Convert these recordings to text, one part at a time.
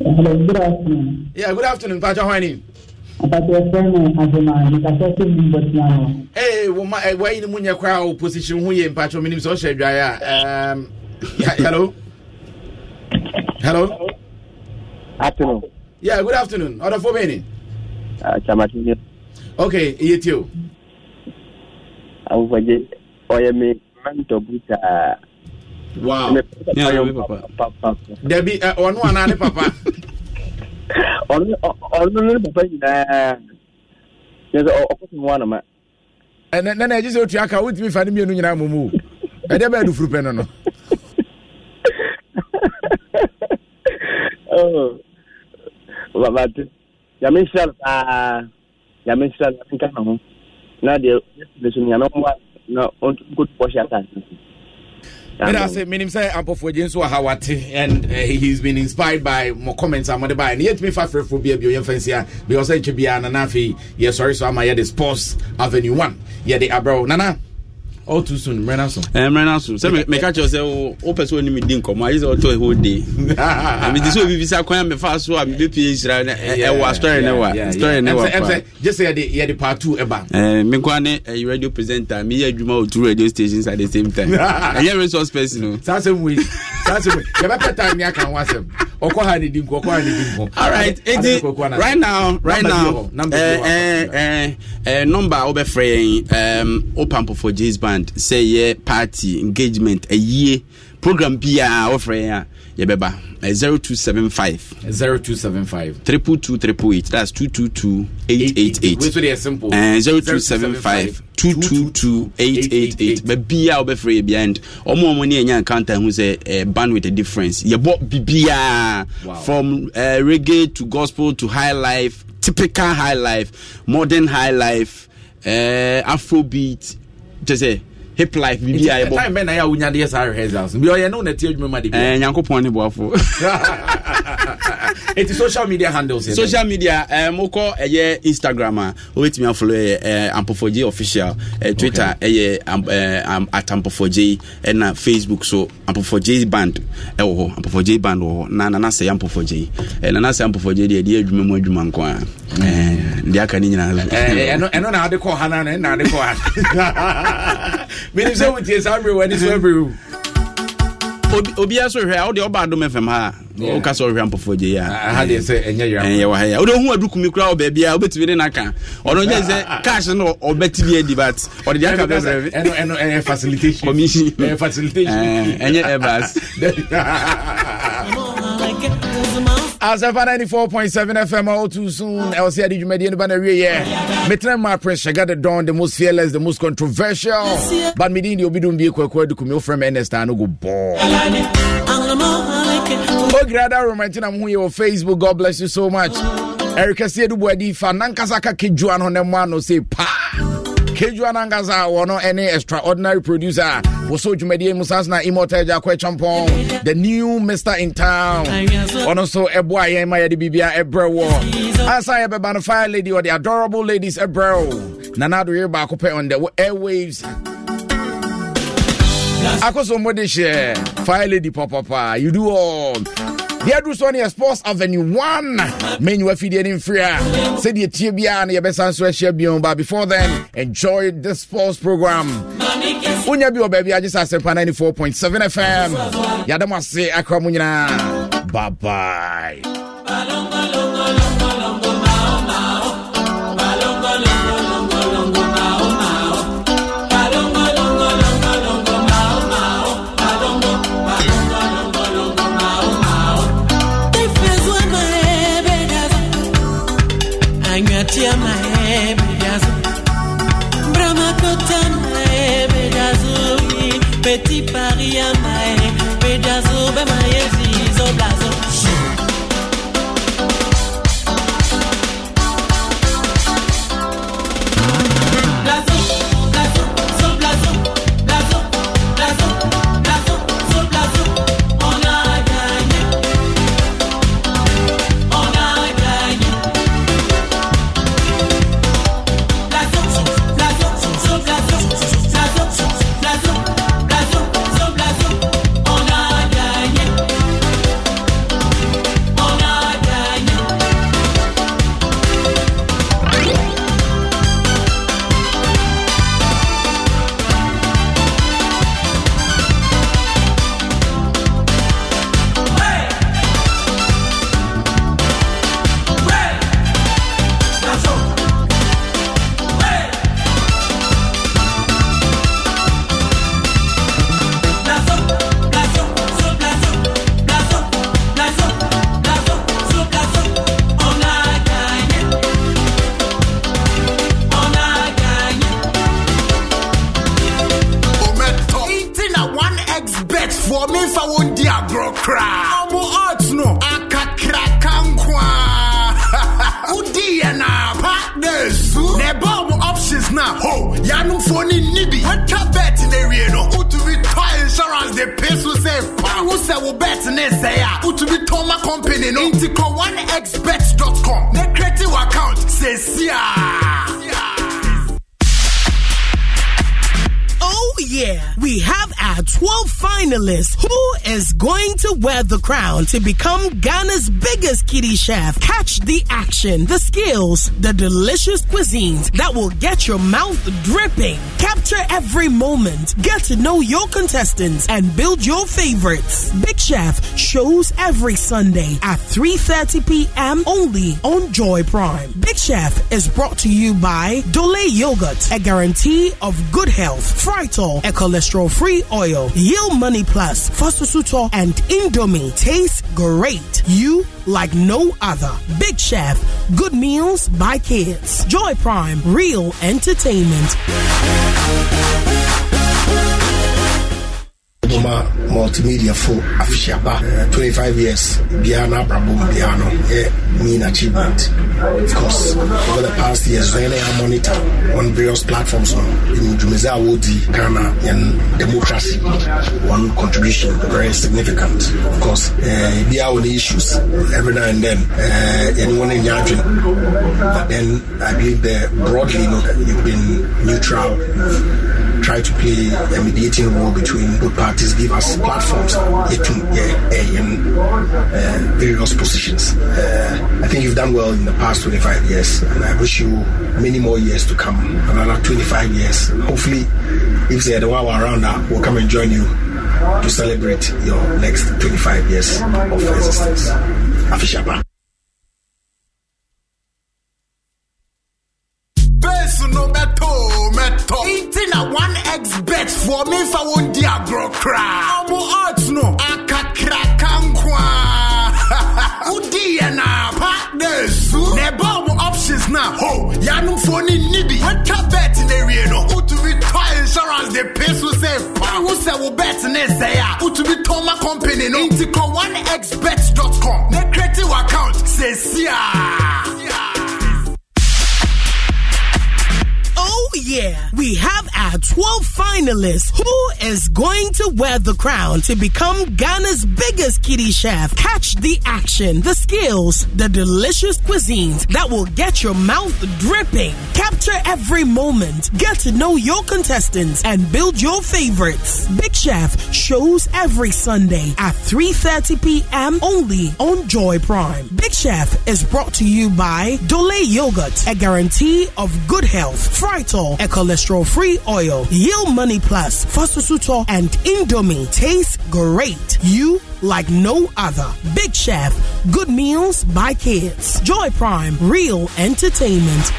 Hello, good afternoon. Yeah, good afternoon, Pacha Hwani. Uh, hey, woma ɛwɔ yi ni mu nyɛ kora o position ho yie mpatwa mi ni sɛ ɔhyɛ adwaeɛ a um, yeah, hello hello. afternoon. yeah good afternoon order for ni. Uh, ah, ye. okay iye ti o. awufɔje ɔyɛ mi mɛntɔ buta wow dabi ɔno anaa ne papa ɔno eh, ne papa nyinaa ɛsɛ ɔkɔtɔ mu anoma ɛnɛ eh, nana ɛgye sɛ otua ka wotumi fa ne mmienu nyinaa mmom o ɛdeɛ bɛɛ dufuru pɛ no no oh. babate nyame nhyira ah, no paa nyame nhyira no nka na ho na deɛ yɛsɛ so nyame mmoa na ɔnkɔtu bɔhyɛ atase And I say, meaning say, I'm for Jinsu Hawati, and eh, he's been inspired by more comments I'm the buy. And yet, me fa for phobia, be fancy, because I should be an anafi. Yes, sorry, so I'm at the Sports Avenue One. Yeah, the Abro Nana. all too soon mmerɛ na so. ɛɛ mmerɛ na so sɛ mɛka kyerɛ sɛ o o pɛ sɛ o ni mi di nkɔmɔ ayi sɛ ɔtɔ ɛhɔ de ɛmi ti sɛ obi bi sa kwan mi fa so a mi bɛ pie nsira ɛwɔ story ne wa story ne wa pa. ɛsɛ jɛsɛ yɛde yɛde part two ɛba. ɛɛ mi kwan ne ɛyi radio presenter mi yɛ adwuma o two radio stations at the same time ɛyɛ resource person o. saa sɛm wei saa sɛm wei yɛ bɛ pɛ taa mi aka ho asɛm ɔkɔ ha ne di nkɔ ɔkɔ ha ne di nkɔ. all right eti right now right now ɛɛ ɛɛ ɛɛ number a wɔbɛfrɛ yɛn ɛɛ o pampofo james ban. Say sɛ yɛ party engagement ayie program biaa wɔfrɛ yɛn a yɛbɛba 0275 0275 322 that's 222 888 uh, 0275 222 888 baabia wobɛfrɛ yɛ bia and ɔmo ɔmo ne yɛnya encounter ho sɛ uh, band with a difference yɛbɔ Bia from uh, reggae to gospel to high life typical high life modern high life Afro uh, afrobeat te sɛ hip life bibi a yɛbɔ. time bɛn na yà wò nyadeɛ saa rehearsals bi ɔyɛ no na ti adwuma ma de bi. ɛɛ nyankopɔn ne boafo. it is social media handles. social media ɛɛ eh, mo kɔ ɛyɛ eh, instagram a ah, obetumi afolo yɛ eh, ɛɛ ampofogye official ɛɛ twitter ɛyɛ ɛɛ at ampofogye ɛna facebook so ampofoje band ɛwɔ hɔ ampofoje band wɔ hɔ na nana sɛ ampofogye ɛɛ nana sɛ ampofoje deɛ deɛ adwuma mu adwuma nko a ah, ɛɛ deɛ aka ne nyinaa. ɛɛ ɛno na ade kɔ ha na ɛna ade kɔ ha. menim sɛ wotie saa berɛ w'ani so abrɛ obia so hwɛ a wode ɔba adom fam ha woka sɛ ɔhwɛ mpɔfoɔ gye yɛɛnyɛ ah, wɔ ha wode ɔhu adukumi koraa ɔbaabia wobɛtumi ne naka ɔno gye sɛ ah, ah, cash no ɔbɛtumi adi but ɔde de aka bɛbrɛcommission eh, ɛnyɛ airbus asɛmpa 94.7 fm a too soon ɛwɔ sɛ ade dwumadeɛ no ba no awieyɛ metena ma prince shaga the don the most fearless the most controversial but medin deɛ obidom bie kwakoa de kumi wofrɛ ma ɛnestaa no go bɔɔ ograda romantina mo ho yɛ wɔ facebook god bless you so much ɛrekɛseɛ duboadi fa nankasa ka kedwoa no ne mo ano sɛ paa kejua nangaza wɔno ɛne extraordinary producer a wɔsɔ dwumadie mu sans na immortal gyakoa champon the new mr in town ɔno nso ɛboa yɛn ma yɛde biribia ɛbrɛ wɔ ansa yɛbɛba no fire lady or the adorable ladies ɛbrɛ wo nanado yere baako pɛ on the airwaves akosomode hyɛ fire lady papapa you do all the adu so ne sports avenue 1 menu afidie no mfiri a sɛdeɛ tie biara na best nso ahyia bio but before then enjoy the sports program wonya bi wɔ baabi agye sɛ asɛmpa 94.7 fm yɛada mo ase akra mu nyinaa bye bye wear the crown to become Ghana's biggest kitty chef. Catch the action, the skills, the delicious cuisines that will get your mouth dripping. Capture every moment, get to know your contestants, and build your favorites. Big Chef shows every Sunday at 3:30 p.m. only on Joy Prime. Chef is brought to you by Dole Yogurt, a guarantee of good health, Frital, a cholesterol free oil, Yield Money Plus, Fosusuto, and Indomie. taste great. You like no other. Big Chef, good meals by kids. Joy Prime, real entertainment. multimedia for uh, 25 years, Biana Brabo Biano, yeah, mean achievement. Of course, over the past years, Zene I monitor on various platforms on Jumeza Wodi, Ghana, and democracy. One contribution, very significant. Of course, uh, be our issues every now and then, uh, anyone in Yajin. But then I believe that broadly, you know, you've been neutral try to play a mediating role between both parties, give us platforms in uh, various positions. Uh, I think you've done well in the past 25 years, and I wish you many more years to come, another 25 years. hopefully, if there are the one around now, uh, we'll come and join you to celebrate your next 25 years of existence. Afishapa. Yesu no bɛtɔ mɛtɔ. Nti na one x bet fo mi nfa wo di agorɔ kra. Ɔmo odds no akakra kankoa. Wodi yɛ na pa na esu. Na ɛbɔ ɔmo options na ho yanumfo ni nibi. Wotwa bet na ewie no. Wotumi tɔ insurance de pay so sɛ pa. Wo sɛ wo bet ne se ya. Wotumi tɔ ma company no. Nti kɔ one x bet dot com. Na creative account sɛ si aa. yeah, we have our 12 finalists who is going to wear the crown to become Ghana's biggest kitty chef. Catch the action, the skills, the delicious cuisines that will get your mouth dripping. Capture every moment, get to know your contestants, and build your favorites. Big Chef shows every Sunday at 3.30 p.m. only on Joy Prime. Big Chef is brought to you by Dole Yogurt, a guarantee of good health. talk oil, a cholesterol free oil, Yield Money Plus, Fosusuto, and Indomie taste great. You like no other. Big Chef, good meals by kids. Joy Prime, real entertainment.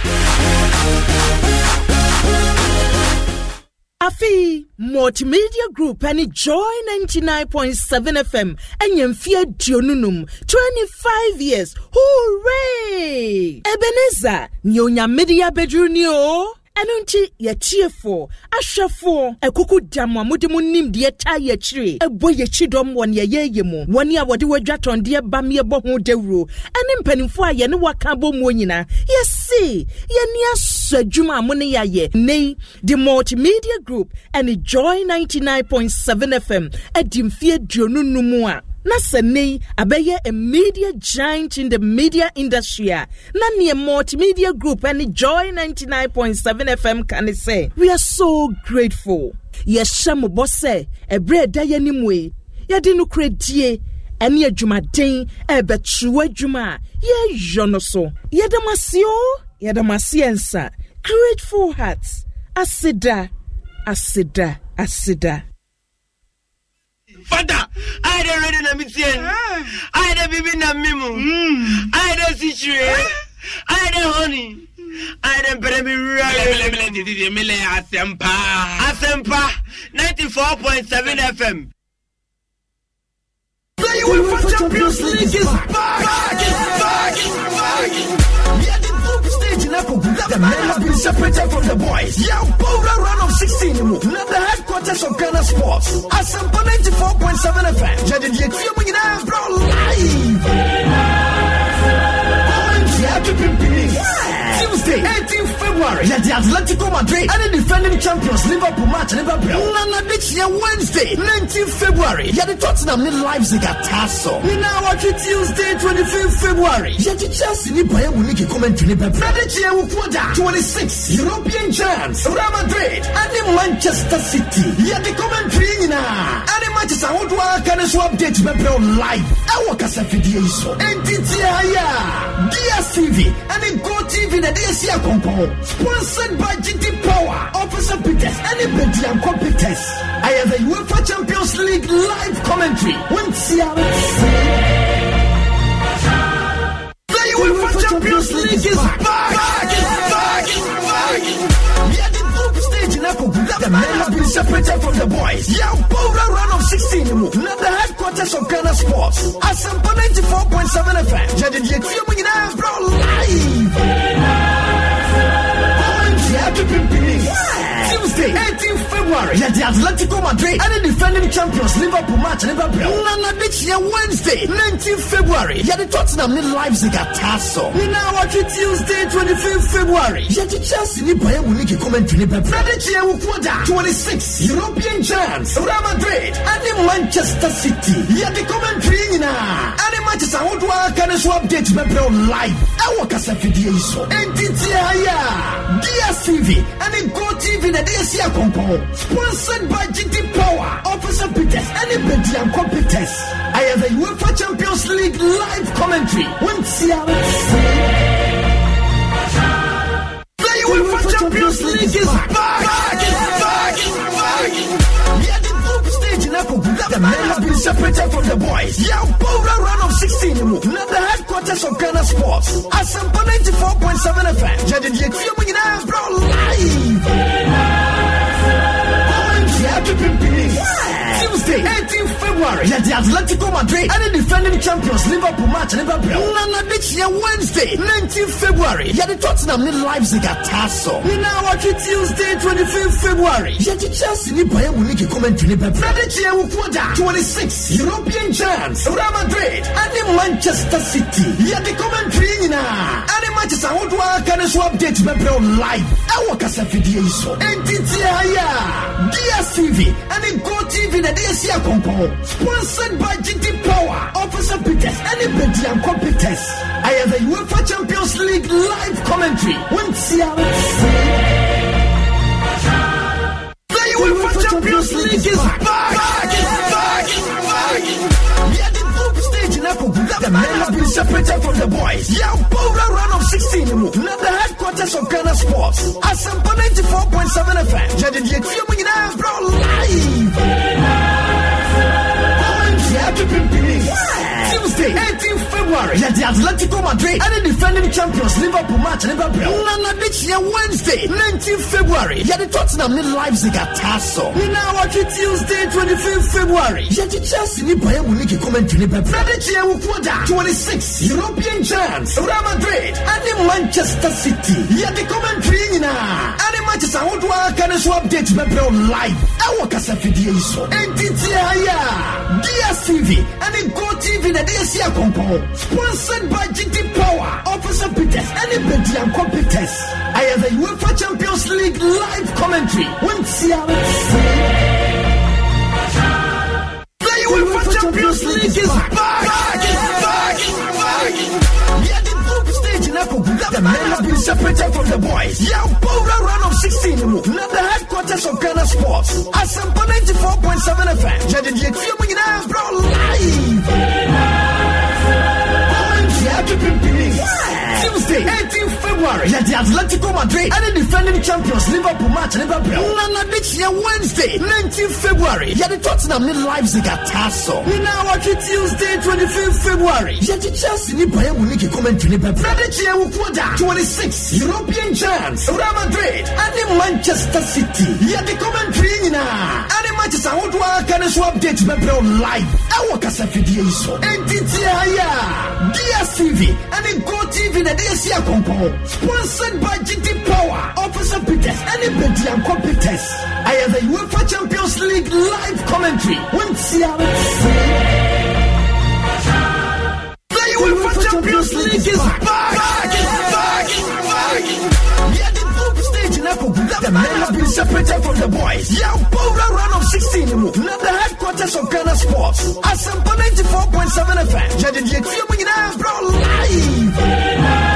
afei multimedia group ne joy 99.7 fm anya mfe aduonu num 25 years hooray ebenezer nea media de abɛduru ni o ɛno nti yɛtiefoɔ ahwɛfoɔ akuku dam a mode mu nim deɛ taa yɛkyire ɛbɔ yɛkyi dɔm wɔ ne yɛyɛyɛ mu wɔne a wɔde wɔadwa tɔndeɛ ba meɛbɔ ho dawuro ɛne mpanimfoɔ a yɛne wɔaka bɔ muo nyinaa yɛse yɛne asɔ adwuma a mo ne yɛayɛ nei the multimedia group ɛne joy 99.7 fm adi mfeɛ aduonu no mu a na sɛ nei abɛyɛ a media giant in the media industry a na neɛ multimedia group ɛne joy 99.7 fm ka ne sɛ we are so grateful yɛhyɛ mo bɔ sɛ ɛberɛ ɛda yɛ anim ei yɛde nokorɛ die ɛne adwumaden ɛbɛtwerɛ adwuma a yɛyɔ no so yɛda mo ase o yɛda mo grateful hearts aseda aseda aseda fada ayɛ dɛ radio na metie no ayɛ dɛ biribi na me mu ayɛ dɛ sikyire ayɛ dɛ hɔne ayɛ dɛ mpɛrɛ me wura yɛ melɛ asɛmpa asɛmpa 94.7 fm The UEFA Champions League is back! back, back, back, back. Tina the men have been separated from the boys. Young Powder run of 16 mu. the headquarters of Ghana Sports. Asampa 94.7 FM. Jadi di Etiyo Mungina Bro Live. Going to yɛde atletico madrid ɛne defending champions liverpool match liverpool bɛbrɛw nana de kyeɛ wednesday 19 february yɛde tottenham ne leipzig ataa so nyinaa wɔtwe tuesday 25 february yɛde chelsea ne bayern munich commentary ne bɛbrɛw de kyeɛ wokuoda 26 european champs real madrid the manchester city yɛde commentary nyinaa ɛne matches ahodoɔ aka ne so update bɛbrɛ wo live ɛwɔ kasafidie yi so enti tia yɛ a dstv ɛne go tv na ɛde yɛsi akɔnkɔn sponsored by gd power officer peters ɛne badiankɔ peters ɛyɛ the uefa champions league live commentary wontia UEFA Champions League is back! Back! Back! Back! back. back. back. Enakubu that the men have been separated from the boys. Young Powder run of 16 mu. Now the headquarters of Ghana Sports. Asampa 94.7 FM. Jadi dia tiap mungkin bro live. Point the happy Yeah. Wednesday, 18 February, yɛ the Atletico Madrid ɛne defending champions Liverpool match Liverpool. bɛ brɛ. Nana de kyerɛ Wednesday, 19 February, yɛ di Tottenham ne Leipzig We so. watch it Tuesday, 25 February, yɛ di Chelsea ne Bayern Munich commentary ne bɛ brɛ. Nade kyerɛ Wukuoda, 26 European champs, Real Madrid and the Manchester City, yɛ di commentary nyinaa. Ɛne matches ahodoɔ aka ne so update Liverpool live. on live ɛwɔ kasafidie yi so. Ntintia yɛ DSTV ɛne GoTV na DSTV. Asia Congo. Sponsored by GT Power, Officer Peters, and Bedianko Peters. I have a UEFA Champions League live commentary. When Sierra. The UEFA Champions League is back. back. The men has been separated from the boys. Young Power run of 16 mu. Now the headquarters of Ghana Sports. Asampa 94.7 FM. Jadid Yekfiyamu Yina Bro Live the peace. Yeah. Wednesday, 18th February, yɛ the Atletico Madrid ɛne defending champions Liverpool match ne bɛ Nana de kyerɛ Wednesday, 19th February, yɛ di Tottenham ne Leipzig We now watch it Tuesday, 25th February, yɛ di Chelsea ne Bayern Munich commentary ne Liverpool. brɛ. Nana kyerɛ Wukuoda, 26th European Giants, Real Madrid and the Manchester City, yɛ di commentary nyinaa ɛne matches ahodoɔ aka ne so update Liverpool live. I work as a video so. Ntintia yɛ DSTV ɛne GoTV na DSTV. Asia Congo. Sponsored by GT Power, Officer Peters, and Betianko Peters. I have the UEFA Champions League live commentary. When The UEFA Champions League is back. back. back. back. Napugu, the men has been separated from the boys. Young Powder run of 16 Now the headquarters of Ghana Sports. Asampa 94.7 FM. Jadid Yekfiyamu Yina Bro Live. Tuesday, 18 February, yet the Atletico Madrid and the defending champions Liverpool match Liverpool. Nana Dichia Wednesday, 19 February, yet the Tottenham and Leipzig at Tasso. Now, it Tuesday, 25 February, yet the Chelsea Nibayam will make a comment to Liverpool. Predichia Ukwada, 26, European Giants, Real Madrid, and the Manchester City. Yet the commentary in and matches ahodoɔ aka ne so update bɛbrɛ wo live ɛwɔ kasafidie yi so enti tie ayɛ a dstv ɛne go tv na ɛde yɛsi compound. sponsored by gd power officer peters ɛne badiankɔ peters I have the uefa champions league live commentary See? The UEFA Champions League is back! back, back, back, back. back. Nakugu. The men have been separated from the boys. Yeah, Yampora run of 16 mu. Now the headquarters of Ghana Sports. Asempa 94.7 FM. Jadi the ekfie mu nyinaa bro live. Point yɛ atwi pimpini. Yeah. Wednesday, 18 February, yet the Atletico Madrid and the defending champions Liverpool match Liverpool. Nana beach, year Wednesday, 19 February, yet the Tottenham and Leipzig at Tasso. Now watch it Tuesday, 25 February, yet the Chelsea ni Bayern Munich comment to Liverpool. Nana this year Wukwada, 26th European champs, Real Madrid and the Manchester City. Yet the commentary now, uh, and the matches are what can show update Liverpool live. I work as a video show. And DTI, DSTV, and Go TV, and Yesia Konko, sponsored by GT Power, Officer Peters, and Betianko Peters. I have the UEFA Champions League live commentary. When Sierra The UEFA Champions League is back. back, back, back. Yeah, the group stage in the men have been separated from the boys. Yeah, Bowra round of 16 move. Now the headquarters of Ghana Sports. Asampa 94.7 FM. Yeah, the DXU, we now bro live.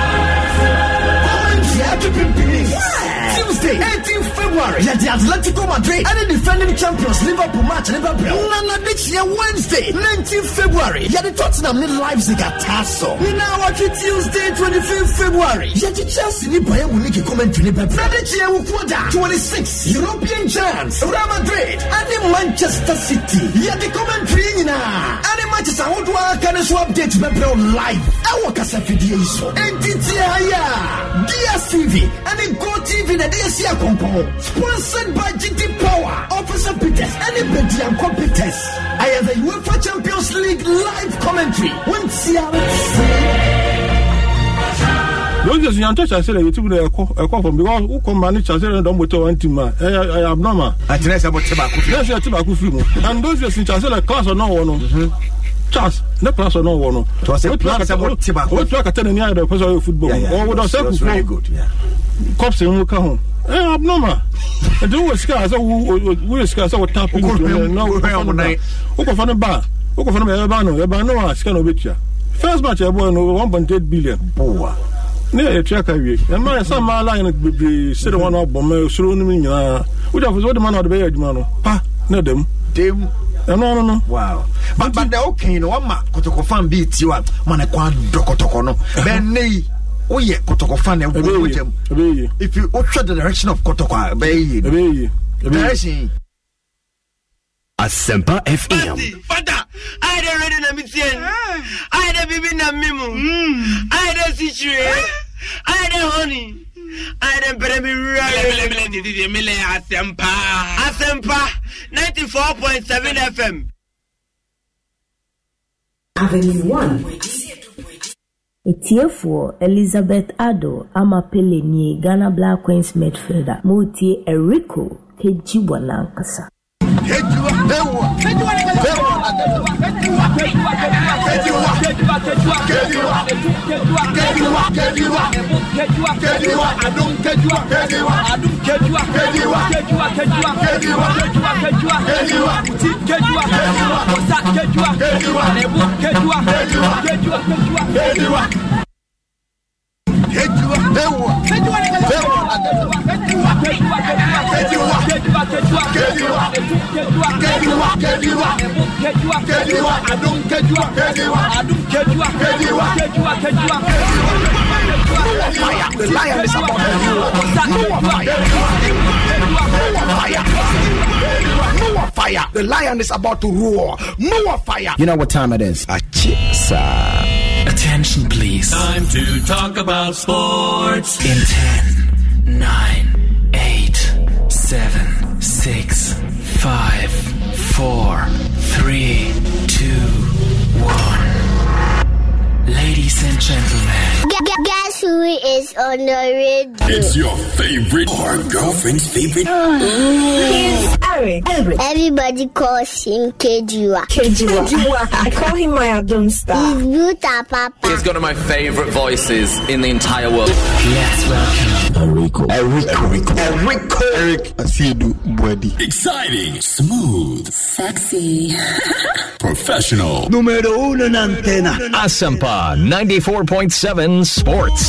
Tuesday, 18th February, yet the Atletico Madrid and the defending champions Liverpool match Liverpool. Nana Dichia Wednesday, 19th February, yet the Tottenham in Leipzig at Tasso. Now, what Tuesday, 25th February, yet the Chelsea Nipaya will make a comment to Liverpool. Nadichia Wukwada, 26th European Giants, Real Madrid and the Manchester City. Yet the commentary in uh, and the matches are what ne so update bɛbrɛ wo live ɛwɔ kasafidie yi so ɛntiteɛ ha yɛ a dstv ɛne go tv na ɛde yɛsi akɔnkɔn sponsored by gd power officer peters ɛne badiankɔ peters I ɛyɛ the uefa champions league live commentary wontia lóyún ẹsùn yàtọ̀ ṣàṣẹ rẹ yìí ẹkọ ẹkọ fún mi wọn kọ màá ní ṣàṣẹ rẹ dọ̀mọ̀tò wọn ti ma ẹ ẹ abnormal. àti náà ẹsẹ̀ mo tẹ́ bàkú firi. náà ẹsẹ̀ tẹ́ bàkú firi mu and lóyún ẹsùn ṣàṣẹ rẹ kílàsì ọ̀nà wọn nù. Mhm charles ne plan sɔ n'owɔ no wotu akata n'ani ayɛ dɛ pɛ sɛ ɔyɛ football ɔwɔdɔ sɛ kukuo kɔps mu ka ho ɛɛ abnormal nti wowɔ sika sɛ woyɛ sika sɛ wotap wokɔfa no ba wokɔfa no ba yɛba no yɛba no a sika na wobɛtua first match yɛbɔɛ no 1.8 billion ne yɛtua ka wie ɛma yɛsa ma line no bebree sɛde hɔ no abɔ ma suro no mu nyinaa wogyafo sɛ wode ma na wode bɛyɛ adwuma no pa ne dam ɛno ano no wow but but the okay no wama kotoko fan bi ti wa mane kwa do kotoko no ben nei woyɛ kotoko fan ɛwɔ wogyam if you wohwɛ the direction of kotoko a bɛyɛ yie no direction Asempa FM. Father, I don't ready na mitien. Hmm. I don't bibi na mimu. I don't situate. I don't honey ayɛdɛ mpɛrɛ mi wura asɛmpa. asɛmpa fm. avenue one. etiefoɔ elizabeth ado amapele nie ghana black queens medfielder mo tie eriko kegyi wɔ n'ankasa. kejiwa Kejua, Kejua, Kejua, Kejua, Kejua, Kejua, Kejua, Adum Kejua, Kejua, Adum Kejua, Kejua, Kejua, Kejua, Kejua, Kejua, Kejua, Kejua, Uti Kejua, Kejua, Osa Kejua, Kejua, Nebu Kejua, Kejua, Kejua, Kejua, Kejua. The lion is upon the hill. Noah fire. The lion is about to roar. More fire. You know what time it is. Achisa. Attention, please. Time to talk about sports. In 10, 9, 8, 7, 6, 5, 4, 3, 2, 1. Ladies and gentlemen. Who is on the radio. It's your favorite or girlfriend's favorite. Here's Eric. Everybody calls him Kejua. Kejua. I call him my Adam star. He's Buta Papa. got one of my favorite voices in the entire world. Yes, us welcome Erico. Erico. Erico. Eric Asiedu Bwedi. Exciting. Smooth. Sexy. Professional. Numero uno en antena. Asampa 94.7 Sports.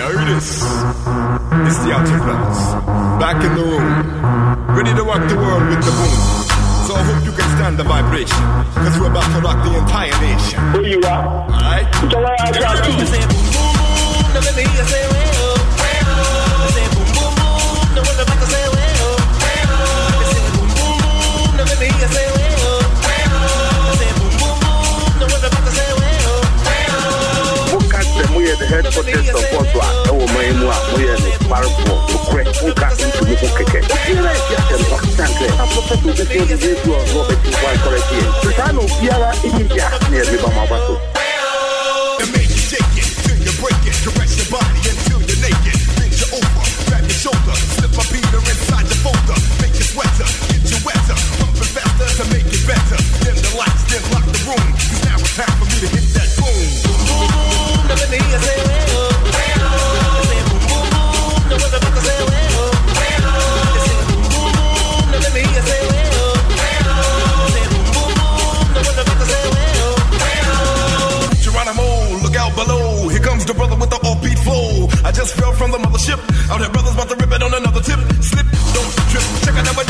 notice. It's the Outer planets back in the room, ready to rock the world with the boom. So I hope you can stand the vibration, cause we're about to rock the entire nation. Who you rock? Alright? So I got you. Boom, boom, boom. let me hear the am gonna ɛwɔ mayi mu a moyɛ ne kparefoɔ okorɛ nka ntumi your body until you're naked. your over, grab your shoulder, slip inside your folder, make you sweater, get you wetter, faster to make it better. Dim the lights, then lock the room. now it's time for me to hit that boom. I just fell from the mothership. Out here, brothers about to rip it on another tip. Slip, don't trip. Check out number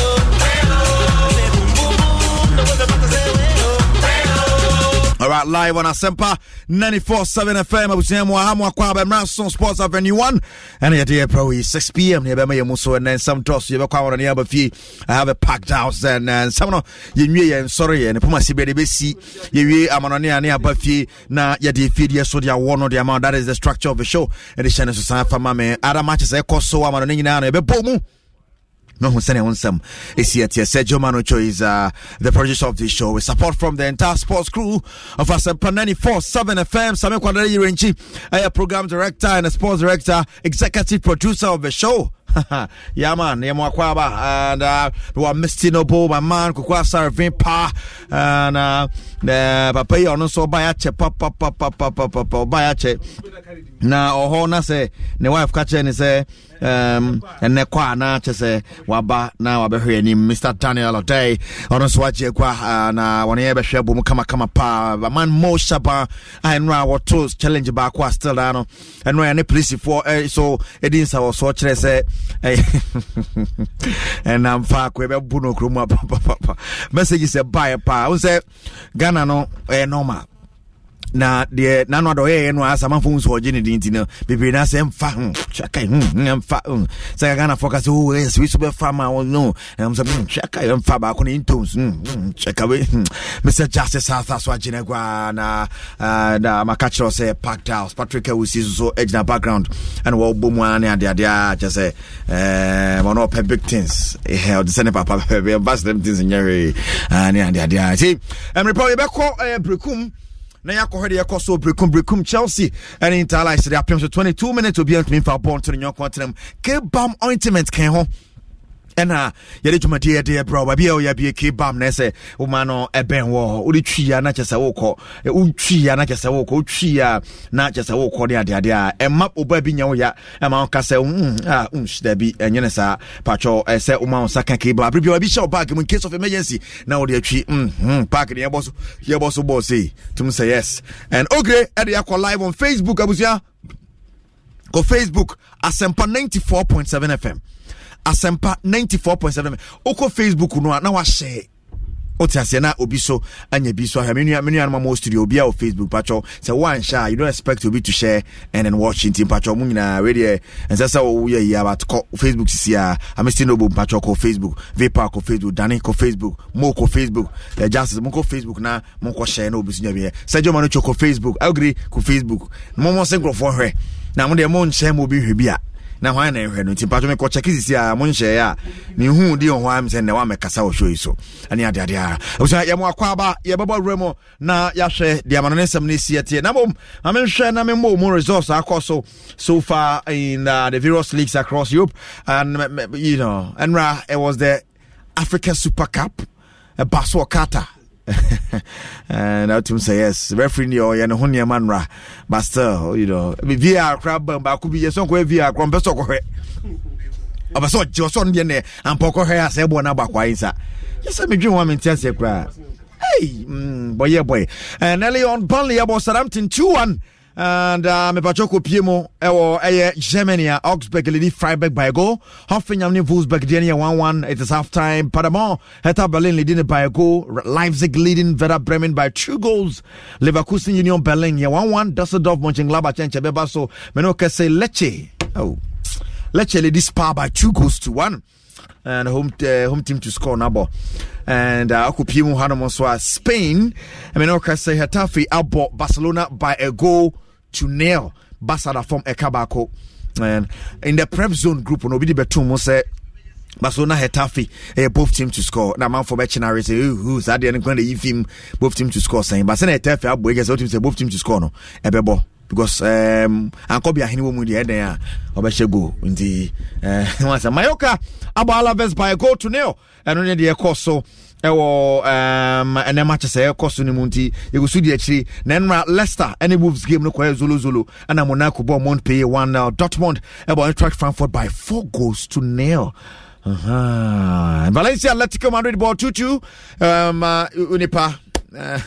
live on Asempa 94.7 FM. Abusua mu aha mu akwa abɛmra so Sports Avenue 1. And yɛde yɛ probably 6 p.m. ne yɛbɛma yɛ mu and then some toss yɛbɛkɔ awɔ ne yɛaba fie. I have a packed house and some no yɛnwie yɛn sɔre yɛ ne Puma si bɛde bɛsi. Yɛwie amanɔne a ne aba fie na yɛde fie deɛ so deɛ awɔ no the amount. that is the structure of the show. And it's ne so san fa ma me. Ada matches ɛkɔ so amanɔne nyinaa no yɛbɛbɔ mu no sɛnea wo nsɛm ɛsi atiɛ sɛ german ocho is the producer of this show with support from the entire sports crew of asɛmpa 947 fm same kwadare yerenkyi ɛyɛ program director and sports director executive producer of the show yeah, man. Yeah, my Mwakwaba. Uh, and uh, we were Misty Noble, my man, Kukwa Sarvin Pa. And uh, the Papa, you know, so by a che, Pa, pa, pa, pa, pa, pa, pa, by a che. Now, oh, na sɛ ne wife ka kyerɛ ne sɛ ɛnɛ kɔ a na kyɛ sɛ waba na wabɛhwɛ anim mr daniel ɔdai Uh, when wagye agua na wɔne yɛbɛhwɛ bom pa. My man mo shaba I know a wɔto challenge baako a still daa no ɛnora yɛne polisifoɔ uh, so ɛdi nsawɔsoɔ kyerɛ sɛ ɛnam faako ɛbɛbu no kurom a papapapa message sɛ baeɛ paa wo sɛ ghana no ɛyɛ eh, normal na deɛ nano adɔyɛɛ no asa mafo nso ɔgye ne din nti no bebree na sɛ mfa mfa sɛ ka ka sɛ ɛsɛ so bɛfa ma no sɛ twakae mfa baako ne ntoms twakawe mr justice arthur so agye ne guaa na da maka kyerɛ sɛ packed house patrick awosi so so agyina background ɛne wɔwobɔ mu a ne adeadeɛ a kyɛ sɛ ma no ɔpɛ big things ɔde sɛ ne papa bɛbɛmfa them things nyɛ hwee ne adeadeɛ a nti mmerepɛ yɛbɛkɔ brekum na yɛakɔ hɔ de yɛkɔ so brekum brekum chelsea ɛne ntaalice de apem so 22 minutes obi antumi mfa bɔɔ nto ne nyɔnko atenam kebam ointment kan ho ɛna yɛde dwumadeɛ yɛde ɛbrɛ wo baabi a woyɛ biɛ bam na ɛsɛ woma no ɛbɛn wɔ hɔ wode twiia na kyɛ sɛ wokɔ wotwiia na kyɛ sɛ wokɔ wotwiia na kyɛ sɛ wokɔ ne adeade a ɛma oba bi nya woya ɛma woka sɛ um, um, a ah, um, dabi ɛnyɛ ne saa patwɔ ɛsɛ woma wo saka ke bam aberɛ bia wabi hyɛ wo bag mu in case of emergency na wode atwi park ne yɛbɔ so yɛbɔ so bɔɔ sei tum sɛ yes and ogre ɛde yɛakɔ live on facebook abusua kɔ facebook asɛmpa 94.7 fm asɛmpa 94.7 wokɔ facebook no a na wahyɛ wote aseɛ na obi so anya bi so ahwɛ menua mo studio obi a wɔ facebook patwɔ sɛ woanhyɛ a you don't expect obi to share and then watch nti mpatwɔ mo nyinaa wedeɛ ɛnsɛ sɛ wowoyɛ yi abat kɔ facebook sisi a amesti no obo mpatwɔ kɔ facebook vapa kɔ facebook dane kɔ facebook mo kɔ facebook uh, justice monkɔ facebook na monkɔ share na obi so nya sɛ gyoma no twɔ kɔ facebook agri kɔ facebook na mɔmmɔ sɛ nkurɔfoɔ hwɛ na mo deɛ monhyɛ ma obi hwɛ bi a na hwan na ɛhwɛ no nti mpatwo mekɔ kyɛke sisi a monhyɛeɛ a mehu di ɔhɔ am sɛ nnɛ woamɛkasa wɔ hwɛ so ane adeadeɛ a ɛbusua yɛmo aba yɛbɛbɔ werɛ mu na yɛahwɛ deɛ amano ne nsɛm no siɛteɛ na mmom ma menhwɛ na memmɔ mu results akɔ so so far in uh, the various leagues across europe and you know ɛnra it was the africa super cup ɛba so ɔ carter Eh, na wotum sɛ yes referee ni ɔyɛ ne ho nneɛma nnora but still you know via akora ba baako bi yɛ sɛ nkɔyɛ via akora mpɛ sɛ ɔkɔhwɛ ɔpɛ sɛ ɔgye ɔsɛ ɔno deɛ nɛ ampa ɔkɔhwɛ a sɛ ɛbɔ no abakɔ ayi nsa yɛ sɛ a mente aseɛ koraa Hey, mm, boy, yeah, boy. And eh, Elion Burnley about Southampton 2 1. and uh, mepatwɛ kɔpie mu ɛwɔ ɛyɛ germany a uh, augsburg leni freiburg by goal hoffenham ne wolfsburg deɛ no yɛ 1-1 it is half time padamon heta berlin leading ne by goal leipzig leading Werder bremen by two goals leverkusen union berlin yɛ 1-1 dusseldorf monchengladbach ɛnkyɛ beba so mene wokɛ sɛ oh. leche. ledi spa by two goals to one and home uh, home team to score nabo and uh, will mu hanom so a Spain I mean okay say Hetafe abo Barcelona by a goal to nil Barcelona from Ekabako and in the prep zone group no bi Musa. betum say Barcelona Hetafe eh, both team to score na man for Bechinari say eh, who's that they going to give him both team to score saying Barcelona Hetafe abo against both team to score no ebebo eh, because um, ankɔbi ahene wɔ mu deɛ ɛdɛn a ɔbɛhyɛ go nti wasɛ mayoka abɔ alaves by go to nail ɛno ne deɛ ɛkɔ so ɛwɔ um, ɛnɛ ma kyesɛ ɛkɔ so no mu nti yɛgusu di akyiri na ɛnora leicester ne wolves game no kɔyɛ zolozolo ɛna monaco bɔ pay 1 uh, dortmund ɛbɔ eintracht frankfurt by 4 goals to nail uh-huh. valencia atletico madrid bɔ 2-2 um, uh, unipa uh,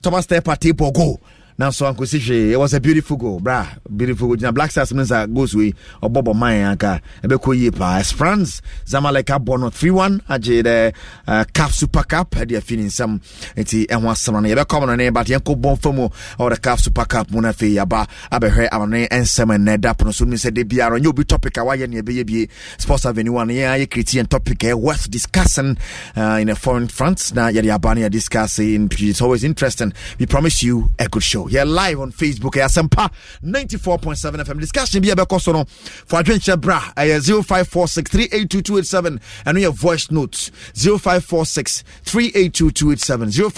thomas tepa table goal now so Uncle Sishi, it was a beautiful goal, brah. Beautiful goal. Now Black Stars means that goes we or oh, Bobo Maya anka. Ah, Ebeko ye pa. As France Zamaleka Bono 3-1 aje the uh, CAF Super Cup had you feeling some enti ɛho asɛm no yɛbɛkɔ amano ne but yɛnkɔ bɔ Or mu calf Super Cup mu yaba. afei yɛaba abɛhwɛ amano ɛnsɛm ɛnɛ da pono so nim sɛ de biara nyɛ obi topic a ah, wayɛ be ɛbɛyɛ bie Sports Avenue 1 yɛn ayɛ create yɛn topic ɛ eh, worth discussing uh, in a foreign front Now yɛde Abania no yɛ discuss eh, it's always interesting we promise you a good show here live on Facebook. Here Sempa 94.7 FM. Discussion be about no for Adrian Chebra. 0546382287 and your voice notes 0546382287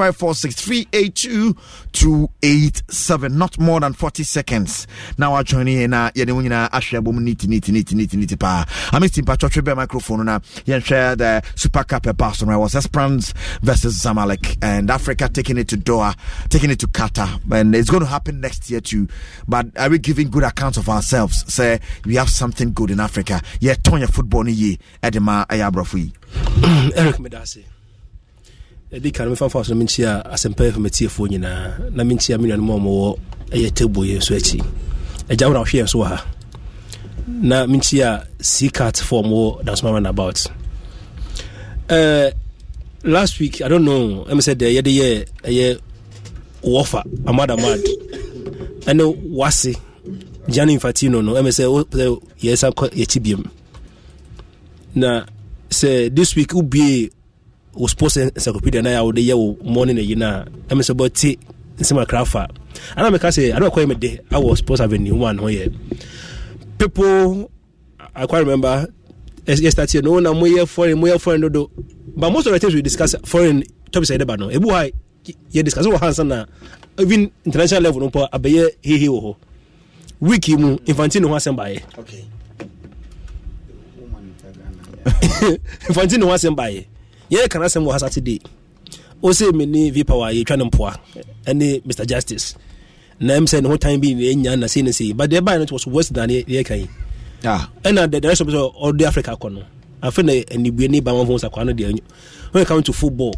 0546382287. Not more than 40 seconds. Now I join in na uh, yɛne wo nyinaa ahwɛ bom niti niti niti niti niti paa amestim patwɔtwe bɛ microphone na yɛnhwɛ the super cup ɛba so no ɛwɔ sɛ sprans versus zamalek and africa taking it to doha taking it to qatar it's going to happen next year too. But are we giving good accounts of ourselves? Say we have something good in Africa. Yeah, turn your football ni ye. Edema ayabrafui. Eh, Eric Medase. ɛdi ka no mefa mfa so no menkyia asɛmpa fa matiefoɔ nyinaa na menkyia me nuanom a mɔwɔ ɛyɛ table yɛ so akyi agya wo na wohwɛ yɛ so wɔ ha na menkyia seacart fo mɔwɔ dansoma runabout uh, eh, last week i don't know I sɛ deɛ yɛde yɛ ɛyɛ wɔfa amad amad ɛne wase gianni infatino no ɛmɛ sɛ yɛsa kɔ yɛkyi biam na sɛ this week wobie wo sports encyclopedia na wode yɛ wo morning ayi no a ɛmɛ sɛ bɔte nsɛm akra fa ana meka sɛ ana wakɔyɛ mede awɔ sports avenue ho a ne ho yɛ people I can't remember yesterday no na moyɛ foreign moyɛ foreign dodo but most of the things we discuss foreign topics ɛdeba no ɛbu high yɛ discuss wɔ ha na even international level no mpo abɛyɛ hehe wɔ hɔ week mu infantino ho asɛm baeɛ infantino ho asɛm baeɛ yɛyɛ kana asɛm wɔ ha saturday ɔsɛ me ne v power yɛtwa no mpoa ɛne mr justice na m sɛ ne ho time bi ɛnya na sei ne sei but deɛ baɛ no was worse than yɛka yi ɛna ah. the direction sɛ ɔde africa akɔ no afei na anibue ne bamafo sa kwa no deɛ when it comes to football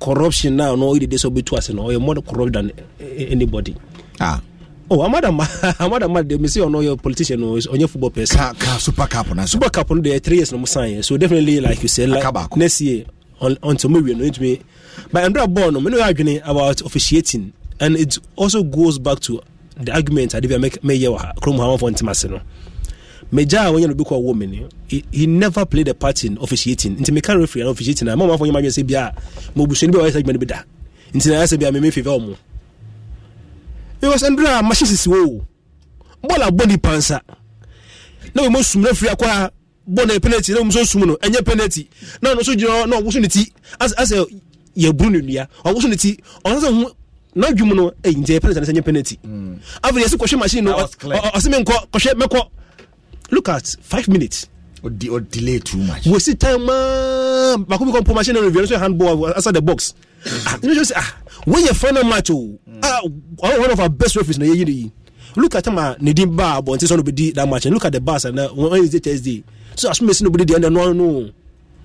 corruption now no it is so to us no you're more corrupt than eh, anybody ah Oh, I'm amadama amadama de me say oh, no your politician no is on your football person. Ka, ka super cup na super cup no there three years no more. so definitely like you said, like next year on on to me know it me but I'm ball born. I'm not adwene about officiating and it also goes back to the argument I did make me here Chrome Hammer for intimacy no megya a wɔnyɛ no bi kɔ wɔ mene he never played a part in officiating nti meka referee ana officiating a ma ɔmafo nyɛ madwene sɛ bia a mabusani bi a wɔyɛ sɛ adwuma no bi da nti na ayɛ sɛ bia meme fevɛ ɔmo because ɛnberɛ a mahye sisi wɔ o bɔɔl abɔ nipa nsa na wɔmɔ sum no afiri akɔ a bɔɔl no yɛ penalty na wɔm so sum no ɛnyɛ penalty na ɔno so gyina na ɔwoso ne ti asɛ yɛburu ne nnua ɔwoso ne ti ɔno sɛ ho na no ɛyi nti yɛ penalty na sɛ nyɛ penalty afei yɛsɛ kɔhwɛ machine no ɔse menkɔ kɔhwɛ mɛkɔ look at five minutes. or, de- or delay too much. We see time, man. Bakubi come promotion and review. So handball outside the box. Ah, you know, just ah, when your final match, oh, mm. ah, one of our best referees. No, you Look at him, ah, Nedim Bar, but until going to be that match. And look at the bars and uh, when is it Thursday? So as soon as nobody there, and no, no.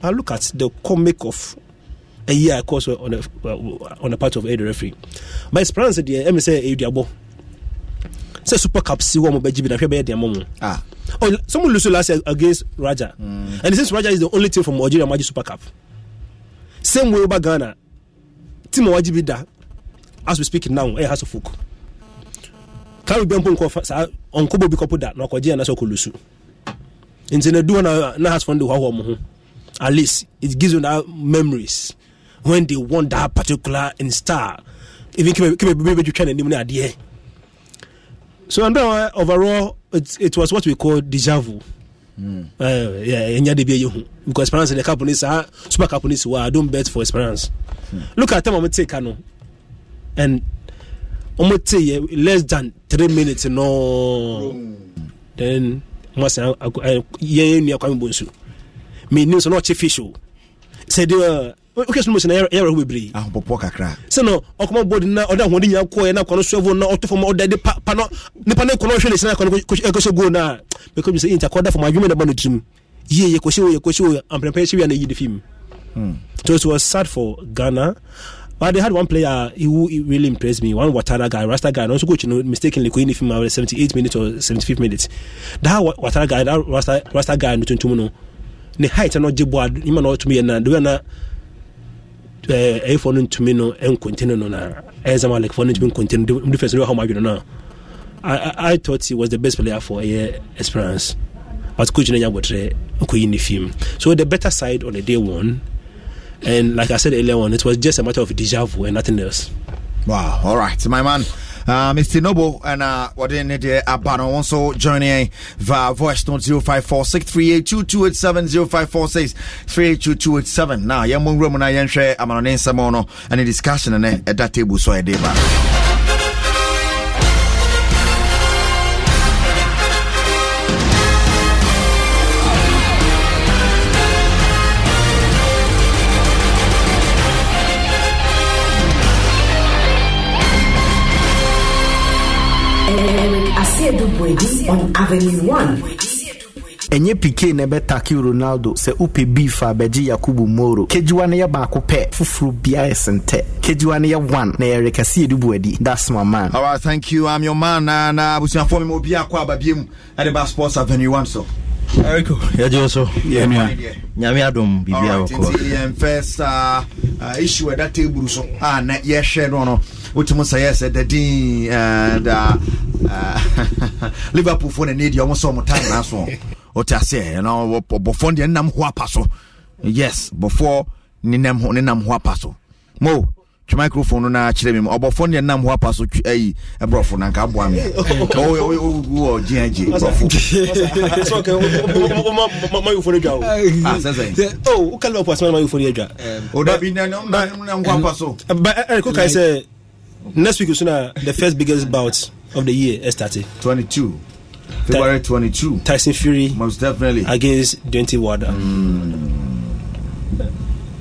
I look at the comic of a year, course, on the uh, on the part of a referee. My experience, eh, say the eh, MSA, Adiabo. sɛ super cup si wɔ mo bɛgye bi na hwɛ bɛyɛ deɛ mo mo ah oh someone lose last year against Raja mm. and since Raja is the only team from Algeria wagye super cup same way over Ghana team wagye bi da as we speak now ɛyɛ House of Folk kalu bɛ mpo nkɔ saa ɔnkɔbɔ bi kɔpo da na ɔkɔgye yɛn na sɛ ɔkɔ lusu nti na du na na House of Folk de hɔhɔ mo ho at least it gives you that memories when they won that particular in star even kebe kebe bebe twitwa n'anim ne adeɛ. so and then uh, overall it, it was what we call deja vu Mm. Uh, yeah, ɛnya de bi ɛyɛ hu because Esperance de cup ni saa super cup ni si wa I don't bet for Esperance mm. look at time ɔmo te ka no and ɔmo te yɛ less than three minutes no mm. then ɔmo asan yɛn nua Kwame Bonsu mi ni so na ɔkye fish o sɛ de ɛɛ. wokɛ sono mu sɛna yɛwerɛho bebree ahopɔpɔ kakra sɛ no ɔkɔma bɔde na ɔde ahoɔde nyina kɔɛ na kɔno soavo na ɔtɔ oda de pa no nipa no kɔno ɔhwɛ ne sena ɛkɔsɛ go no a bɛkɔbi sɛ ɛnta kɔda fam ye ne ba no tirim yie yɛkɔsɛ yɛkɔsɛ amprɛmpɛ sɛ wia na yi the film hmm. so it was sad for Ghana But they had one player who really impressed me, one Watara guy, Rasta guy, and also coach, you know, mistakenly in the film around 78 minutes or 75 minutes. That Watara guy, that Rasta, Rasta guy, Nutun Tumuno, the height and not Jibwa, you know, to me, and uh, the way uh, Eh, I no ntumi no no na ɛyɛ sɛ no ntumi adwene no thought he was the best player for a experience but coach Nanya Botre could in the film. So the better side on the day one, and like I said earlier on, it was just a matter of deja vu and nothing else. Wow, all right, my man. Uh, Mr. Noble and uh, what in it, Abano also joining uh, via voice note 0546 382 0546 382 Now, young room and I share Amanon Samono and a discussion at that table. So I did. ɛnyɛ pike na ɛbɛtake ronaldo sɛ wopɛ beef a bɛgye yakubu moro kegiwa no yɛ baako pɛ foforɔ biaa ɛsentɛ kegiwa no yɛ 1 na yɛrekɛse yɛdubu adi that's my man all right thank you i'm your man na na uh, abusuafoɔ me ma obi akɔ ababie mu ɛde ba sports avenue 1 so Eriko, yɛgye so yɛnua nyame adom biribia wɔkɔ yɛmfɛ saa issue ɛda table so a na yɛhwɛ no no wotumi sɛ yɛ sɛ dadin liverpoolfoɔ na nedi ɔmo sɛ ɔmo time naso wote aseɛ ɛna bɔfoɔ deɛ nenam ho apa so yes bɔfoɔ nenam ho nenam ho apa so mo twe microphone no na kyerɛ mi mu ɔbɔfoɔ ne nam ho apa so ayi ɛborɔfo na nka boa me wɔ gyeagye borɔfo woka liverpool asɛma no mayɛfoɔ no adwa wodabi na nko apa so ɛkokae sɛ next week suna uh, the first biggest bout of the year is 30 22 February 22 Tyson Fury most definitely against Deontay Wilder mm.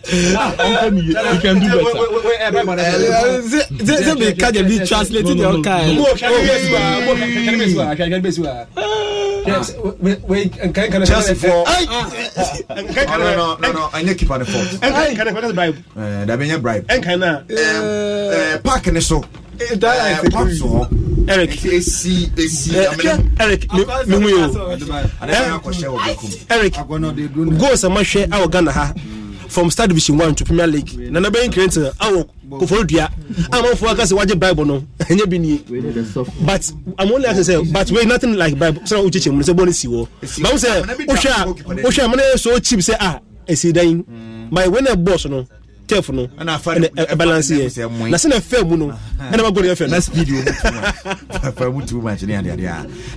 you can do better. ṣé mi bi translating your car. mo kàn kí bẹ́sù mo kàn kí bẹ́sù wa kàn kí Chelsea for no no no no I need keep on the fault. Dabi n ye bribe. Park ni so. Park Eric. Esi esi Eric mi mu yi o. Eric goals a ma hwɛ a Ghana ha from star division one to premier league na bɛyɛ nkirɛntin awɔ koforo dua amanfo aka sɛ wagye bible no ɛnyɛ bi nie but i'm only asking sɛ but wey nothing like bible sɛ o kyekyɛ mu sɛ bɔne si wɔ baabu sɛ wohwɛ a wohwɛ a yɛ so cheap sɛ a ɛsi dan by when a boss no tef no uh, balance yɛ na sɛna fɛ mu no uh-huh. ɛna ma gɔde fɛ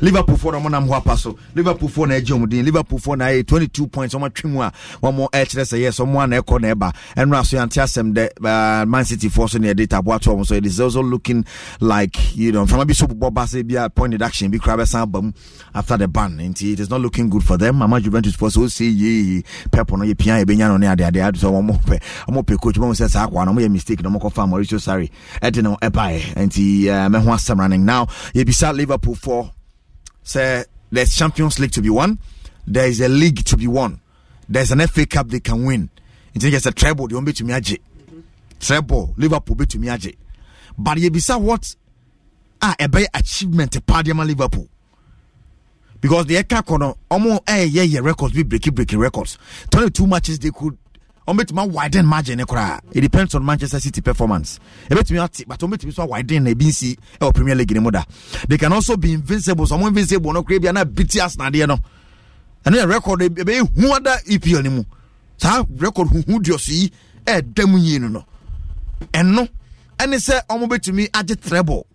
liverpool foɔ no ɔmo nam hɔ apa so liverpool foɔ na agye ɔmo din liverpool foɔ na ayɛ 22 points ɔmo atwe mu a ɔmo ɛkyerɛ sɛ yɛs ɔmo a ɛkɔ na ɛba ɛno aso yɛnte asɛm dɛ man city foɔ so ne yɛde taboa to ɔmo so it is also looking like you know mframa bi so bobɔ ba bi a point deduction bi koraa bɛsan aba mu after the ban nti it is not looking good for them ama juventus foɔ so ɔsɛ yee pep no yɛpia yɛbɛnya no ne adeadeɛ ade sɛ ɔmo pɛ ɔmo pɛ coach bɔn sɛ saa kwa na ɔmoyɛ mistake na ɔmokɔfa mauricio sari ɛde no ɛbaɛ eh. nti eh, mɛho asɛm running now yɛbisa liverpool for sɛ there's champions league to be won there is a league to be won there's an fa cup they can win nti yɛ sɛ treble deɛ ɔmbɛtumi agye treble liverpool bɛtumi agye but yɛbisa what ah, a ɛbɛyɛ achievement pa deɛma liverpool because the ɛka kɔ no ɔmo ɛyɛyɛ eh, records bi breaky breaky records twenty two matches they could ɔmbɛtumi awiden margin ne koraa it depends on manchester city performance ɛbɛtumi ate but ɔmbɛtumi so awiden na ebi nsi ɛwɔ premier league ne mu da they can also be invincible so ɔmo invincible no koraa bi ana biti asenadeɛ no ɛno yɛ record ɛbɛyɛ hu ada epl ne mu saa record huhu diɔso yi ɛɛda mu yie no no ɛno ɛne sɛ ɔmo bɛtumi agye treble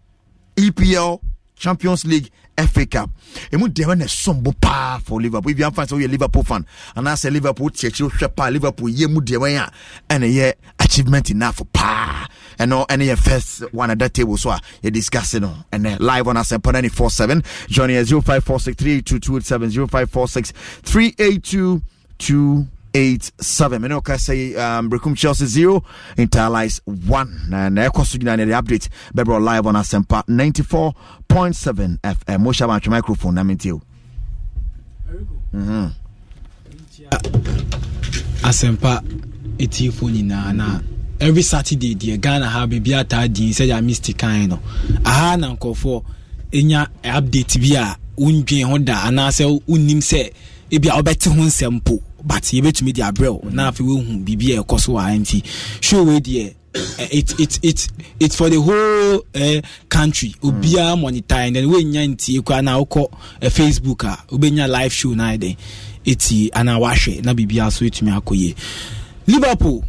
epl champions league FA Cup. Emu dewe ne sombo pa for Liverpool. If you are fan, so you're Liverpool fan. And I say Liverpool, church, you shepa Liverpool, ye mu dewe ya. And ye achievement enough for pa. And no, any first one at that table, so ah, ye discuss it. And live on us, upon any 47. Johnny 0546 382 0546 382 eight seven mene ɔka sɛ um, brekum chelsea zero interlies one na na ɛkɔ so gyina ne update bɛbrɛ live on asɛmpa 94.7 fm wohyɛ matwe microphone na mentio mm-hmm. asɛmpa ɛtiefo nyinaa na every saturday deɛ ghana ha baabi ataa din sɛdeɛ amesti kan no aha na nkɔfoɔ ɛnya update bi a wondwen ho da anaasɛ wonnim sɛ ebia wobɛte ho nsɛm po but yɛbɛtumi de abrɛ wo na afei wohu biribi a e ɛkɔ so wɔ ha nti show wei deɛ eh, it it it it for the whole uh, country hmm. obiara mm. monetize then wonya ntie koraa na wokɔ uh, eh, facebook a ah, wobɛnya live show na ɛdɛn ɛti ana wahwɛ na biribiara so ɛtumi akɔ yie liverpool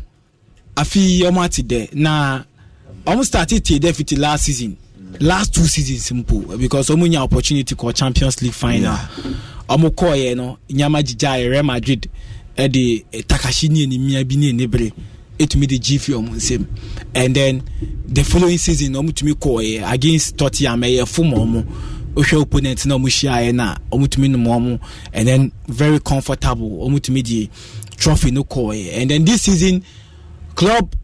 afei ɔmo ate dɛ na ɔmo start tie dɛ fiti last season last two seasons simple because ɔmo nya opportunity kɔ champions league final. Yeah ɔmo kɔɔyɛ no nyama gyigyae real madrid ɛde eh, takashi ne animia bi ne anibere ɛtumi de gye fi ɔmo nsam and then the following season ɔmo tumi kɔɔyɛ against tottenham ɛyɛ fom ɔmo wohwɛ opponent na ɔmo hyiaeɛ no a ɔmo tumi nom ɔmo and then very comfortable ɔmo tumi de trophy no kɔɔyɛ and then this season club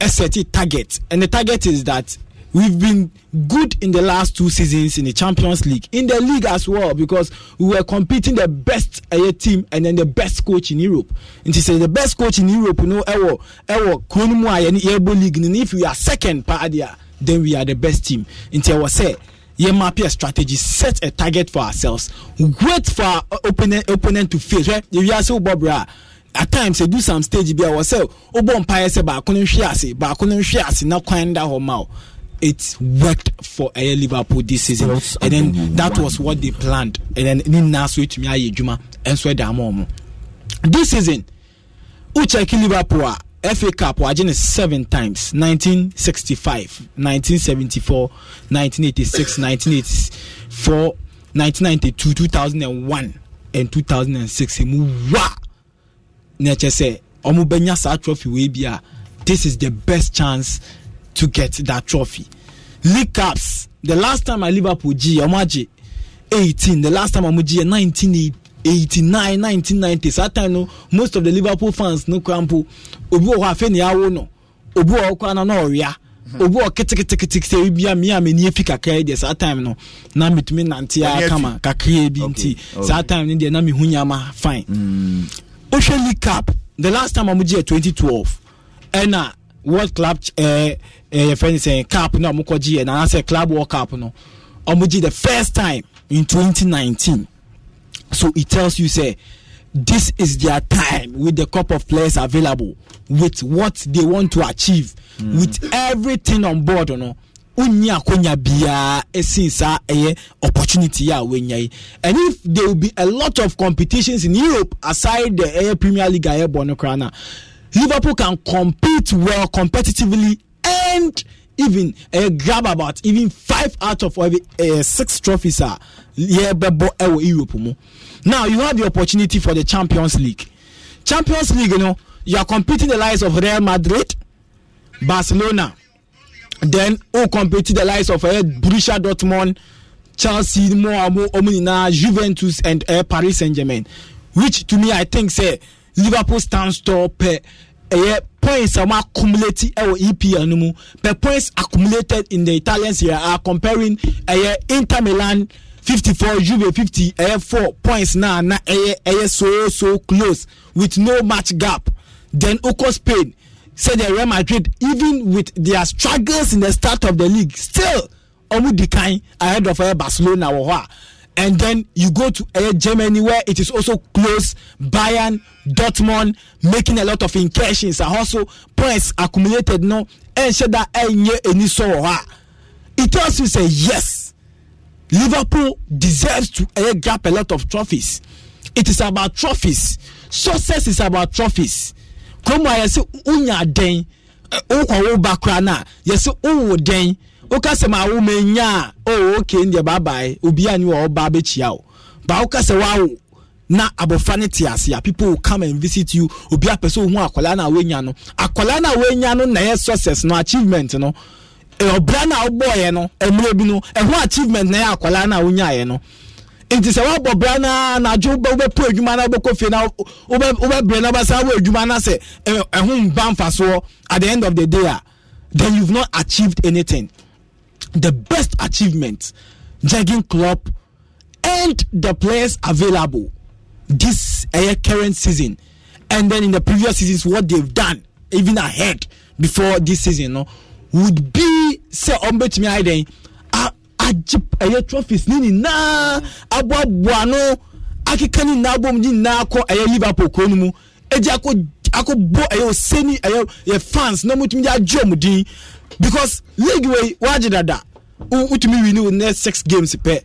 ɛsɛti target and the target is that we've been good in the last two seasons in the Champions League, in the league as well, because we were competing the best uh, team and then the best coach in Europe. And he said the best coach in Europe, you know, ewo ewo Konumwa and Ebo League. And if we are second, Padia, then we are the best team. And I was say. Yeah, a strategy, set a target for ourselves, wait for our opponent, opponent to face. Right? If you are so Bobra, at times they do some stage, be ourselves, Obon Pia say, Bakunin Shiasi, Bakunin Shiasi, now Kwanda Homao it worked for uh, Liverpool this season, That's and then that was what they planned. And then Nina switch me aye Juma and swear that This season, Ucheki Liverpool FA Cup wagye ne seven times 1965, 1974, 1986, 1984, 1992, 2001, and 2006. Emu wa na kyerɛ sɛ ɔmo bɛnya saa trophy this is the best chance to get that trophy. League Cups, the last time I Liverpool G, Omaji 18, the last time I'm G, 1989, 1990. So that time, no, most of the Liverpool fans, no crampo, obi wɔ hɔ afei ne awo no, obi wɔ hɔ kora na na ɔrea. obi wɔ keteketeke sɛ ebi a mi a mi ni efi kakra deɛ saa time no na mitumi nante a kama kakra bi nti saa time no deɛ na mi hu nyama fine. Ocean League Cup the last time a gye yɛ 2012 ɛna World Club ɛɛ. Uh, Eh, yɛfrɛ no sɛ cap no a mokɔgyeɛ nanaasɛ club world cup no ɔmogye the first time in 2019 so it tells you say this is their time with the cup of players available with what they want to achieve mm. with everything on board you know wonyi akonya biara esin saa ɛyɛ opportunity a wenya yi and if there will be a lot of competitions in europe aside the ɛyɛ eh, premier league eh, a ɛyɛ bɔ no koraa na liverpool can compete well competitively and even uh, grab about even five out of every uh, six trophies are ah, yeah, but eh, Europe. Now you have the opportunity for the Champions League. Champions League, you know, you are competing the likes of Real Madrid, Barcelona, then who competing the likes of uh, Borussia Dortmund, Chelsea, more, more, Omnina, Juventus, and uh, Paris Saint Germain. Which to me, I think, say Liverpool stands top. Uh, ɛyɛ points a wɔn accumulate ɛwɔ EPL no mu per points accumulated in the Italian Serie A comparing ɛyɛ Inter Milan fifty four Juve fifty ɛyɛ four points na na ɛyɛ ɛyɛ so so close with no match gap then okɔ Spain sɛdeɛ Real Madrid even with their struggles in the start of the league still ɔmo di kan ahead of eh, Barcelona wɔ hɔ a and then you go to uh, Germany where it is also close. Bayern, Dortmund making a lot of incursions. And also points accumulated no and said that any so It tells you say yes, Liverpool deserves to uh, grab a lot of trophies. It is about trophies. Success is about trophies. Come on, I say unya den. Eh, oh, back right now. Yes, oh, den. woka sɛ ma awo ma nya a oh, ndeɛ baabae obiaa ne wɔ ɔba bɛkyia wo ba woka woawo na abɔfra no te a people will come and visit you obi apɛ sɛ ohun akwadaa no a woanya no akwadaa no a woanya no na yɛ success no achievement no ɔbra e, no a wobɔɔyɛ no mmerɛ bi no e achievement na ya akwadaa no a wonyaeɛ no nti sɛ bra na adwuma no wobɛkɔ fie wobɛbrɛ no adwuma no sɛ ɛho mba mfasoɔ at the end of the day the best achievement Jurgen Club, and the players available this uh, current season and then in the previous seasons what they've done even ahead before this season no, would be say ɔmbɛtumi ayɛ dɛn agye ɛyɛ trophies ne nyinaa aboaboa ano akeka ne nyinaa abom ne nyinaa akɔ ɛyɛ liverpool kuro e no mu ɛgye akɔ akɔbɔ ɛyɛ oseni ɛyɛ yɛ fans na wɔtumi de agye ɔmo din because league wey wagye dada wotumi wini wo next six games pɛ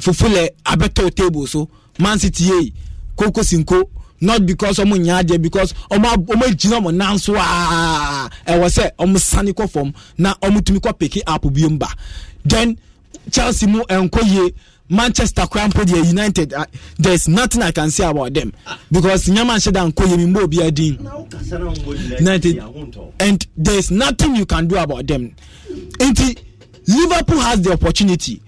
fofole abɛtɔ table so man city yei koko sinko not because ɔmo nya adeɛ because ɔmo ɔmo egyina ɔmo nan so aa ɛwɔ sɛ ɔmo sani kɔ fam na ɔmo tumi kɔ pick up bi mba then chelsea mu ɛnkɔ eh, yie. manchester krampo deɛ united uh, there is nothing i can say about them because nyama nhyɛda nko yɛ mi united and there is nothing you can do about them nti liverpool has the opportunity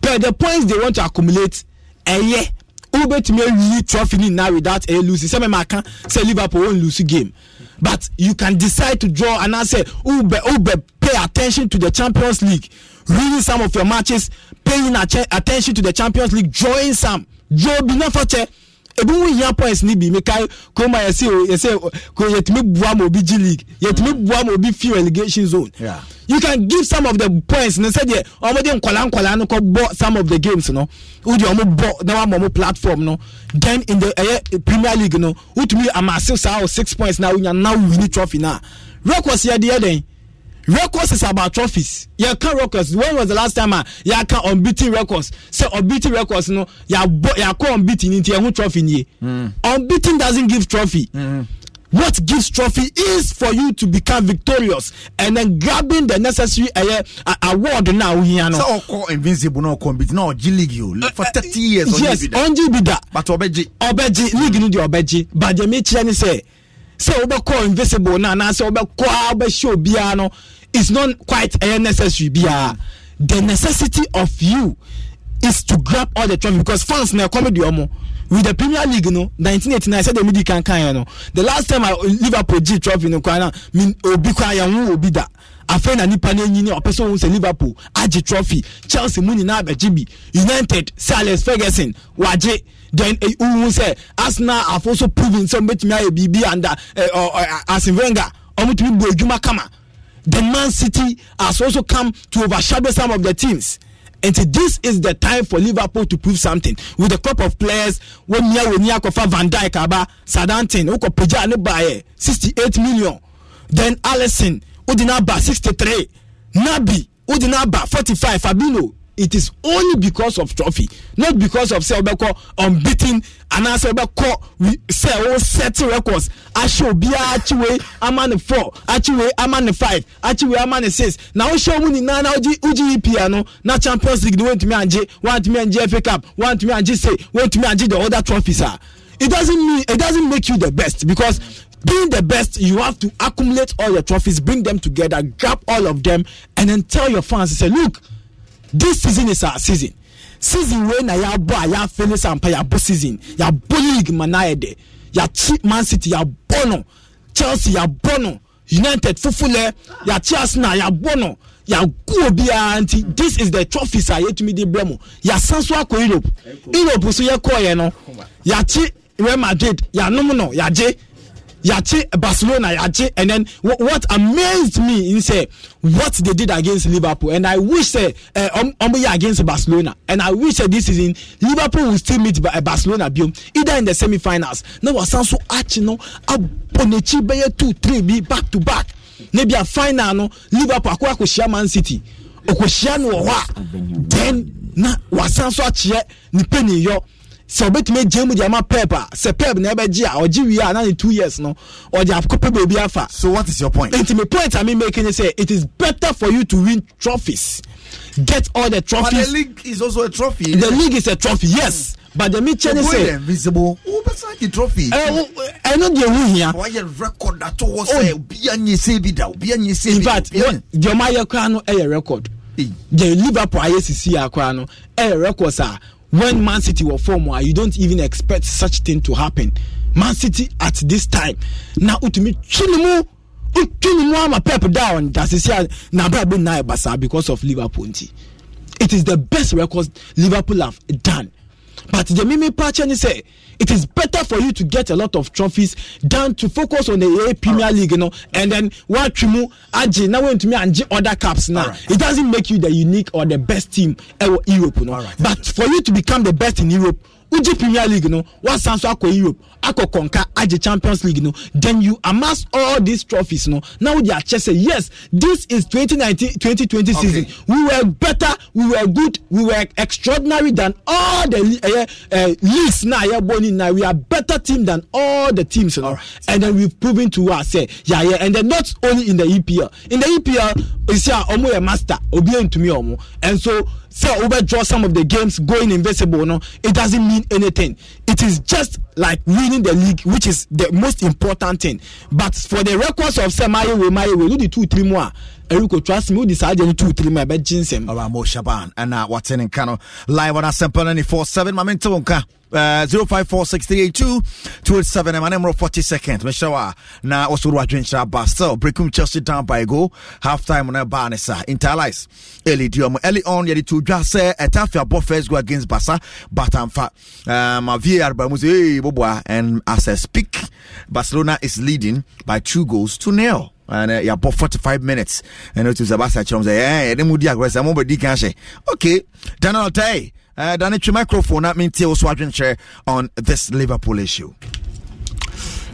per the points they want to accumulate ɛyɛ wobɛtumi really trophy ni without a losing sɛ mɛma aka sɛ liverpool won lose game but you can decide to draw and anaasɛ Ube Ube pay attention to the Champions League, reading some of your matches, paying attention to the Champions League, drawing some. Joe Binafate. ebi mu hia points ni bi mekae kuroma yɛsɛ o yɛsɛ ko yɛtumi bua ma obi g league yɛtumi mm. bua ma obi fi relegation zone yeah. you can give some of the points ne sɛdeɛ ɔmo de nkɔla nkɔla no kɔ bɔ some of the games no wodi ɔmo bɔ na wa ma platform no then in the ɛyɛ eh, eh, premier league no wotumi amaase saa ah, o oh, six points na wonya na wini trophy na records yɛ deɛ dɛn records is about trophies yɛ ka records when was the last time a yɛ ka unbeaten records sɛ unbeaten records no yɛ bɔ yɛ kɔ unbeaten nti yɛ ho trophy nie mm. unbeaten doesn't give trophy. Mm. what gives trophy is for you to become victorious and then grabbing the necessary uh, uh, award now here oh, no. sọ ọkọ invincible náà ọkọ nbiti náà ọjí league o eh, for thirty years ọjí yes, bida yes ọjí bida but ọbẹji. ọbẹji league ni di ọbẹji bàjẹ́ mi kyerẹ́ ni sẹ́ sẹ́ ọbẹ̀ kọ́ invincible náà náà sẹ́ ọbẹ̀ kọ́ ọbẹ̀ ṣe obiara ah, náà is not quite ɛyɛ necessary biara the necessity of you is to grab all the trophy because fans na ɛkɔmi di ɔmo with the premier league no 1989, eighty nine sɛdeɛ mi di kankan no the last time i liverpool g trophy no kwan na mi obi kwan yɛn ho obi da afei na nipa n'enyi ni ɔpɛ sɛ ohun sɛ liverpool agye trophy chelsea mu na abɛgye bi united sir alex ferguson wagye then eh, ohun sɛ arsenal afo so proving sɛ ɔmo betumi ayɛ biribi under eh, eh, asin wenger ɔmo tumi bu edwuma kama the Man City has also come to overshadow some of the teams. And this is the time for Liverpool to prove something with the crop of players. When Mia Wonia Kofa Van Dijk Aba Sadantin Oko Peja Nebaye 68 million. Then Allison Udinaba 63. Nabi Udinaba 45. Fabino it is only because of trophy not because of say ọbẹkọ unbeaten anaasẹ ọbẹkọ sẹ ọ set records ahyẹ obiara akyiwe ama ne four akyiwe ama ne five akyiwe ama ne six na ọhyẹ ọmu nyinaa na ọgye ọgye EPL no na Champions League ni wọn ntumi agye wọn ntumi agye FA Cup wọn ntumi agye say wọn ntumi agye the other trophies ah it doesn't mean it doesn't make you the best because being the best, you have to accumulate all your trophies, bring them together, grab all of them, and then tell your fans, say, look, this season is our season season wei na yabɔ a yafele sampa yabɔ season yabɔ league ma na yɛ yati man city yabɔ no chelsea yabɔ no united fufulɛ yati arsenal yabɔ no yaguo biara nti this is the trophy. a yɛtumi de brɛ mu yasan so akɔ europe europe so yɛkɔɔ yɛ no yati real madrid yanom no yagye yàtse barcelona yàtse and then what, amazed me is uh, what they did against liverpool and i wish say ọmọ yẹ against barcelona and i wish say eh, this season liverpool will still meet eh, barcelona biom either in the semi-finals na wasan so achi no abonekyi bẹyẹ two three bi back to back na bi a final no liverpool akọ akọhyia man city ọkọhyia no wọ hɔ a then na wasan so akyeɛ nipa niyɔ sɛ obetumi gye mu gyama pep a sɛ pep na ɛbɛgye a ɔgye wie a nane two years no ɔgye akɔpɛ baabi afa. so what is your point. nti mi point i mean making say it is better for you to win trophies get all the trophies. but the league is also a trophy. the eh? league is a trophy yes. Mm. but the meat chain say. invisible who bɛsa the trophy. ɛnu de ewu hia. wa yɛ record that was sɛ eh, obi oh. a nye se bi da obi a nye se in fact deɛ ɔmo ayɛ kora no ɛyɛ record. the liverpool ayɛ sisi akora ah, no ɛyɛ eh, record saa when Man City were former, ah, you don't even expect such thing to happen. Man City at this time now utumi twinimu utwinimu ama Pep down that is here. abrabu na ebasa because of Liverpool It is the best record Liverpool have done. But the Mimi Pachani say it is better for you to get a lot of trophies than to focus on the A Premier League, you know, and then what Trimu Aji now went to me and other caps now. Right. It doesn't make you the unique or the best team in Europe, you know. Right. But for you to become the best in Europe, Uji Premier League, you know, what sounds like Europe, Ako Konka, agye champions league no then you amass all these trophies no now wode akyɛ say, yes this is 2019 2020 okay. season we were better we were good we were extraordinary than all the uh, uh, leagues na yɛbɔ ni na we are better team than all the teams you know? right. and then we've proven to us sɛ yeah, yeah. and then not only in the EPL in the EPL you see ɔmo uh, yɛ master obi ntumi ɔmo and so say so overdraw some of the games going invisible no it doesn't mean anything it is just like winning the league which which is the most important thing but for the records of sẹ mayewe mayewe no the two three more. ɛrekɔ twa asɛm wodi saa adeɛ no two three ma ɛbɛgye nsɛm. mo shaban ɛna wate ne nka no live on asɛmpa no ne four seven maame ntew nka. Uh, eh, 054638227 my number 40 seconds meshawa na also wadwenkyerɛ aba still breakum chelsea down by go half time no ɛbaa ne saa interlice early duo mu early on yɛde to dwa sɛ ɛtafia bɔ first go against basa Batamfa. amfa eh, ma var ba mu sɛ hey boboa and as i speak barcelona is leading by two goals to nil and uh, 45 minutes and ɛne wotim sɛ basa kyerɛm sɛ ɛne mu I'm over. mobɛdi ka say? okay daniel tae uh, dane twe microphone na mentie wo so adwenkyerɛ on this liverpool issue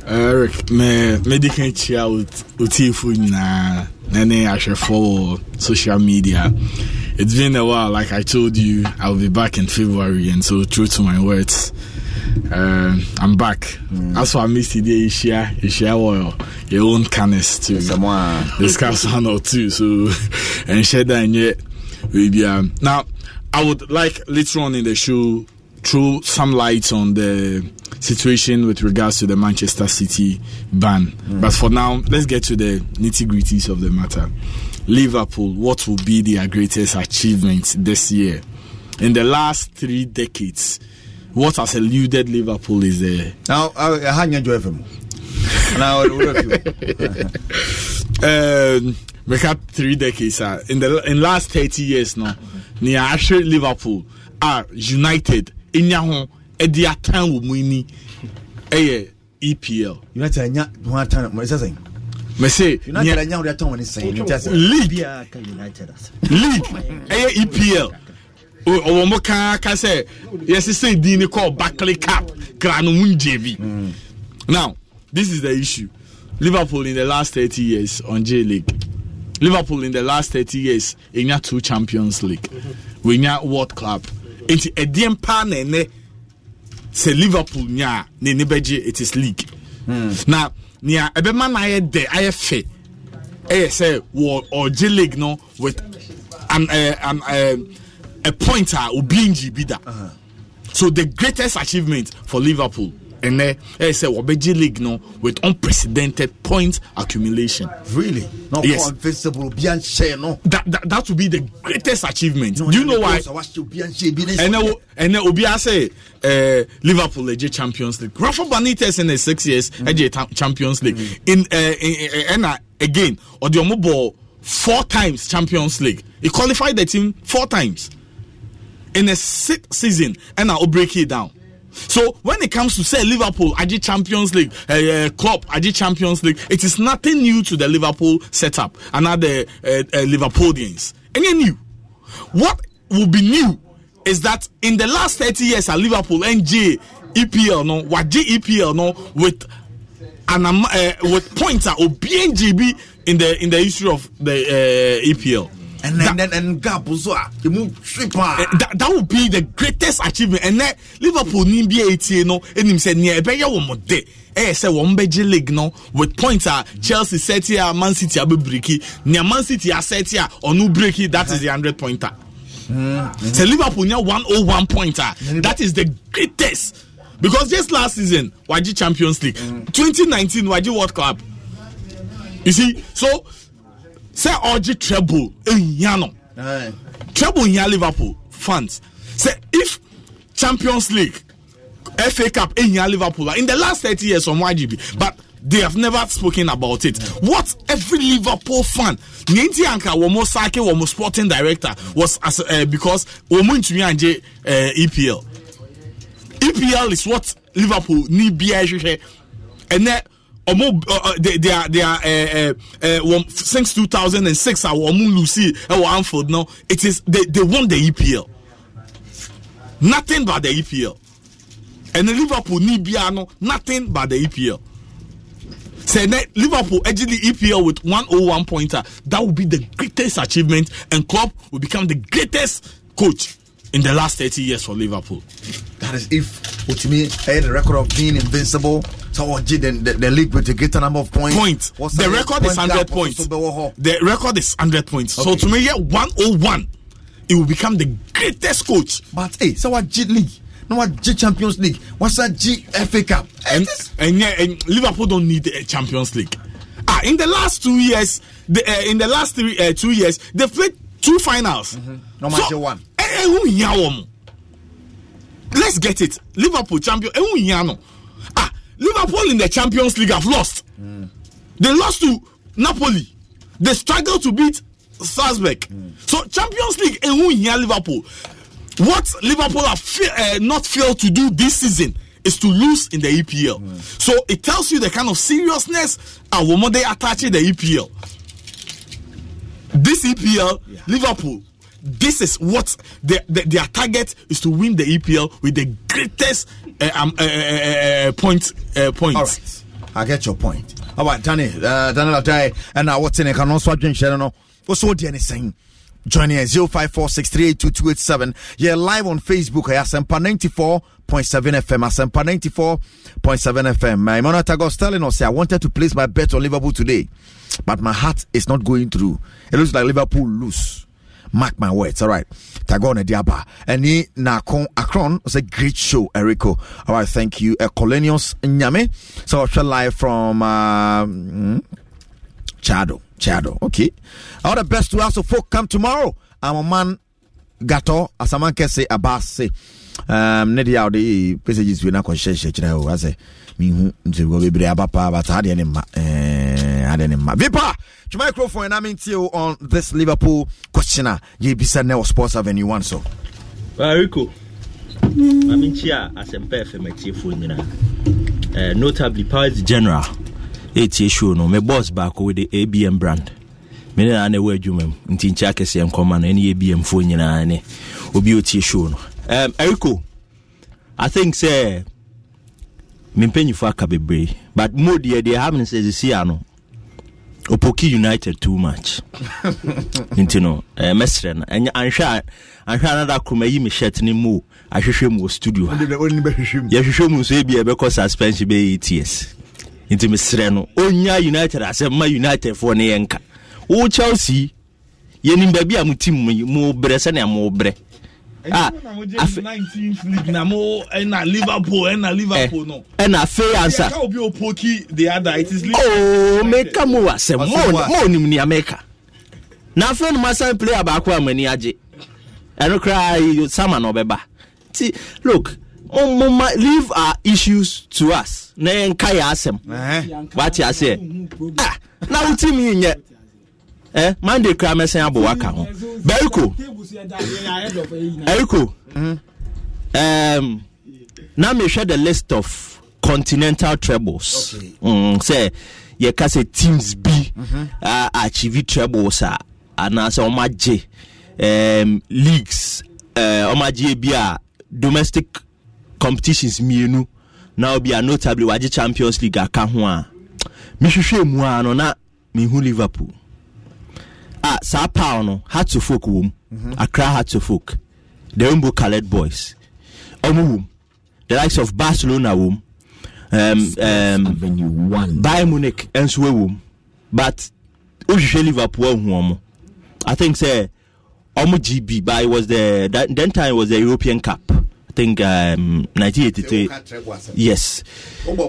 Eric, me medi kan kyia otiefo nyinaa na I ahwɛfoɔ follow social media. It's been a while, like I told you, I'll be back in February, and so true to my words, uh, I'm back. Mm. That's why I missed today. Ishia, Ishia Oil, your own canis Someone discuss one or two. So, and share that and yet. Maybe, um, now, I would like later on in the show throw some light on the situation with regards to the Manchester City ban. Mm. But for now, let's get to the nitty gritties of the matter. Liverpool, what will be their greatest achievement this year? In the last three decades, what has eluded Liverpool is there. Uh, now, uh, uh, how many enjoy him. Now, um, we had three decades. Uh, in the in last thirty years now, near actually Liverpool are United. In Yahoo, at the time we need a EPL. United, I'm not one time. What's that saying? mese league league ɛyɛ epl ɔwɔ mo kaa ka sɛ yɛsesɛ din ne kɔɔ backley cap kra no mu ngyebi now this is the issue liverpool in the last 30 years on j league liverpool in the last 30 years ɛnya two champions league wɔnya world club nti ɛdeɛm paa na ɛnɛ sɛ liverpool nya a ne ne bɛgye it is league mm. na nea ɛbɛma no ayɛ dɛ ayɛ fɛ ɛyɛ sɛ wɔ ɔgye league no with um, uh, um, uh, a point a obi ngi bi da so the greatest achievement for liverpool ɛnɛ ɛyɛ sɛ wɔbɛgye league no with unprecedented point accumulation. really no yes. invincible obi an no. that that that will be the greatest achievement. No, do you know why ɛnɛ ɛnɛ obi ase ɛɛ liverpool ɛgye eh, champions league rafa benitez ɛnɛ six years ɛgye eh, mm. champions league mm. in ɛɛ eh, again ɔdi ɔmo four times champions league he qualified the team four times. in a sixth season and I'll break it down. So when it comes to say Liverpool, Aji Champions League, uh, uh, Klopp, Champions League, it is nothing new to the Liverpool setup and other uh, uh, Liverpoolians. Any new? What will be new is that in the last 30 years at Liverpool, NJ, EPL, no, Waji EPL, no, with an uh, with pointer or BNGB in the in the history of the uh, EPL. and then, that, and, and gap also ah, you move eh, that, that would be the greatest achievement and then liverpool ni bi eighty no enim sɛ nea ɛbɛyɛ wɔn de ɛyɛ sɛ wɔn bɛgye league no with points a ah, chelsea set here, man city are abɛbiriki nea man city are ah, set here, or ɔno breki that is the hundred pointer mm, mm. sɛ liverpool nya one oh one pointer that is the greatest because just last season wagye champions league mm. twenty nineteen wagye world cup you see so sɛ ɔgye treble ehia no treble hia liverpool fans sɛ if champions league fa cup ehia liverpool in the last thirty years ɔmo agye bi but they have never spoken about it. What every Liverpool fan, Ninti Anka, Womo Sake, Womo Sporting Director, was as, uh, because Womo Ntumi uh, eh, EPL. EPL is what Liverpool need be and then ɔmo uh, uh, they they are they are uh, uh, uh, since 2006 awo ɔmo lucy ɛwɔ anfield no it is they they won the epl nothing but the epl and liverpool ni bia no nothing but the epl sɛ nɛ liverpool edge the epl with 101 pointer that would be the greatest achievement and club will become the greatest coach in the last 30 years for Liverpool. That is if Utimi had the record of being invincible. So what did the, the, league with the greater number of points? Point. What's the record point is 100 points. The record is 100 points. Okay. So to me, yeah, 101, it will become the greatest coach. But hey, so what G League? No, what G Champions League? What's that G FA Cup? And, and yeah, and Liverpool don't need a Champions League. Ah, in the last two years, the, uh, in the last three, uh, two years, they've played two finals. Mm-hmm. so who hia wɔn let's get it liverpool champion Who hia no ah liverpool in the champions league have lost mm. they lost to napoli they struggle to beat salzburg mm. so champions league Who hia liverpool what liverpool have fe- uh, not failed to do this season is to lose in the EPL. Mm. So it tells you the kind of seriousness attach in the EPL. this EPL, yeah. Liverpool, this is what the, the, their target is to win the EPL with the greatest uh, um, uh, uh, uh, uh point, uh, points. All right. I get your point. All right, Danny, uh, Daniel Adai, and I what's in it, and also Adrian Shannon. What's all the anything? Joining us 0546382287. Yeah, live on Facebook. I Asempa 94.7 FM. Asempa 94.7 FM. My monitor was telling us I wanted to place my bet on Liverpool today but my heart is not going through. It looks like Liverpool lose. Mark my words. All right. Tagone Diaba. And he Nakon Akron was a great show, Eriko. All right. Thank you. Uh, Colonius Nyame. So i shall live from uh, hmm? Chado. Chado. Okay. All the best to us. So, folk come tomorrow. I'm a man. Gato. Asaman Kese Abase. Um, Nedia, the passages we're not going to share. I say mehu bebree aba paa adeɛ ne adeɛ ne vipa twe microphone na on this liverpool question a yɛbisa nɛ wɔ sports avenue 1 so mamenkyi a notably powers general ɛtie show no me boss baako abm brand mene adwuma mu nti nkyɛ akɛseɛ nkɔma no ɛne foɔ nyinaa ne obi ɔtie show no eriko i think sɛ mempanyinfo aka bebree but mo deɛ deɛ happening sɛ sisi ano opoki united too much nti no ɛɛ eh, mɛsrɛ no ɛnyɛ anhwɛ a anhwɛ anada kuruma yi mi ne mu ahwehwɛ mu wɔ studio ha yɛhwehwɛ mu nso ebi ɛbɛkɔ suspension bɛyɛ eight years nti mesrɛ no onya united asɛm ma united foɔ ne yɛnka wo chelsea yɛnim baabi a mo ti mu mo brɛ sɛnea mo brɛ ah afe nineteenth league na mo liverpool ɛna liverpool no ɛna afei ansa ɛka obi opoki oh, meka mo wa sɛ mo mo nim ni na afei no ma san player baako a mo ani agye ɛno koraa sama na ɔbɛba ti look mmoma leave our issues to us na yɛn nka yɛ asɛm wate aseɛ ah na wotim yi nyɛ eh, monday kura mɛsɛn abɔ waka ho bɛriko ɛriko um, na mehwɛ the list of continental trebles okay. mm, sɛ yɛka sɛ teams bi mm -hmm. uh, achieve trebles a anaasɛ ɔmagye um, leagues ɔmagye eh, uh, bi a domestic competitions mmienu na obi a notably wagye champions league aka ho a mehwehwɛ mu a no na mehu liverpool Ah, saa paw no hearts of folk wom mhm. accra hearts folk the rainbow colored boys ɔmo wom the likes of barcelona wom um, um, bayern munich nso wom but wohwehwɛ liverpool ahu ɔmo i think sɛ ɔmo gb but it was the that, then time was the european cup i think um, 1983 yes mebɔ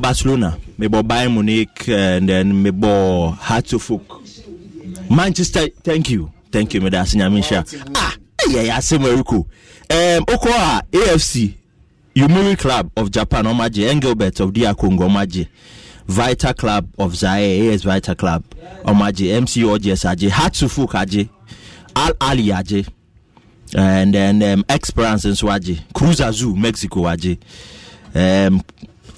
barcelona mebɔ bayern munich and then mebɔ hearts of folk manchester thank you thank you meda ase nyame nhyia ah ɛyɛ yɛ asɛm ariko um, wokɔ a afc umiri club of japan ɔmagye engelbert of dr congo ɔmagye vital club of zaire as vital club ɔmagye mc orges agye hatsufuk agye al ali agye and then um, experience nso agye cruz azul mexico agye um,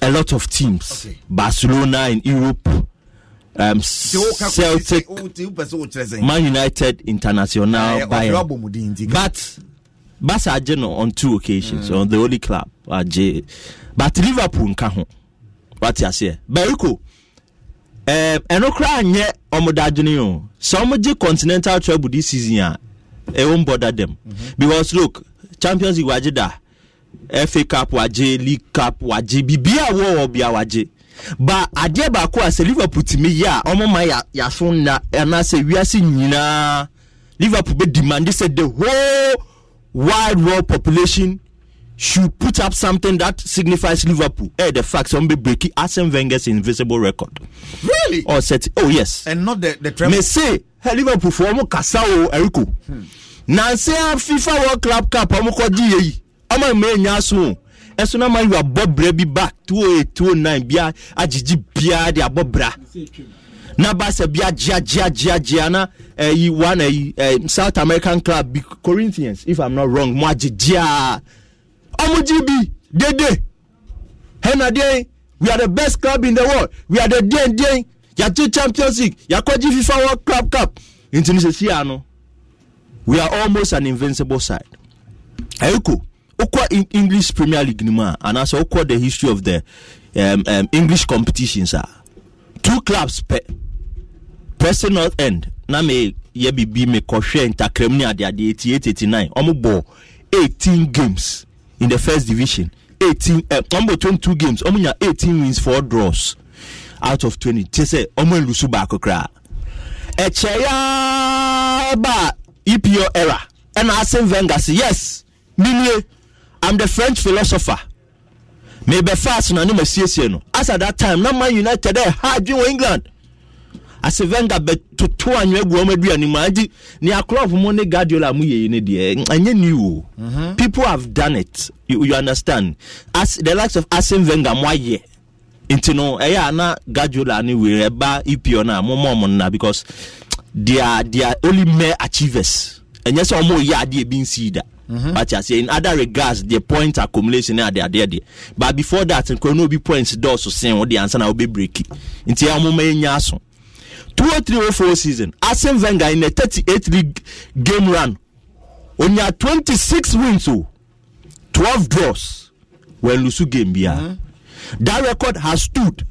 a lot of teams okay. barcelona in europe um, Celtic, Man United, International, eh, Bayern. But Barca agye no on two occasions mm. on the Holy club agye but Liverpool nka ho wate aseɛ Beriko ɛno eh, koraa nyɛ ɔmo dadwene o sɛ ɔmo gye continental treble this season a ɛwɔ mbɔda dɛm because look Champions League wagye da FA Cup wagye League Cup wagye biribiara wɔwɔ bia wagye. Mm -hmm ba adeɛ baako a sɛ liverpool tumi yɛ a wɔn ma yaso na anaasɛ wiase nyinaa liverpool bɛ demand sɛ the whole wide world population should put up something that signifies liverpool ɛ hey, the fact sɛ wɔn bɛ break arsene wenger's invisible record. really Oh, set oh yes. and not the the treble. mese hey, liverpool fo wɔn kasa o eriko. Hmm. nansi a fifa world club cup wɔn kɔ di yɛ yi wɔn a e. mɛ nya so ɛso na ma yɛ abɔ bra bi ba 20809 bia agyegye biara de abɔ bra na basa bi agyeagyeagyeagyea na ɛyi eh, one ɛyi eh, south american club bi corinthians if i'm not wrong mo agyegyea ɔmo gye bi dede hɛna deɛ we are the best club in the world we are the deɛn deɛn yàtò champions league yàkɔgye fifa world club cup nti ne sɛ we are almost an invincible side ɛyɛ ko wokɔ english premier league no mu a anaasɛ wokɔ the history of the um, um, english competitions a two clubs pɛ preston north end na meyɛ biribi mekɔhwɛ ntakram ne adeade 8889 ɔmo bɔ 18 games in the first division 18 uh, um, bɔ 22 games ɔmo nya 18 wins 4 draws out of 20 te sɛ ɔmo nlusu baako koraa ɛkyɛyɛ ba EPO era ɛna asen venga se yes minie I'm the French philosopher. mebɛfa Arsenal ne ma siesie no as at that time na Man United ɛ eh, ha adwin wɔ England ase Wenger bɛtoto anwea gu ɔmo aduane mu agye nea Klopp mu ne Guardiola mu yɛ ne deɛ ɛnyɛ new o people have done it you, you understand as the likes of Arsene Venga mu ayɛ nti no ɛyɛ ana Guardiola ne wei ɛba eh, EPO na mo mo ɔmo nna because they are they are only mere achievers ɛnyɛ sɛ ɔmo yɛ adeɛ bi nsi da. Mm-hmm. But I say in other regards, the point accumulation are there, there, there. But before that, in no be points doors to say what the answer will be breaky. In the Amume 2003-04 season, Asim Wenger in a 38 league game run, on your 26 wins, oh, 12 draws, when Lusu game be mm-hmm. That record has stood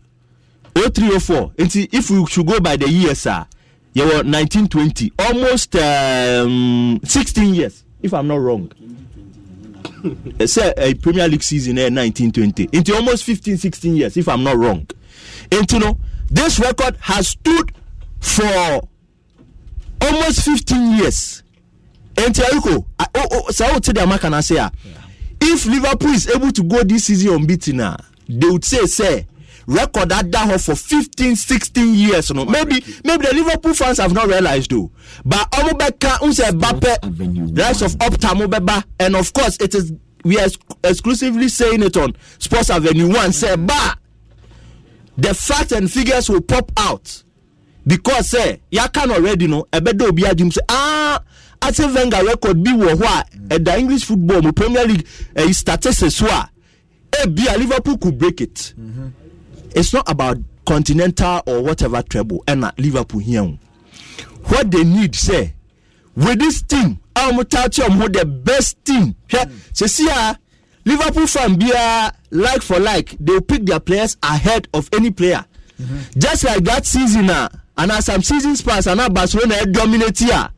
0304. If we should go by the year, sir, you were 1920, almost um, 16 years if i'm not wrong sɛ uh, premier league season ɛyɛ uh, 1920 nti almost 15 16 years if i'm not wrong nti no this record has stood for almost 15 years nti ayiko saa o ti di amaka na se a if liverpool is able to go this season unbeaten na ah, they would say say record at that down for 15 16 years you know. maybe maybe the liverpool fans have not realized though but omubeka unse bape rise of opta mubeba and of course it is we are exclusively saying it on sports avenue one say mm-hmm. ba the facts and figures will pop out because say yakan already no ebedo obi ajum say ah ati venga record bi wɔ hɔ a ɛda english football mu premier league ɛyi eh, statistics so a ebi eh, a ah, liverpool could break it. Mm -hmm it's not about continental or whatever treble ɛna liverpool hia o what they need say with this team a wɔn ta kye the best team hwɛ sisi a liverpool fan biara ah, like for like they pick their players ahead of any player mm-hmm. just like that season ah and as some seasons pass and now barcelona dominate ah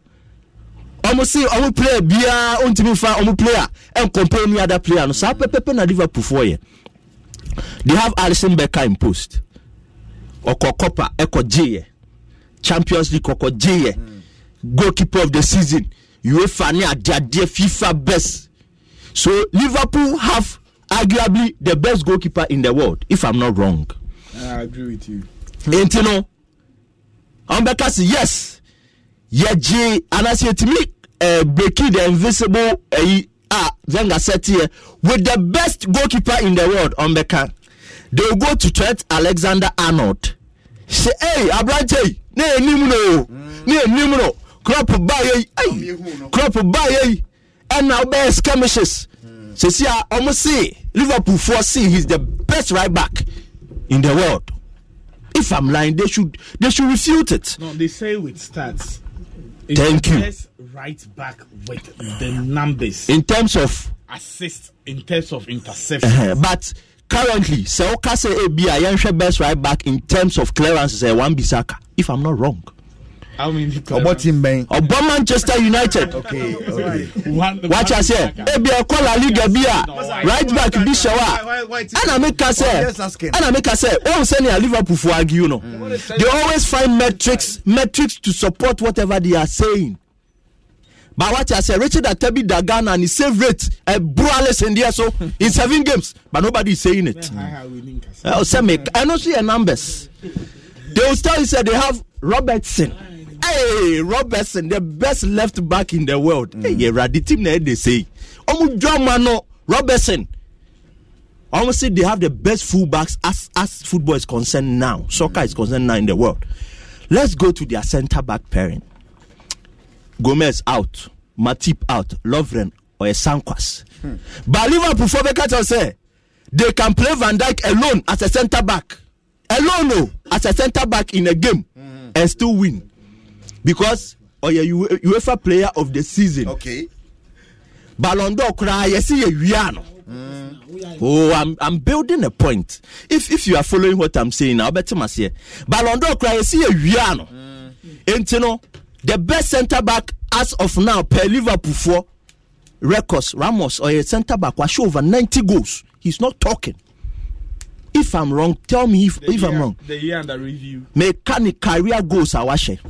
wɔn si wɔn player biara ah, wɔn ti mi fa wɔn player ah, and compare any other player no saa pɛpɛpɛ na liverpool fo yɛ. Yeah they have Alison Becker in post Oko kọpa ẹkọ jeyẹ Champions League oko jeyẹ hmm. goalkeeper of the season UEFA ní adeadeẹ FIFA best so Liverpool have arguably the best goalkeeper in the world if I'm not wrong. I agree with you. nti no wọn bɛka si yes yɛgye anase etimi ɛɛ eh, breaking the invisible Uh, a Zenga said, here with the best goalkeeper in the world on They will go to threat Alexander Arnold. Say, hey, Abraje, ne nimuno, ne nimuno, crop by a crop by and now bear skirmishes. Hmm. Say, see, I almost see Liverpool foresee he's the best right back in the world. If I'm lying, they should they should refute it. No, they say with stats. Thank you. Best right back with the numbers in terms of assist, in terms of interception. Uh-huh. But currently, Seoka say a best right back in terms of clearances. One uh, Bisaka, if I'm not wrong ɔbɔtin bɛn. ɔbɔ manchester united. wàtí ase ebi ɛkɔ la liga bi a right back bi hyɛ wa ɛna mi ka sɛ ɛna mi ka sɛ ohun sɛ ni a liverpool fo argue no they always find metrics metrics to support whatever they are saying. But what I say, Richard Atabi Dagana and his save rate a eh, braless in there so in seven games, but nobody is saying it. Mm. Uh, I no eh, oh, see your numbers. They will tell you say they have Robertson. hey robertson the best left back in the world mm. hey yɛwurade team na ɛde sei ɔmo dwa ma no robertson ɔmo say they have the best fullbacks as as football is concerned now soccer mm. is concerned now in the world let's go to their centre back pairing gomez out matip out lovren or Sanquas. hmm. but liverpool fo bɛka kyɛw they can play van dijk alone as a centre back alone o as a centre back in a game mm. and still win because ɔyɛ oh uefa player of the season okay. ballon d'or koraa yɛsi yɛ wia no. Mm. Oh, I'm, I'm building a point. If if you are following what I'm saying now, better must hear. Ballon d'Or cry, see a Wiano. Mm. You know, the best centre back as of now per Liverpool for records, Ramos or a centre back was over 90 goals. He's not talking. If I'm wrong, tell me if, if year, I'm wrong. The year under review. Mechanic career goals are washing.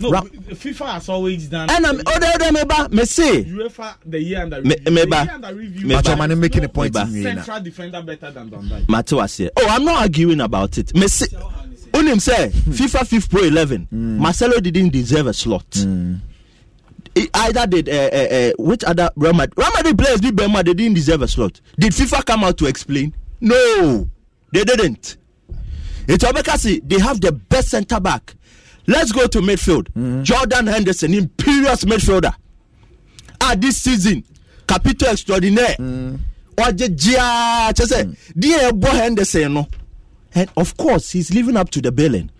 No, Ra- FIFA has always done. And I'm older than Meba. Me say. UEFA the year under review. Me, meba. The year under review. is making a point. Meba. Central defender better than Dundee. Matthew was here. Oh, I'm not arguing about it. Me say. Unim say FIFA fifth pro eleven. Mm. Marcelo didn't deserve a slot. Mm. either did uh, uh, uh, which other Real Madrid, Real Madrid players did Bema, they didn't deserve a slot. Did FIFA come out to explain? No, they didn't. It's Obekasi, they have the best centre back. Let's go to midfield. Mm-hmm. Jordan Henderson, imperious midfielder. Ah, this season, capital extraordinaire. Mm-hmm. Ọjẹ jia kyesẹ díẹ̀ bọ́ Henderson no and of course he's living up to the billing.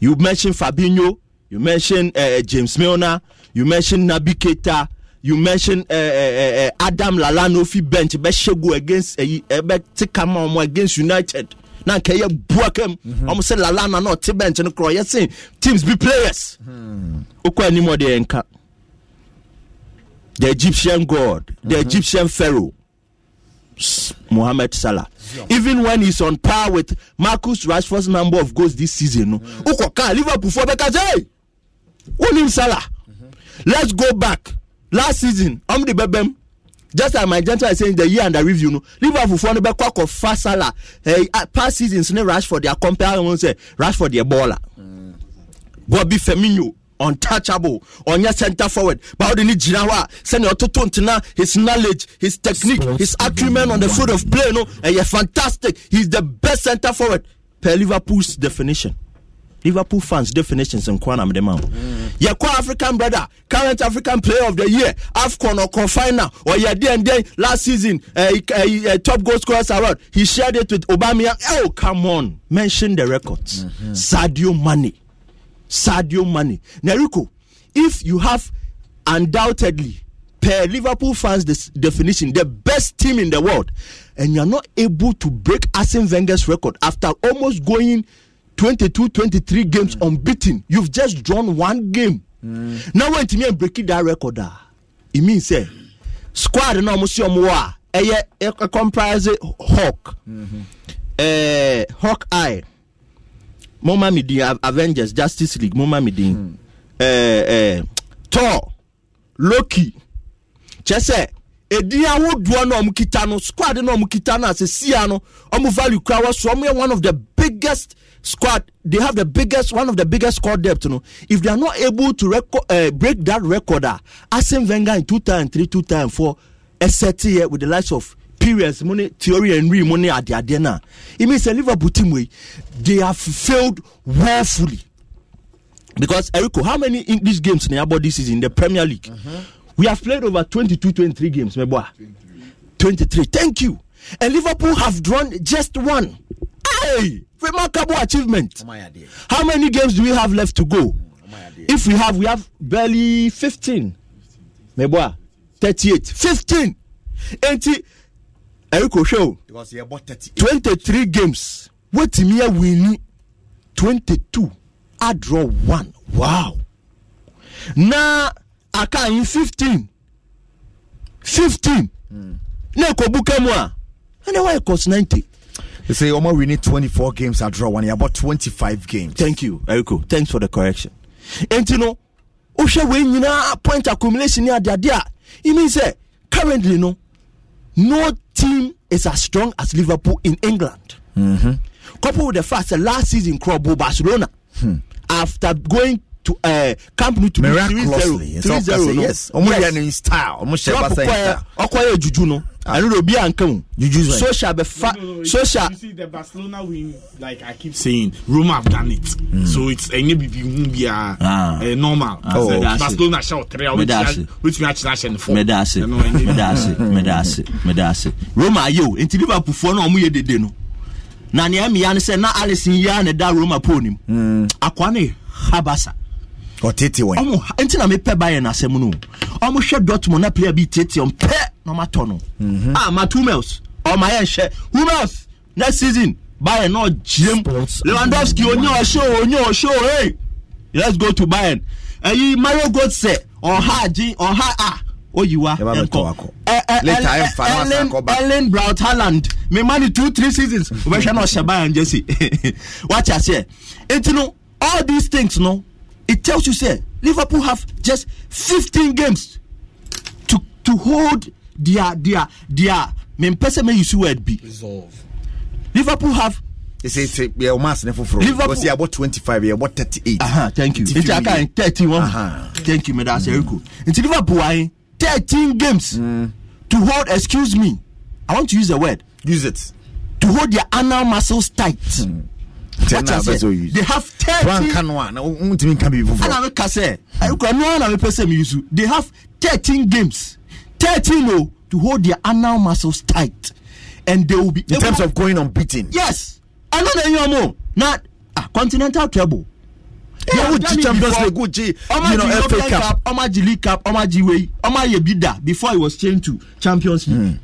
You mentioned Fabinho, you mentioned uh, James Milner, you mentioned Naby Keita, you mentioned uh, uh, uh, Adam Lallana ofi bench bẹ́ẹ̀ ṣẹ́gun against ẹ̀yí ẹ̀ bẹ́ẹ̀ tí kàmá against United na mhm. hmm. nka ɛyɛ bua kam ɔmo sɛ lalana na ɔte bench no korɔ yɛse teams bi players wokɔ anim ɔde yɛnka the egyptian god the mm-hmm. egyptian pharaoh Mohamed Salah. Even when he's on par with Marcus Rashford's number of goals this season, no. Mhm. Ukoka Liverpool for Bekaze. Onim Salah. Mhm. Let's go back. Last season, Amdi Bebem, just like my gentle is saying the year under review no liverpool fún ọ ní bẹ kọ kọ fa sala eh, ah, past seasons ní rashford their compare wọn sẹ rashford yẹ bọ́ọ̀là bobby femino, untouchable ọ̀nyẹ centre forward báwọ̀dì ni jìnnà hɔ a sani ọ̀tótó ntina his knowledge his technique his acumen on the field of play no ẹ̀yẹ eh, fantastic he is the best centre forward per liverpool's definition. Liverpool fans definitions in kwana Demam. Mm. Yako African brother, current African player of the year, AFCON or confiner, or yeah, then then last season, uh, uh, uh, top goal scorers around. He shared it with Obama. Oh, come on, mention the records. Mm-hmm. Sadio Mane, Sadio Mane. Neruko, if you have undoubtedly per Liverpool fans this definition the best team in the world, and you're not able to break Asin Wenger's record after almost going 22 23 games mm. unbeaten you've just drawn one game mm. na wọn ntumi break that record ah, It means mean eh, say squad na ọmọ si ọmọ wa ẹyẹ ẹ comprise hawk mm-hmm. eh, hawk eye mo ma avengers justice league mo ma mm. eh, eh, thor loki kyesẹ edin ahodoɔ na ɔmo kita no squad na ɔmo kita no asese ano ɔmo value kura wɔ so ɔmo yɛ one of the biggest squad they have the biggest one of the biggest squad depth you know if they are not able to record, uh, eh, break that record uh, Arsene Wenger in 2003 2004 a set year with the likes of periods money theory and real money at the adena it means a Liverpool team way eh, they have failed woefully because Erico how many English games in about this season in the Premier League uh-huh. we have played over 22 23 games my boy 23 thank you and Liverpool have drawn just one Hey, remarkable achievement. How many games do we have left to go? If we have, we have barely 15. Meboa, 38. 15. Enti, Eriko show. 23 games. What team here we need? 22. I draw one. Wow. Now, I can in 15. 15. Mm. Now, Kobuka Mwa. And then why it costs 90? They say Omar, we need 24 games at draw one. About 25 games. Thank you, Eriko. Thanks for the correction. And you know, Osha when you know point accumulation near the idea. It means that eh, currently no, no team is as strong as Liverpool in England. Mm-hmm. Coupled with the fact that last season, Club Barcelona, hmm. after going to uh, camp no to be three zero three zero no yes ọmọ yẹn ni style ọmọ ṣe bá sẹyìn style ọkọ yẹ juju no ẹnu de obi anka mu juju sẹyìn social bẹ fa social. you see the barcelona win like i keep saying roma have done it mm. so it's ẹnyẹ bibi hun bi a normal oh, barcelona ṣe ọtẹrẹ a wetin a kyerẹ aṣẹ nifọ. mẹda ase mẹda ase mẹda ase mẹda ase roma ayé o nti liverpool fọ náà ọmọ yẹ dede no na ní ẹ̀mí ya ni sẹ́ na alison yá ni da roma pole ni mu hmm. akwa ni habasa ɔtete wɔn. ɔmo nti na mepɛ bayern asɛm no ɔmo hwɛ dortmund na player bi tete ɔmo pɛ na ɔmo no. Mhm. ah ma two mils ɔmo ayɛ nhyɛ humels next season bayern náà jim lewandowski onye ɔhyɛ onye ɔhyɛ hey let's go to bayern ɛyi mario gotse ɔha agye ɔha a ah, oyiwa nkɔ ɛlɛn ɛlɛn braut haaland mimani two three seasons obɛhwɛ na ɔhyɛ bayern jersey wakyɛ aseɛ eti no all these things no it tells you say Liverpool have just 15 games to to hold their their their mempese me use word be resolve. Liverpool have ɛsɛ sɛ yɛwɔ mass ne foforɔ because about 25 about 38 aha uh-huh, thank you It's aka n 31 aha thank you meda asɛ mm. riko It's Liverpool I 13 games mm. to hold excuse me I want to use the word use it to hold their anal muscles tight mm they have thirteen games thirteen o oh, to hold their anal muscles tight and they will be. in able, terms of going on beating. yes ɛna na eyi ɔmo na ah continental treble. Yeah, yeah, Uchi Champions League, Uchi, you know, FA Cup. Cup. Omaji League Cup, Omaji Way, Omaji Bida, before he was changed to Champions League. Mm.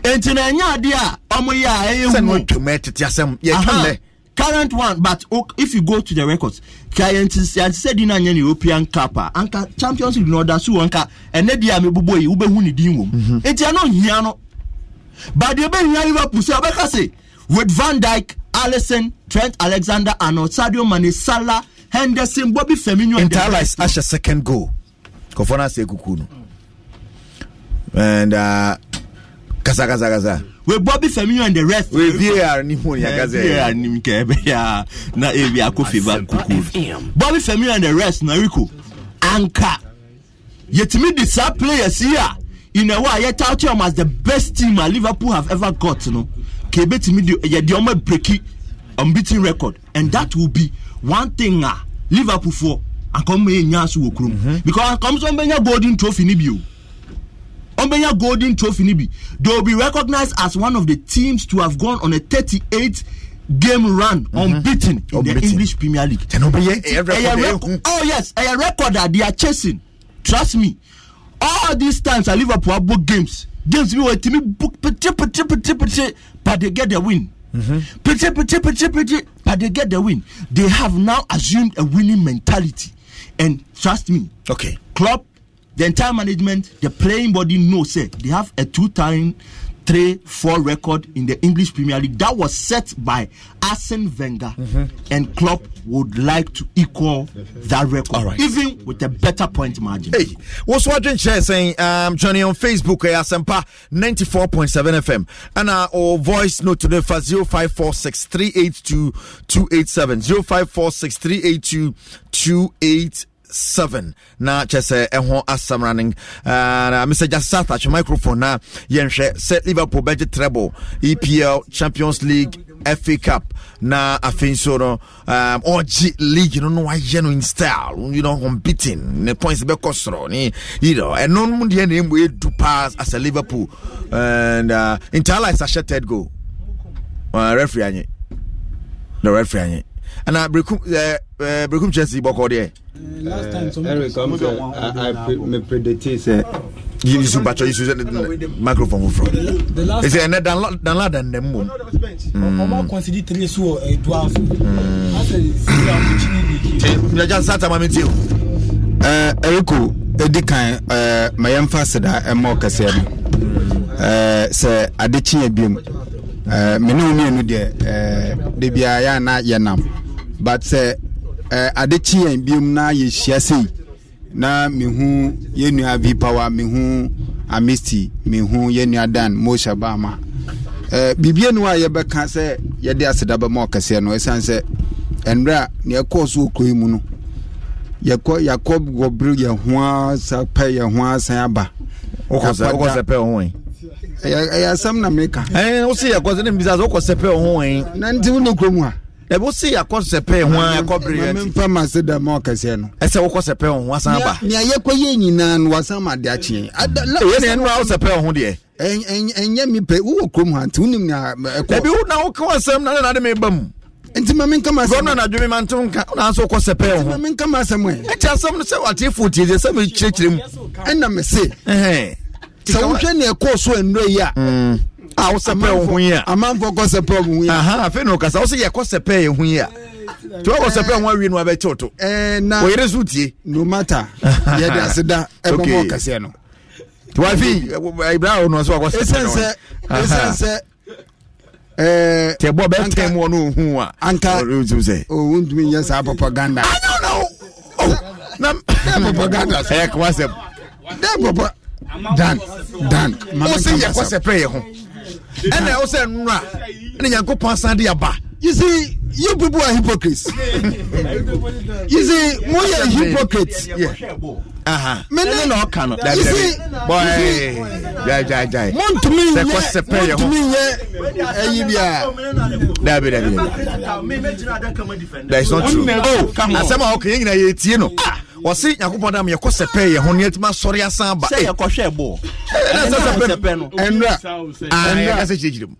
Enti na enya ade a, omo ya, eyi eh, hu. Sɛ no twɛmɛ tete asɛm, yɛ twɛmɛ current one but okay, if you go to the records yɛntisɛ din no anyɛ ne european cup a ah, anka champions league mm-hmm. no ɔda so wɔ nka ɛnɛ deɛ a mebobɔ yi wobɛhu ne din wɔ mu enti ɛno no but deɛ ɛbɛhia liverpool sɛ ɔbɛka se with van Dyke, allison trent alexander arnold sadio mane salah henderson bobby firmino interlice ahyɛ second goal kɔfɔ no kuku no and uh, kasa kasa kasa. we bobby firmino and the rest. we var ni mu ya gaza ye. var ni mu kɛ ɛbɛ ya na ebi akofe kuku. bobby firmino and the rest na riko anka yɛtumi de saa players yi a in a way yɛta ɔtí ɔmo as the best team a liverpool have ever got no kebetumi de yɛde ɔmo breki unbeaten record and that will be one thing a ah, liverpool fo akɔmɔ yɛ nyaa so wɔ kurom because akɔmɔ sɔn bɛ nya golden trophy ni bi o. ɔmbɛnya golden trophy ni they will be recognized as one of the teams to have gone on a thirty-eight game run mm-hmm. unbeaten in unbeaten. the English Premier League. Tẹ̀nà bẹ Oh yes, a record that they are chasing. Trust me, all these times at Liverpool book games, games we were team book but they get the win. Mm-hmm. but they get the win. They have now assumed a winning mentality, and trust me. Okay. Klopp the entire management, the playing body knows it. Eh, they have a two-time, three, four record in the English Premier League that was set by Arsene Wenger, mm-hmm. and Klopp would like to equal that record, even with a better point margin. Hey, what's what Jen Chair saying? Um, Johnny on Facebook, eh, Asempa 94.7 FM, and uh, or voice note to the 0546 382 seven na kyɛ sɛ ɛho asɛm running uh, na mr jasat atwe microphone na yɛnhwɛ sɛ liverpool bɛgye treble epl champions league FA Cup na afei nso no um, ɔgye league no no wayɛ no in style you know competing ne points bɛkɔ soro ne you know ɛno mu deɛ na ɛmu ɛdu pass as a Liverpool and uh, Intala is ahyɛ third goal uh, referee anye the referee anye and uh, uh brekum chelsea bɔkɔ deɛ. last time some people come say i me predate sɛ. yi su batwa yi su sɛ microphone foforɔ ɛsɛ ɛnɛ danlada nnɛm mom ɔma kɔnsidi tire so wɔ ɛdoa so asɛ sira mokyini league nyagya nsa tama me tie o ɛreko ɛdi kan ma yɛmfa seda ɛma ɔkɛseɛ no sɛ ade kyeɛ biom me ne wo mmienu deɛ Uh, biaa yɛ ana yɛnam but sɛ Eh, ade kyi yɛn biom na yɛhyia sei na mihu yɛn nua v power amisti mihu yɛn nua dan mosha bama eh, biribi enu a yɛbɛka sɛ yɛde aseda bɛma ɔkɛseɛ no ɛsiane sɛ nwura nea ɛkɔɔ so okuro yi mu no yɛkɔ yɛakɔ wɔbere yɛn ho asa pɛ yɛn ho asan aba. ɔkɔ sɛ pɛ ɔho yi. ɛyɛ asɛm na meka. ɛɛ wosi yɛkɔ sɛ ne mbisa sɛ ɔkɔ sɛ pɛ ɔho yi. na nti wo ne kurom ha ɛbɛ si akɔ sɛpɛ ho a ɛkɔ bere yɛ ti mpa ma se dɛm ɔkɛseɛ no ɛsɛ wɔkɔ sɛpɛ ho wasan ba nea yɛkɔ yɛ nyinaa no wasan ma de akyeɛ ɛyɛ ne ɛnura awo sɛpɛ ho deɛ ɛnyɛ mi pɛ wowɔ kurom ha nti wonim nea ɛkɔ ɛbi wo na wokɔ asɛm na ne na de me ba mu nti ma mi nkama asɛm gɔnɔ na dwemi ma ntom nka ɔna nso kɔ sɛpɛ ho ma mi nkama asɛm ɛ ɛkyɛ asɛm no sɛ wate fo tie sɛ sɛ mi kyerɛkyerɛ mu ɛna me se sɛ wohwɛ ne ɛkɔɔ so nnura yi a mm a wosɛpɛ wo ho yi a amanfoɔ kɔsɛpɛ wo ho yi aha afei na ɔkasa wo sɛ yɛkɔsɛpɛ yɛ ho yi a tí wọn kọ sẹ awie ni wọn tí o tó. ɛɛ na o yẹrẹ sùn tiẹ. no matter yẹ de ase da ẹ bọ mọ kẹsẹ nù. tiwafi ibrahima ọ̀nà sọ akọ sẹ. esanse esanse ɛɛ tẹ bɔ bɛ tẹ mu ɔnu wa. anka ohun tun bɛ yɛ sa propaganda. i don't oh, na dɛ dan dan. o se yɛ kɔsɛpɛ yɛ ho. ɛna ɛwɔ sɛ nnura ɛna nyankopɔn san de aba you see you people are hypocrites you see mo yɛ hypocrites. Yeah. mene na ɔka no montumi nyɛ ayi biaasɛm oh, a ɔka yɛ nyina yɛtie no ah. wɔse nyankopɔn dam yɛkɔ sɛpɛ yɛ ho ne atumi asɔre asan ba ɛkasɛ kyirikyiri mu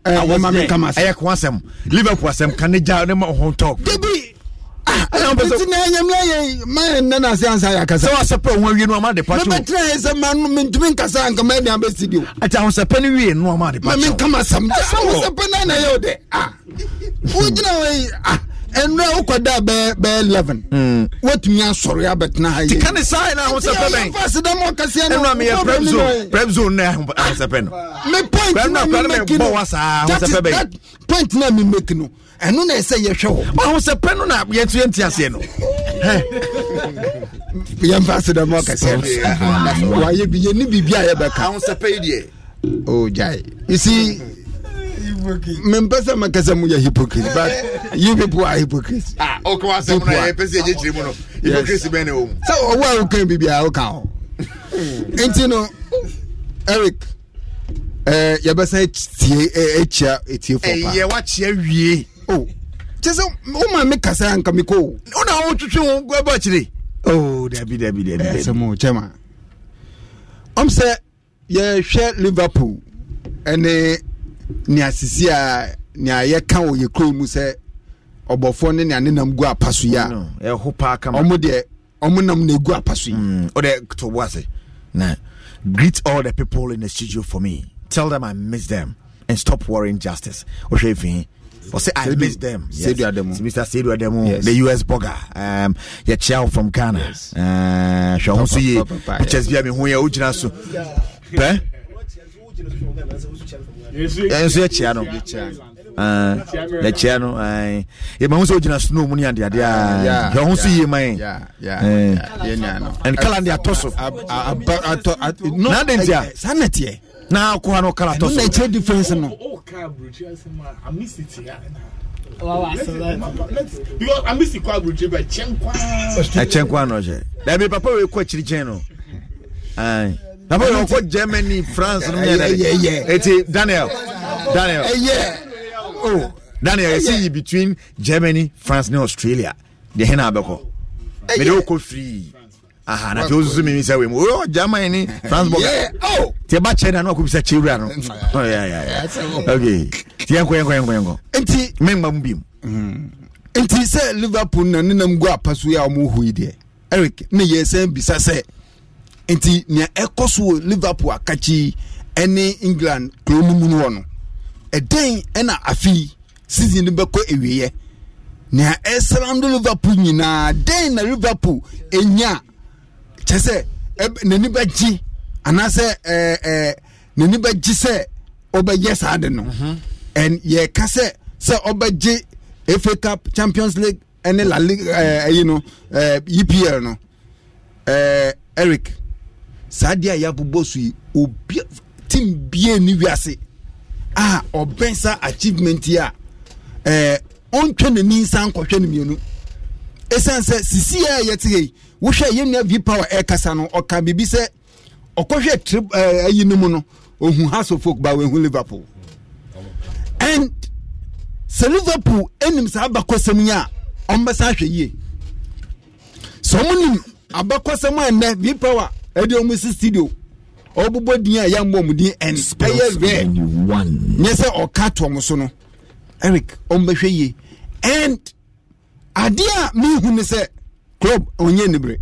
eh, ɛyɛ ko asɛm liverpool asɛm ka ne gya ne ma ho talk nti na ɛnyɛ mmerɛ yɛ mayɛ nnɛ no ase ansa yɛakasa sɛ wasɛpɛ ho awie no ama de pa mɛbɛtena yɛ sɛ ma no mentumi nkasa anka ma aduan bɛsi dio ɛti ahosɛpɛ no wie no ama de pa menka masɛm ahosɛpɛ no ana yɛwo dɛ ah. wogyina wɔ yi ah, ɛnura wokɔda bɛɛ bɛɛ eleven. Hmm. wotumi asɔre abɛtena ha yi. tika ni saa yi na ahun sɛpɛ bɛn. ɛnti ɛyɛ fasi dɛm ɔkasi ɛna ɔmo yɛ prep zone prep zone na ahun sɛpɛ no. mi point na mi meki no that is that point na mi meki no ɛno na ɛsɛ yɛhwɛ wɔ mahu sɛ pɛ no na yɛto yɛnte aseɛ no yɛmfa ase dɛ ma ɔkɛsɛ wayɛ bi yɛni biribi a yɛbɛka ogyae you see mempɛ sɛ mɛka sɛ moyɛ hypocrite but you people are hypocrites sɛ ɔwo a woka biribiaa woka hɔ nti no eric yɛbɛsan tie akyia ɛtiefɔ pa o oh. kyɛ sɛ woma me kasa anka mekɔ o wona wotwetwe wo guaba akyire o dabi dabi dabisɛm kyɛma ɔm sɛ yɛhwɛ liverpool ɛne nea sisi a nea yɛka wɔ yɛ kurom mu sɛ ɔbɔfoɔ ne nea nenam gu apa so yi a ɛho paa kama ɔmo deɛ ɔmo nam na egu apa so yi ɔdɛ mm, to bo ase na greet all the people in the studio for me tell them i miss them and stop worrying justice ɔhwɛ efi For say I Sedu, miss them. Yes. Sedu Ademo. Mr. Sedu Ademo, yes. the US blogger. Um, your child from Ghana. Yes. Uh, Shawn Suye, which is via me, who you are so. Yes. Yes. Yes. yɛkyia no yɛma ho sɛ wogyina snow mu ne adeadeɛ yɛ ho so yie ma ɛn kala ne atɔ so na adɛntia saa nɛteɛ na akɔ ha no kala tɔ so na ɛkyerɛ difference no ɛkyɛn kwa no ɔhyɛ dabi papa wei kɔ akyiri kyɛn no papa wei ɔkɔ germany france no myɛ ɛti daniel daniel oh daniel yɛsi yi between germany france ne australia deɛ hena abɛkɔ mede wokɔ frii aha na afei osusu mimi sɛ wemu o german ni france bɔ tiɛ ba kyɛ na n'o ko bisa kyɛ wura no ok tiɛ nkɔ yɛnkɔ yɛnkɔ yɛnkɔ nti mɛ mma mu bi mu. nti sɛ liverpool na nenam gu apa so yi a wɔn hu yi deɛ eric ne yɛ sɛn bisa sɛ nti nea ɛkɔ so liverpool akakyi ɛne england kuro no mu wɔ no ɛdɛn ɛna afi season no bɛkɔ ewieɛ nea ɛsɛlando liverpool nyinaa dɛn na liverpool enya. Yeah. kyɛ sɛ n'ani bɛgye anaasɛ ɛɛ ɛɛ n'ani bɛgye sɛ ɔbɛyɛ saa de no ɛn mhm. yɛka sɛ sɛ ɔbɛgye fa cup champions league ɛne la league ɛɛ ɛyi no ɛɛ epl no ɛɛ eric saa deɛ a yɛabobɔ so yi obi team bie ni wiase a ɔbɛn sa achievement yi a ɛɛ ɔntwɛ n'ani nsa nkɔhwɛ no mmienu ɛsiane sɛ sisi a yɛte yɛ yi wohwɛ yɛn nua v power ɛkasa no ɔka biribi sɛ ɔkɔhwɛ trip ayi no mu no ohun haso folk ba wehu liverpool and sɛ liverpool anim saa abakɔsɛm yi a wɔn bɛsa ahwɛ yie sɛ wɔn nim abakɔsɛm a nnɛ v power ɛde wɔn si studio ɔbobɔ din a yɛn bɔ wɔn din ɛn ɛyɛ rare nyɛ sɛ ɔka to wɔn so no eric wɔn bɛhwɛ yie and adeɛ a mihu ne sɛ club onye nibre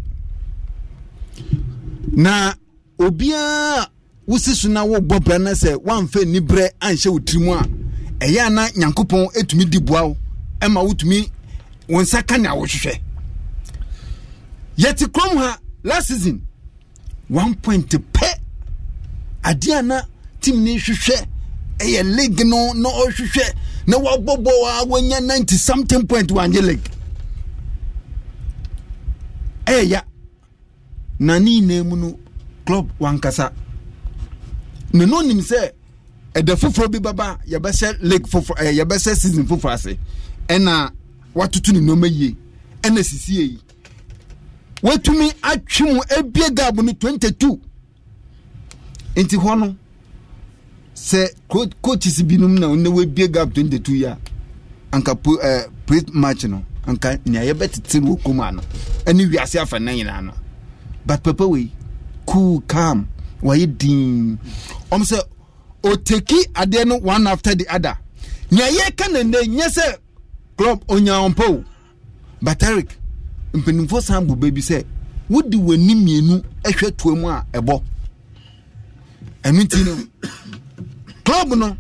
na obiara wosi so na wɔbɔ bra na sɛ wɔamfa nibrɛ anhyɛ wo tiri mu a ɛyɛ ana nyankopɔn ɛtumi di boa ɛma wotumi wo nsa ka nea wohwehwɛ yɛte kurom ha last season one point pɛ adeɛ ana team ne hwehwɛ ɛyɛ league no na ɔhwehwɛ na wɔabɔbɔ wa wɔanya ninety something point wɔanyɛ league ɛyɛ ya na ne nyinaa mu no club wankasa na no nim sɛ ɛda foforɔ bi baba yɛbɛhyɛ league foforɔ ɛɛ eh, yɛbɛhyɛ season foforɔ ase ɛna watoto ne nneɛma yie ɛna sisi yie watumi atwi mu ebie gab eh, no twenty two nti hɔ no sɛ coaches binom na wɔn na wɔabie gab twenty two yia anka pre match no anka nea yɛbɛtete no wɔ kɔm ano ɛne wiase afa no nyinaa no but papa wei cool calm wayɛ din ɔm sɛ ɔteki adeɛ no one after the other nea yɛka nandɛ nyɛ sɛ club ɔnya ɔmpa o but eric mpanimfoɔ san bo baabi sɛ wode w'ani mmienu hwɛ toa mu a ɛbɔ ɛno nti no club no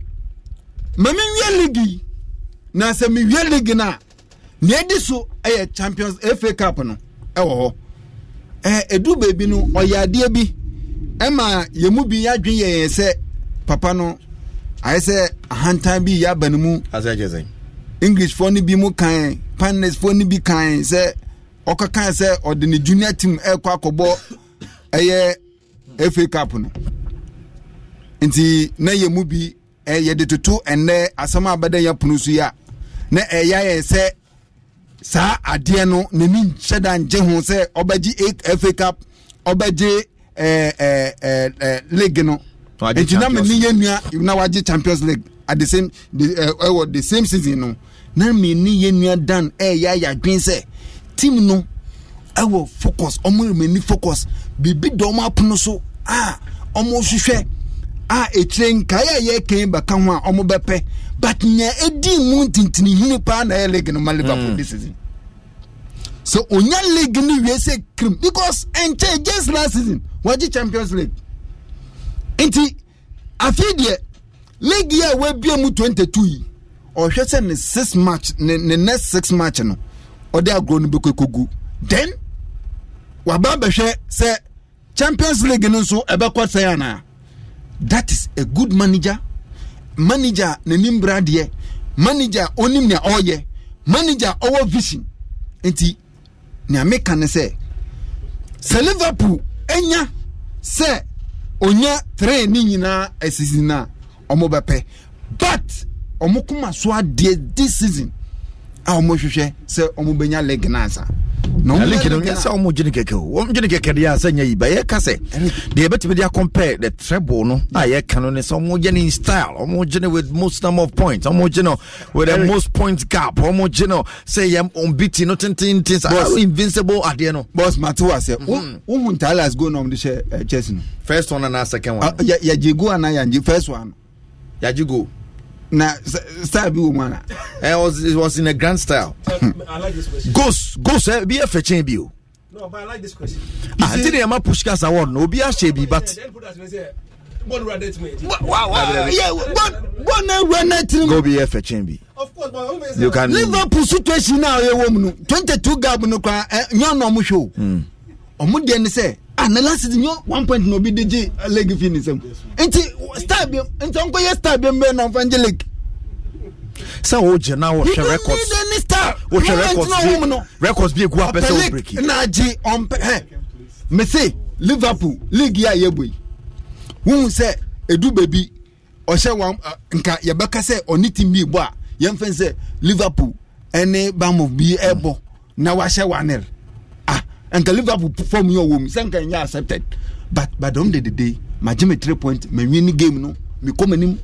ma menwie league na sɛ mewie league no a nea ɛdi so yɛ champions fa cup no wɔ hɔ ɛdu baabi no ɔyɛ adeɛ bi ɛma yɛn mu bi yɛadwen yɛn sɛ papa no ayɛ sɛ ahantan bi yɛ aba ne mu englishfoɔ no bi mu kan panelisfoɔ no bi kan sɛ ɔkɔkan sɛ ɔde ne junior team ɛrekɔ akɔbɔ ɛyɛ fa cup no nti ne yɛn mu bi ɛyɛ de toto ɛnɛ asɛm a abɛdɛ yɛ pono so yi a na ɛyɛ ayɛ sɛ saa adeɛ no n'ani nhyɛ da ngye ho sɛ ɔbɛgye fa cup ɔbɛgye ɛɛ ɛɛ ɛɛ league no nti na mene yɛ nua na wagye champions league at the same the ɛwɔ uh, the same season no na mene yɛ nua dan ɛɛyɛ ayɛ adwene sɛ team no ɛwɔ focus ɔmo remeni focus bibi da ɔmo apono so a ɔmo hwehwɛ a ekyire nkae a yɛ kɛn bɛka ho a ɔmo bɛpɛ but nyɛ ɛdi mu ntintinihini paa na ɛyɛ league no ma liverpool hmm. this season so onya league no wie sɛ krim because ɛnkyɛ just last season wɔgye champions league nti afei deɛ league yi a wɔabia mu 22 yi ɔhwɛ sɛ ne six match ne ne next six match no ɔde agorɔ no bɛkɔ ekogu then waba abɛhwɛ sɛ champions league no nso ɛbɛkɔ sɛn anaa that is a good manager manager n'anim bradeɛ manager onim nea ɔreyɛ manager ɔwɔ vision nti nea meka ne sɛ sɛ liverpool anya sɛ onya train ne nyinaa asisi na ɔmo bɛpɛ but ɔmo kuma so adeɛ this season a ɔmo hwehwɛ sɛ ɔmo bɛnya leg na sɛ womgyene kɛkɛ o womgyene kɛkɛ deɛ a sɛ nyɛ yiba yɛka sɛ deɛ yɛbɛtumi de acompare the treble no a yɛka no ne sɛ ɔmogyene in style ɔmogyene with most number of points ɔmogyene with the most point gap ɔmogyene sɛ yɛ ɔmbiti no tententen sa ah, invincible adeɛ no bos mate wo asɛ wohu mm-hmm. ntaa las go no ɔmde hyɛ chelsea no first one anaa second one ah, yɛgye go anaa first one yɛgye na style bi wɔ mu ana. Eh, it was it was in a grand style. Eh, I like this question. goals goals ɛ eh, bi yɛ fɛ kyɛn bi o. no but I like this question. ah ti ni ɛ e ma push cars award na obi ahyɛ bi but. bọ́ọ̀lù rẹ̀ dẹ́tí mi. wà wà yẹ bọ́ọ̀lù rẹ̀ dẹ́tí mi. Go be yɛ fɛ kyɛn bi. of course but ɔmu bɛ sɛ. you can liverpool situation naa ɔyɛ wɔ mu no twenty two gab no kora ɛ nyɔnu ɔmu hwɛ hmm. o. ɔmu deɛ ni sɛ ana last season yɛ one point na obi de gye uh, leg fi ne nsam nti star bi nti ɔnkɔ yɛ star bi mbɛ na nfa ngye leg. sɛ wogye oh, na wɔhwɛ oh, records oh, records bi egu apɛ sɛ wo break na agye ɔmpɛ um, hɛ mese liverpool league yi a yɛbɔ yi wohu sɛ edu baabi ɔhyɛ wɔn nka yɛbɛka sɛ ɔne team bi bɔ a yɛmfɛn sɛ liverpool ɛne bamov bi ɛbɔ na wa wanere nka liverpool form yi ɔwɔ mu sɛ nka nyɛ accepted but end of the day my gye me three point my winning game no me kɔ m'anim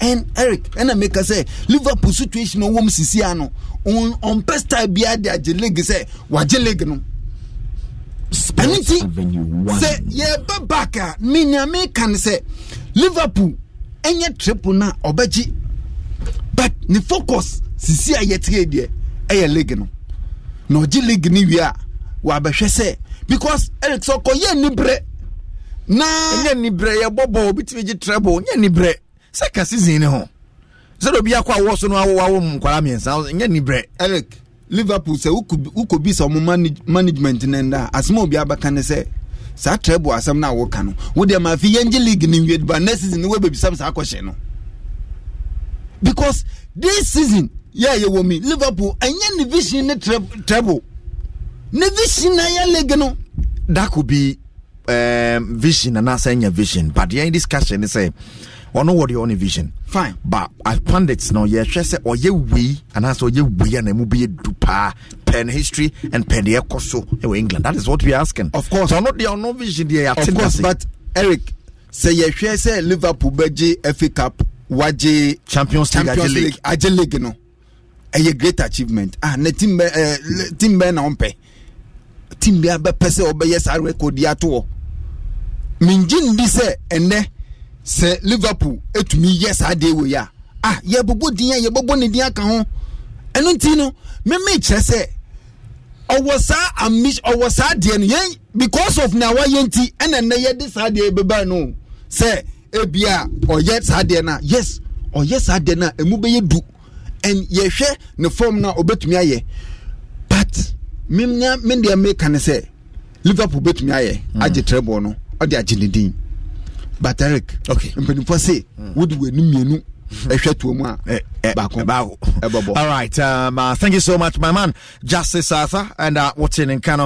And eric ɛna meka say liverpool situation no ɔwɔ mu sisi ano ɔmpɛ style biara de agye ah, league sɛ wagye league no ɛne Say sɛ yɛba back a menea meka can say liverpool any triple no a but ne focus sisi a yɛteɛ deɛ ɛyɛ league no na ɔgye league no wie a wabɛhwɛ sɛ because eric sɛ ɔkɔ yɛ nibrɛ na ni nibrɛ yɛbɔ bɔ obi tumi gye trɛ bɔ nyɛ nibrɛ sɛ kasi zin ne ho sɛ obi akɔ awɔ so no awɔ awɔ nkwalaa mmiɛnsa nyɛ nibrɛ. eric liverpool sɛ wokɔ bi sɛ ɔmo management ne nda asɛm a obi abɛka ne sɛ saa trɛ bɔ asɛm no a wɔka no wodeɛ ma afei yɛngye league ne nwie ba next season ne wɔbɛbisam saa akɔhyɛ no because this season yɛ yeah, yɛwɔ mi liverpool ɛnyɛ ne vision ne trɛ ne vision na yɛ no that could be um, vision anaasɛ ɛnyɛ vision but yɛn discussion ne sɛ ɔno wɔ deɛ ɔne vision fine but as pundits no yɛhwɛ sɛ ɔyɛ wei anaasɛ ɔyɛ wei a na mu bi yɛ du paa pen history and pen deɛ ɛkɔ so ɛwɔ england that is what we are asking of course ɔno deɛ ɔno vision deɛ yɛate of course but eric sɛ yɛhwɛ sɛ liverpool bɛgye fa cup wagye champions league champions league agye league no ɛyɛ great achievement ah eh, na team bɛ ɛɛ team bɛ na ɔmpɛ team bi abɛpɛ sɛ ɔbɛyɛ saa record yi atoɔ mengye ndi sɛ ɛnɛ sɛ liverpool etumi yɛ saa deɛ wɔ yi a ah yɛbobɔ din a yɛbobɔ ne din aka ho ɛno nti no meme kyerɛ sɛ ɔwɔ saa amis ɔwɔ saa deɛ no yɛn because of na wayɛ nti ɛna nnɛ yɛde saa deɛ bɛba no sɛ ebi a ɔyɛ saa deɛ no yes ɔyɛ saa deɛ no a emu bɛyɛ du and yɛhwɛ ne fam no a obetumi ayɛ but mena me deɛ meka ne sɛ liverpool bɛtumi ayɛ hmm. agye trɛbɔ no ɔde agye ne din but eric mpanimfoɔ se hmm. wode w'ani mmienu all right um, uh, thank you so much my man justice arthur and uh, what's in nka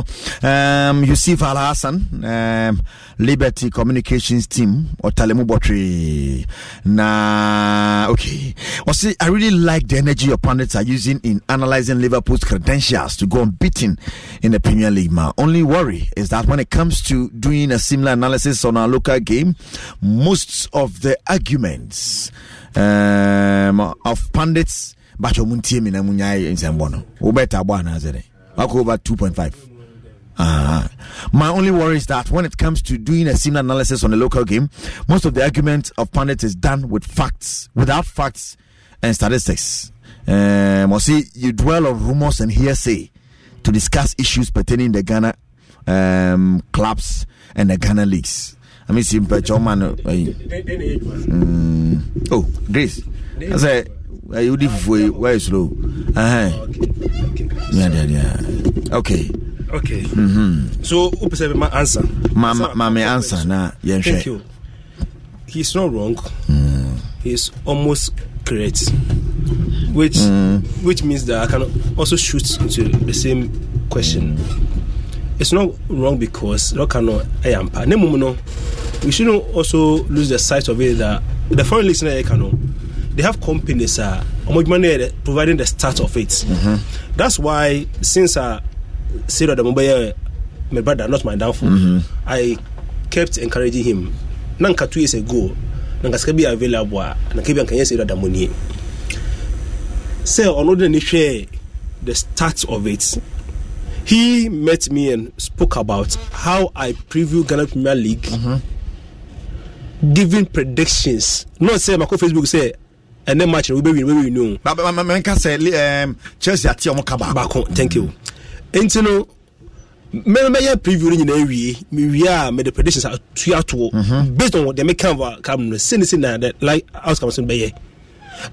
um, yusuf al hassan um, liberty communications team ɔtalemu bɔtwe Nah, okay i really like the energy your pundits are using in analysing liverpool's credentials to go beating in the premier league man only worry is that when it comes to doing a similar analysis on our local game most of the arguments um, of pundits but ɔmo ntie mi na mo nya nsɛmbɔ no wobɛta bɔ over 2.5 Uh, ah. my only worry is that when it comes to doing a similar analysis on a local game, most of the argument of pundits is done with facts, without facts and statistics. Um, or see, you dwell on rumors and hearsay to discuss issues pertaining the Ghana um, clubs and the Ghana leagues. ame si mpɛkyɛ ɔma no ayi o grace sɛ ayi wodi fufuo yi wayɛ slow ɛhɛn uh-huh. okay okay mm-hmm. so wopɛ my answer ma ma ma me answer na yɛnhwɛ thank you he's not wrong mm. he's almost correct which mm. which means that I can also shoot into the same question. Mm it's not wrong because rock and ayampa ne mum we shouldn't also lose the sight of it that the foreign leagues in Ekano, they have companies uh, eh, providing the start of it. Mm-hmm. That's why since I said that Mumbai, my brother, not my downfall, mm-hmm. I kept encouraging him. Nanka two years ago, Nanka Skabi available, ah, Nanka Bianca said that money. Say, on the share the start of it, he met me and spoke about how I preview Ghana Premier League, mm-hmm. giving predictions. Not say my Facebook say. And then match, we will win. We win. But my can say, um, Chelsea at your Kabako. Thank you. And you know, mɛyɛ preview no nyinaa We mewie made the predictions atua two. Mm-hmm. based on what deɛ meka va come? no sene se that like outcome so bɛyɛ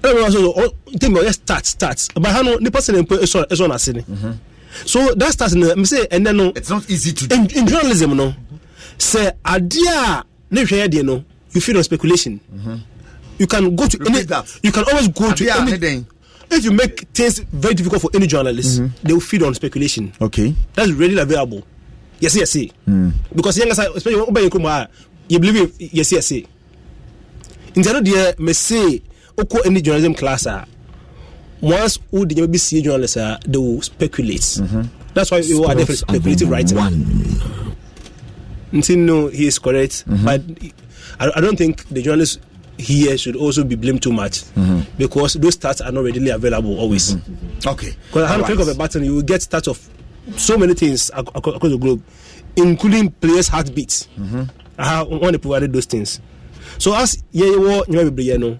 ɛna Oh, so ntɛmi ɔyɛ start start But how no The person nipa sene mpo ɛsɔ no ase ne so that starts in me say and then no it's not easy to do in, in journalism no say adia na hwe dey no you feed on speculation mm-hmm. you can go to Repeat any that. you can always go to adia, any if you make things very difficult for any journalist mm-hmm. they will feed on speculation okay that's readily available yes yes yes mm. because younger side especially when obey kuma you believe yes yes yes in the other day me say oko any journalism class ah once who the maybe journalists are, they will speculate. Mm-hmm. That's why you are definitely speculative writing. Until no, he is correct, mm-hmm. but I, I, don't think the journalists here should also be blamed too much mm-hmm. because those stats are not readily available always. Mm-hmm. Okay. Because I have right. click of a button, you will get stats of so many things across the globe, including players' heartbeats. I have only provided those things. So as yeah, you were, you know,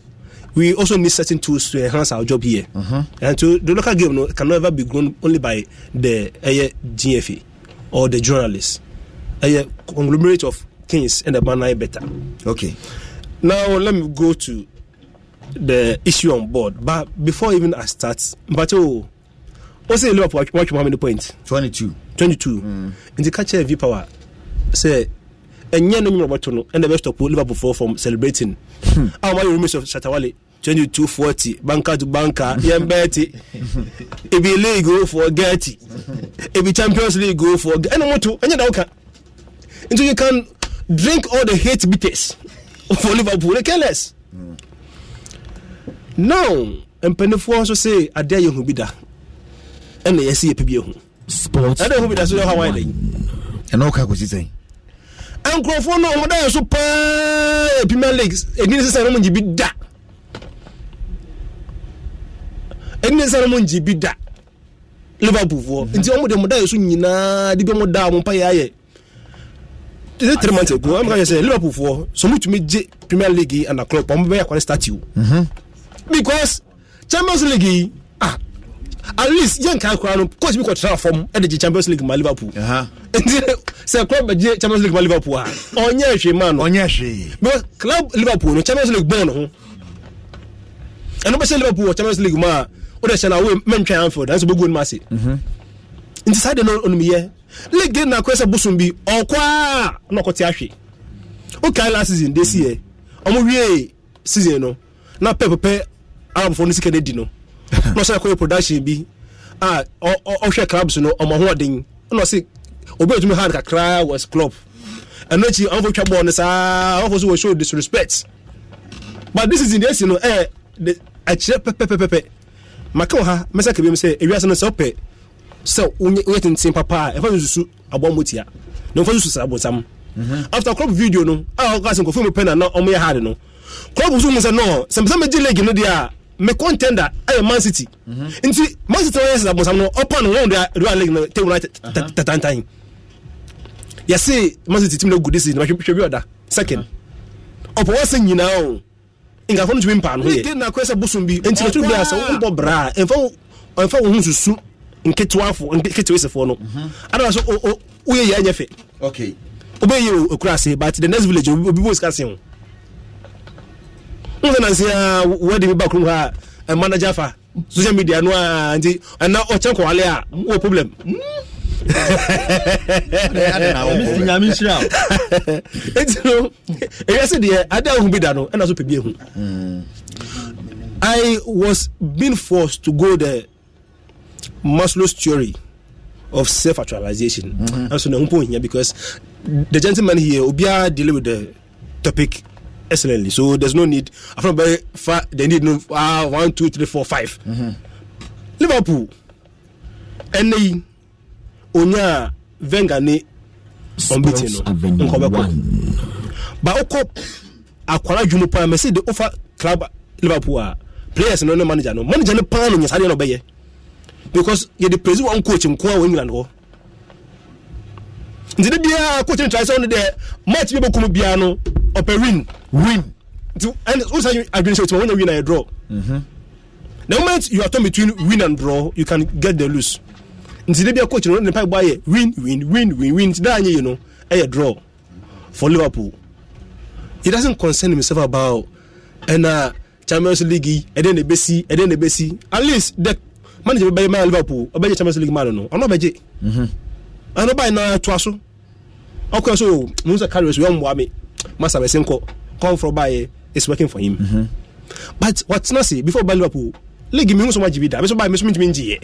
we also need certain tools to enhance our job here. Uh-huh. And to, the local game no, can never be grown only by the eh, GFA or the journalists. A eh, conglomerate of things and the banana better. Okay. Now let me go to the issue on board. But before even I start, but oh, what's the Liverpool? Watch how many points? Twenty-two. Twenty-two. Mm. In the catcher, V power say ɛnyɛ no nwumrɛ wɔbɛto no ɛna ɛbɛstɔpo liverpool fɔ from celebrating hmm. a ah, wɔma yɛ rumis of shatawale 2240 banka to banka yɛn bɛɛ ti ebi league go for gɛɛti ebi champions league go for ɛna mo to ɛnyɛ da wo ka nti you can drink all the hate bitters for liverpool they care less hmm. now mpanimfoɔ nso se adeɛ yɛ hu bi da ɛna yɛsi yɛ pɛ bi ehu sports ɛna ehu bi da so yɛ ɔha wɔn ayɛ dɛ yi ɛna ɔka kò si sɛn nkurɔfoɔ no ɔmo da yɛ so paa premier league ɛdini sisan no mo gye bi da ɛdini sisan no mo gye bi da liverpool foɔ nti ɔmo de mo da yɛ so nyinaa de bi mo da ɔmo pa yɛ ayɛ ɛdini three months ago ɛmu ka yɛ sɛ liverpool foɔ so mo tumi gye premier league yi ana club ɔmo bɛyɛ akɔre statue mhm. because champions league yi. at least yẹn kan kura no coach bi kɔ tẹ̀sán fam ẹ̀ de champions league ma liverpool nti sɛ club bɛ eh, jẹ champions league ma liverpool ha ah. ɔnyɛ ɛhwɛ man no ɔnyɛ ɛhwɛ because club liverpool no champions league bɔn no ho ɛnu bɛ sɛ liverpool wɔ champions league mu a o de sɛn awo mɛntwɛn anfield ɛnso bɛ gu onimɔ ase nti saa de no onimiyɛ league na akɔyɛ sɛ bosom bi ɔkɔ a na ɔkɔ te ahwɛ o kan last season de si yɛ eh. ɔmo wiye season no na pɛpɛpɛ arabfoɔ no sika de di no. na ɔsan akɔyɛ production bi a ɔhwɛ clubs no ɔmo ahoɔden ɛna ɔsi obi etumi hand kakra wɔ club ɛno akyi ɔmo twa bɔɔl no saa ɔmo so wɔ show disrespect but this season deɛ si no ɛɛ de akyerɛ pɛpɛpɛpɛ maka wɔ ha mɛsa kɛbɛm sɛ ewiase no sɛ ɔpɛ sɛ wonyɛ tenten papa a ɛfa nsusu aboa mo tia na ɔfa nsusu sara bonsam mhm. after club video no a ɔka sɛ nkɔfo mu pɛ na na ɔmo yɛ hard no club so mu sɛ no sɛmpɛsɛm gye league no deɛ a me contender ɛyɛ man city nti man city wɔyɛ sisan bɔnsam no ɔpa no wɔn real league no table na tatantan yɛsi man city team na gu this season hwɛ bi ɔda second ɔpɔ wɔn se nyinaa o nkafo no tumi mpa no yɛ na kɔɛ sɛ bosom bi nti na tu bi asɛ wɔn bɔ braa ɛnfa ɛnfa wɔn ho susu nketewafo nketewesifoɔ no adama so o o woyɛ yɛ ɛnyɛ fɛ obɛyɛ okura ase but the next village obi b'o sika se ho n sɛ nanse wɔde bi ba kurom ha a eh, manager fa social media eh, eh, no a nti ɛna ɔkyɛ kɔwale a wɔ problem nti no ɛyɛ deɛ ade a bi da no ɛna so pɛ bi ahu I was being forced to go the Maslow's theory of self-actualization. Mm-hmm. And so, because the gentleman here, Obia, dealing with the topic excellently. So there's no need. I feel very far. They need no uh, one, two, three, four, five. Mm-hmm. Liverpool. Any onya Wenger ni unbeaten no nkɔbɛkɔ but okɔ akwara dwuma paa mɛ sɛ de ofa club Liverpool a players no ne manager no manager ne paa no nyɛ sadeɛ na ɔbɛyɛ because yɛde praise one coach nko a wɔ England hɔ oh. nti ne biara coach ne try sɛ ɔno deɛ match bi bɛkum biara no ɔpɛ win win nti ɛn o san adwene sɛ o tuma wɔn na win na draw mm-hmm. the moment you are torn between win and draw you can get the lose nti de bi a coach no ne pa bɔ ayɛ win win win win win nti daa nye yi no ɛyɛ draw for liverpool it doesn't concern himself about ɛna champions league yi ɛdɛn na ebesi ɛdɛn na ebesi at least the manager bɛyɛ man liverpool ɔbɛyɛ champions league man no ɔno ɔbɛgye ɛna ɔbaa yi na to aso ɔkɔ so mo n sɛ carriers yɛ ɔmo wa mi masa bɛ se nkɔ kɔnfɔrɔ b'a ye it's working for him mm-hmm. but wɔtena se before ba liverpool league mi n sɔn ma jibi da a bɛ sɔn ba mi sɔn mi jibi n ji yɛ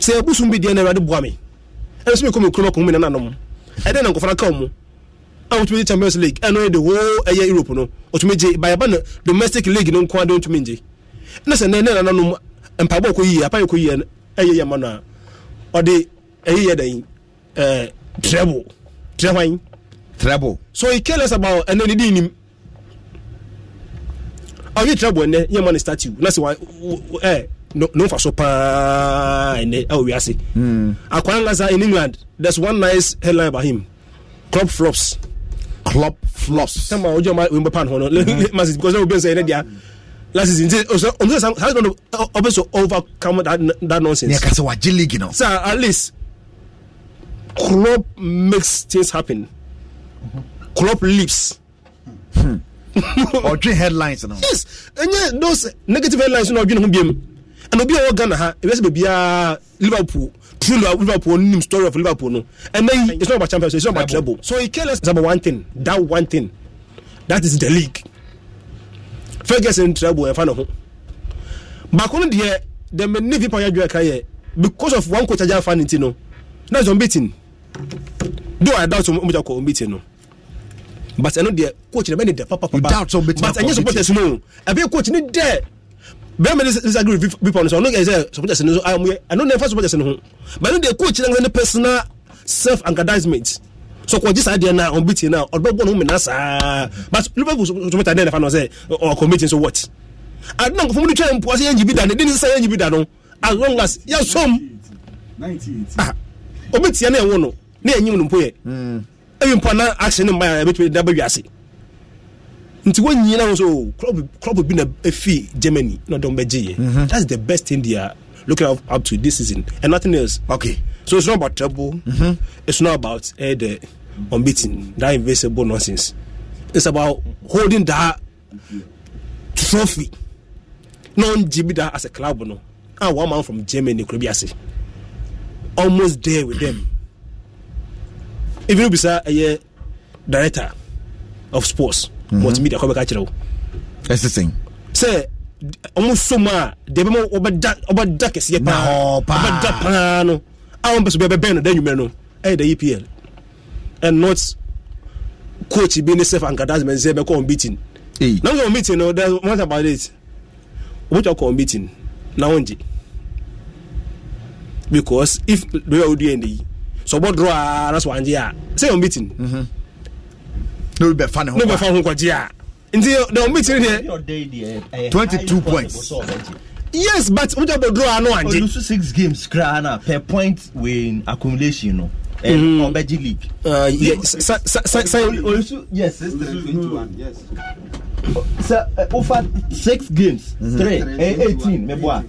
sɛ ebusun bi diɛ na ɛwɛde bua mi ɛna sɔn mi kɔ mi kuro n'okun mi nana nɔ ɛdɛ na nkɔfra kaw mu a wotumi di champions league ɛna ɔyɛ de wo ɛyɛ europe no otumi di bayaba no domestic league no nkoa de otumi gye ɛna sɛ nɛɛ na nana nom mpaboa kɔ yie apa yɛ kɔ yie ɛyɛ yɛ ma no a ɔde ɛyɛ dɛ ɛɛ trɛbo trɛhwan trouble. so he careless less about ẹnna ní dín ní ọyẹ trouble ẹnẹ yẹn mọ ní statue náà sẹ wà ẹ no nfa so paa ẹnẹ ẹ wọ wiase. akwara nasa in england there's one nice headline about him club flops. club flops. sẹ́mi àwọn ọjọ́ ma wọ́n bẹ pan hàn náà ma sè because ẹ̀ wọ́n bẹ́ẹ̀ sẹ́yìn ẹ̀ díà last season nti ọsọ ọmọ sọ sáà sọ ọbẹ sọ overcome that that nonsense. ní ẹ̀ka sẹ́ jí league náà. sir at least club makes things happen. Crop leaves. ɔdwe headlines no yes ɛnyɛ those negative headlines na ɔdwe ne ho biam and obi a ɔwɔ ghana ha ebi sɛ baabiaa liverpool true liverpool nim story of liverpool no and then it's not about champions it's not about treble so he care less about one thing that one thing that is the league ferguson treble ɛfa ne ho baako no deɛ dɛmɛ ne vipa yɛ adwuma ka yɛ because of one coach agya afa ne ti no that's unbeaten though i doubt omo jà kɔ unbeaten no but ɛno deɛ coach na bɛ ne dɛ papapa but ɛnyɛ supporters no ɛbɛ coach ne dɛ bɛrɛmɛ de disagree with people no so ɔno ɛsɛ supporters no so ayɛ mo yɛ ɛno nɛɛfa supporters no ho but ɛno deɛ coach na ne personal self aggrandizement so kò jí sáà diẹ náà ọ̀nbi tiẹ̀ náà ọ̀dọ́ bọ́ọ̀lù mi náà sáà but liverpool supporter dẹ́n nafa náà sẹ́ ọ̀ committee so what adina nkɔfɔ mu ni twɛn mpɔ se yɛn jibi da ne den sisan yɛn jibi da no as long as yɛ som ah obi tiɛ ne yɛ wo no ne yɛ nyim no mpo yɛ ɛyɛ mpo na action no mmaa ɛbɛtumi daba wiase nti wɔn nyinaa nso club bi na efi germany na dɔm bɛgye yɛ mhm. that's the best thing they are looking up, up to this season and nothing else. okay so it's not about trouble mm-hmm. it's not about uh, the unbeaten that invincible nonsense it's about holding that trophy non gb that as a club no and ah, one man from germany kuro ase almost there with them even if bisa ɛyɛ eh, director of sports mhm. multimedia kɔbɛka kyerɛ wo ɛsesɛn sɛ ɔmo som a deɛ bɛma ɔbɛda kɛseɛ oh, paa ɔbɛda paa no a wɔn pɛsɛ bɛbɛbɛn no da nwumɛ no ɛyɛ eh, da epl and not coach bi ne sef ankata sɛ sɛ bɛkɔ on meeting eh. na wɔn meeting no there is one about it wɔbɛtwa kɔ on meeting na wɔn gye because if lawyer wo di yɛn de yi sɛ ɔbɔ draw ah, ah. mm-hmm. a na sɛ wangye a sɛ yɛ ɔmbitin No obi bɛfa ne ho bɛfa ho kɔgye a nti na ɔmbitin Twenty-two points yes but wogya bɔ draw a ah, na wangye oh, ɔlusu six games koraa na per point win accumulation no ɔbɛgye eh, mm-hmm. league ɔlusu uh, yes six three twenty one mm-hmm. yes sɛ wofa eh, six games eh, three eighteen meboa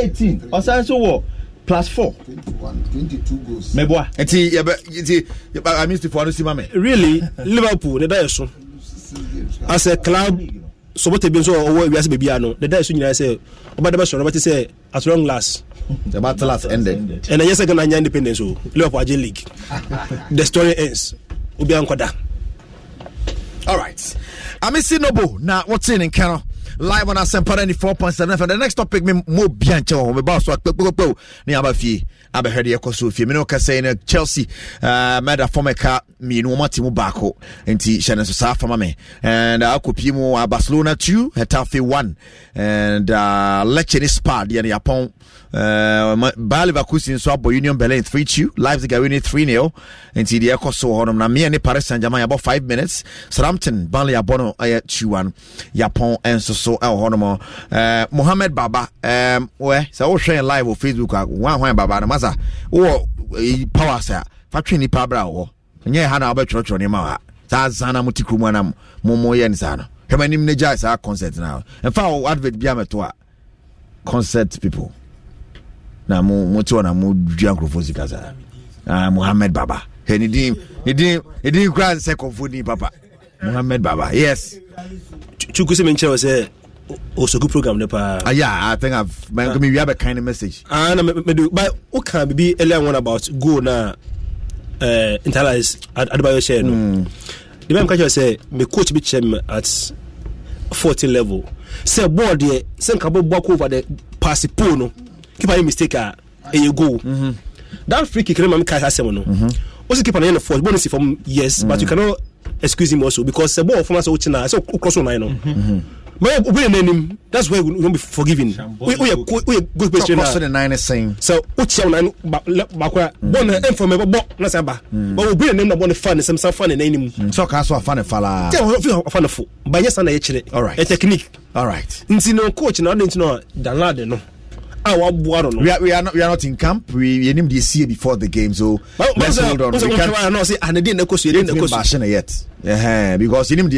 eighteen ɔsan so wɔ plus four. Twenty twenty one, two goals. mɛboa. nti yɛbɛ nti amistifo ano si ma mɛ. really liverpool ne da yɛ so as a club sɔbɔtɛ bi nso ɔwɔ wiase beebi ano ne da yɛ so nyinaa sɛ ɔba dɛbɛ sɔrɔ ɔba ti sɛ at long last. the battle has ended. ɛnna yɛ sɛ ghana nya independence o oh, liverpool agye league the story ends obi ankɔda. all right amisi nobo na wɔte ne nkan no. live on Asempa 94.7 FM. The next topic, me mo bianche, me boss, wa kpekpekpekpe, ni aba abɛhwɛ deɛ ɛkɔ so fie mene wokasɛi no chelsea uh, mada fam ɛka mmienu ɔma te mu baako nti hyɛ ne nso saa fama me and uh, akɔpie mu uh, barcelona 2 hetafe 1 and uh, lecce ne spa deɛ ne yapɔn uh, Bayer Leverkusen nso abɔ Union Berlin 3-2 Leipzig awin 3-0 nti deɛ ɛkɔ so hɔnom na mea ne Paris Saint-Germain yɛabɔ 5 minutes Southampton Burnley abɔ no ɛyɛ 2-1 Yapon nso so ɛwɔ hɔnom uh, Mohamed Baba um, sɛ wohwɛ live wɔ Facebook a woahwan Baba no kasa wowɔ e, powers a fa twe nipa abra wɔ ɛnyɛ ha na wobɛtwerɛtwerɛ nneɛma wɔ a saa nsa na mote kurom ana momoyɛ no saa no hwɛma anim no gyae saa concert no ɛmfa wo advert bia mɛto a concert people na mu mu ɔ na modua nkurɔfoɔ sika saa ah, mohammed baba hey, ni din ni nsɛ kɔmfoɔ din papa mohammed baba yes chukwu sɛ menkyerɛ wɔ osogu program ne paa. Uh, yeah, I think I've man, uh, ah. me we have a kind of message. Ah, uh, no, me, me do. But what can be earlier one about go na uh, eh, internalize Adebayo share no. Mm. The man catch say me coach be chem at 14 level. Say ball there, say can ball over the pass pool no. Keep any mistake ah, you go. Mhm. That free kick remember me catch say, no. Mhm. Also keep an eye on force bonus from yes, mm. but you mm. cannot excuse him also because say ball from us watching na so cross on I know. Mhm. Mm-hmm. mm-hmm. But we name that's why we won't be forgiven. We we we good question. Top the nine is saying. So uchi na ba ba hmm. born inform ba na say ba. But we name na born fan some some fan na nim. Hmm. So ka so fan fala. Tell we feel fan fo. Ba yesa na ye chire. All right. A technique. All right. Nti no coach na nti no download no. we are, we are not we are not in camp. We we need this year before the game, so let's hold on. But, we can't. I know say and they didn't coach. They didn't coach yet. Yeah, because you need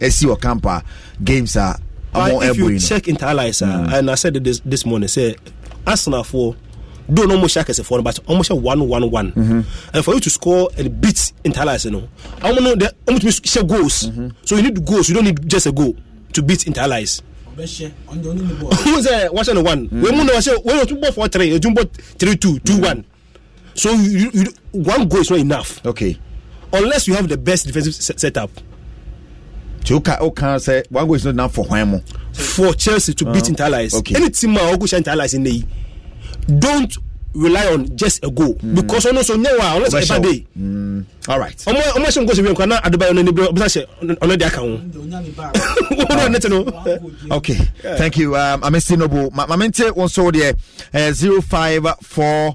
the SC or camper ah, games are among if you check into allies mm. and I said this this morning say Arsenal for do no more Shaka for but almost a one one one. Mm-hmm. And for you to score and beat Inter Allies, you know, I want to know that I want to share goals. Mm-hmm. So you need goals. You don't need just a goal to beat Inter Allies. Who's there? What's on one? Mm-hmm. We must know. Say we two ball for three. You jump three two two mm-hmm. one. So you, you, one goal is not enough. Okay. Unless you have the best defensive setup nti woka woka sɛ one goal is not enough for hwan mu. for chelsea to uh, beat ah, inter okay. any team a ogun share inter allies in the don't rely on just a goal. Mm. because ọ̀nà sọ nyẹ wa ọ̀nà sọ ẹ̀fà dé. alright. ọmọ ọmọ ṣe n kó ṣe wíwẹ̀ nkwa náà adébáyọ̀ ọ̀nà níbi ọ̀bísà ṣe ọ̀nà di aka wọ́n náà nẹ́tẹ̀ nù. okay thank you um, amesi nobu maame n tẹ wọn sọ wọ deɛ eh, zero five four.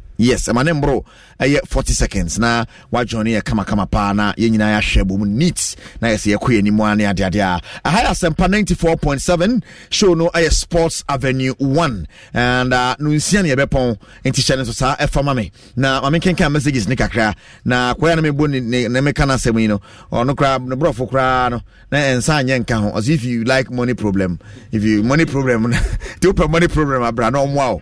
yes ɛma ne mboro ɛyɛ forty seconds na wadwɔn ne yɛ kamakama paa na yɛn nyinaa yɛahwɛ bɔ mu neat na yɛsɛ yɛkɔ yɛn anim a ne adeadeɛ a aha yɛ asɛmpa ninety four point show no ɛyɛ sports avenue one and uh, no nsia ne yɛbɛpɔn nti hyɛ ne nso saa ɛfa ma me na maame nkenkan messages ne kakra na kɔyɛ no mebɔ ne ne ne meka no asɛm yi no ɔno koraa ne borɔfo koraa no na ɛnsa anyɛ nka ho ɔsɛ if you like money problem if you money problem na te wopɛ money problem abra na ɔmmoa o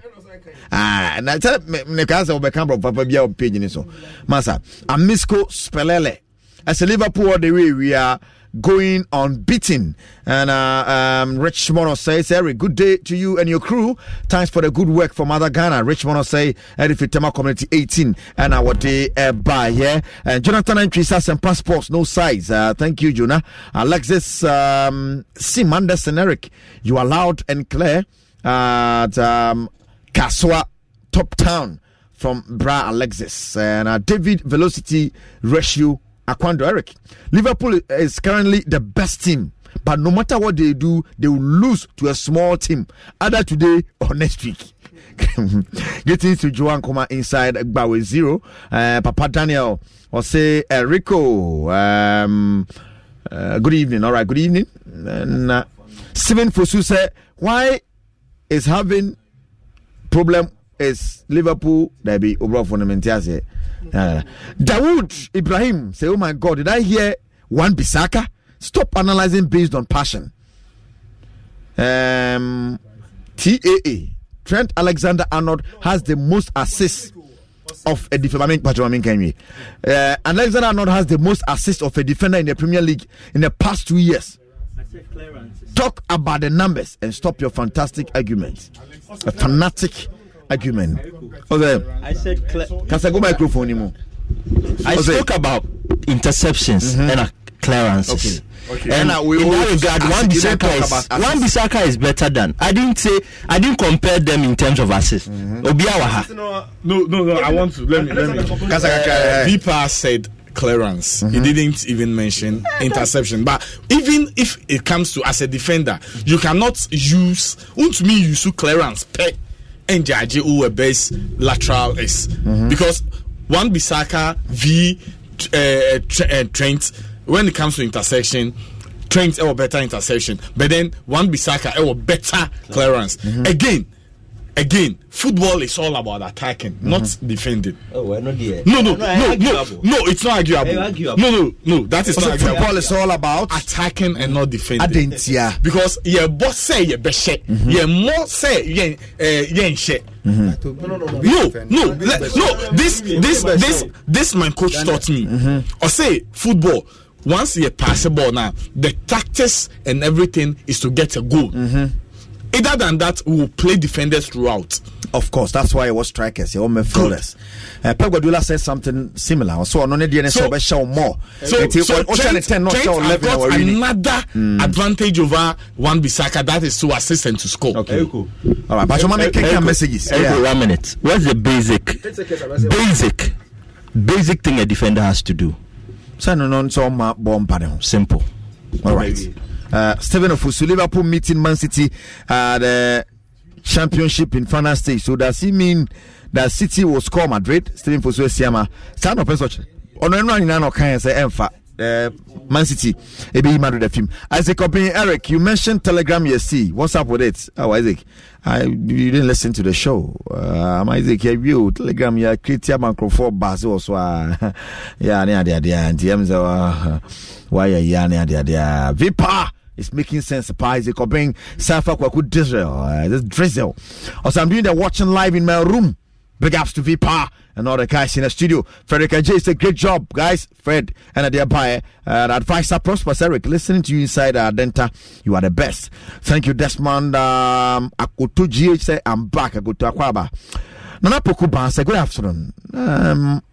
Ah, na tell me me ka bro papa bia on page ni so. Masa, Amisco Spelele. As Liverpool all the way we are going unbeaten. And uh, um, Rich Mono says, Eric, good day to you and your crew. Thanks for the good work from other Ghana. Rich Mono say, Eric Fitema Community 18 and our day uh, by here. Yeah? And Jonathan Entry says, and passports, no size. Uh, thank you, Jonah. Alexis um, Sim Anderson, Eric, you are loud and clear. At um, Kaswa Top Town from Bra Alexis and uh, David Velocity Ratio Aquando Eric. Liverpool is currently the best team, but no matter what they do, they will lose to a small team either today or next week. Getting to Joan Koma inside Gbawe Zero. Uh, Papa Daniel or say Rico. Um, uh, good evening. All right, good evening. And, uh, Steven Fosu said, Why is having problem is Liverpool. There be overall fundamental here. Uh, eh, Dawood Ibrahim say, "Oh my God, did I hear one Bisaka? Stop analyzing based on passion." Um, TAA Trent Alexander Arnold has the most assists of a defender. I mean, Uh, eh, Alexander Arnold has the most assists of a defender in the Premier League in the past two years. Talk about the numbers and stop your fantastic argument. A fanatic argument. Okay. I said, can I go microphone. Anymore. I okay. spoke about interceptions mm-hmm. and uh, clearances. Okay. Okay. And, and uh, we in that regard, one Bisaka is one Bisaka is better than. I didn't say I didn't compare them in terms of assists. Mm-hmm. Obiawaha. No, no, no. I want to let me let me. Vipar said clearance. Mm-hmm. He didn't even mention interception. But even if it comes to as a defender, you cannot use won't me use clearance pe and judge who a base lateral is mm-hmm. because one Bisaka v uh, Trent when it comes to interception, Trent, a eh, better interception, but then one Bisaka, a better mm-hmm. clearance. Mm-hmm. Again, again football is all about attacking mm-hmm. not defending oh, we're not no no no no no no it's not arguable, arguable. no no no that is not arguable football is all about attacking and not defending Adentia. because your boss say your best shit mm-hmm. your more say your eh, shit Mm-hmm. No, no, let, no. This, this, this, this. My coach taught me. Mm-hmm. Or say football once you pass the ball now, the tactics and everything is to get a goal. Mm-hmm. Other than that, we will play defenders throughout. Of course, that's why it was strikers, your midfielders. Uh, Pep Guardiola said something similar. So on the DNS, so, show more. So, it, so, so Trent, 10, not Trent show 11 got another mm. advantage over one Bissaka. That is to assist and to score. Okay. okay. All right, but you want to messages? Erico, yeah. One minute. What's the basic? Basic, basic thing a defender has to do. So no, no, so my bomb Simple. All right. uh, seven of us. So Liverpool meeting Man City at the uh, championship in final stage. So does he mean that City will score Madrid? Steven Fosu Siama. Stand up and such. On no one in an okay, say Enfa. Man City, Ebi eh, Madrid the Isaac Obin, Eric, you mentioned Telegram ESC. What's up with it? Oh, Isaac, I you didn't listen to the show. Uh, I'm Isaac, yeah, you Telegram, yeah, Kritia microphone Bass also. Uh, yeah, yeah, yeah, yeah, and TM's, uh, why, yeah, yeah, yeah, yeah, Vipa. It's making sense. Pies, they could bring Safa Kwaku drizzle. Uh, this drizzle. Also, I'm doing the watching live in my room. Big ups to Vipa and all the guys in the studio. Frederick and Jay, it's a great job, guys. Fred and dear buyer, And uh, advisor Prosper Eric, listening to you inside uh, Denta, you are the best. Thank you, Desmond. Um, Akutu GH say, I'm back. I go to Akwaba. Nana Pokuba. say, Good afternoon. Um,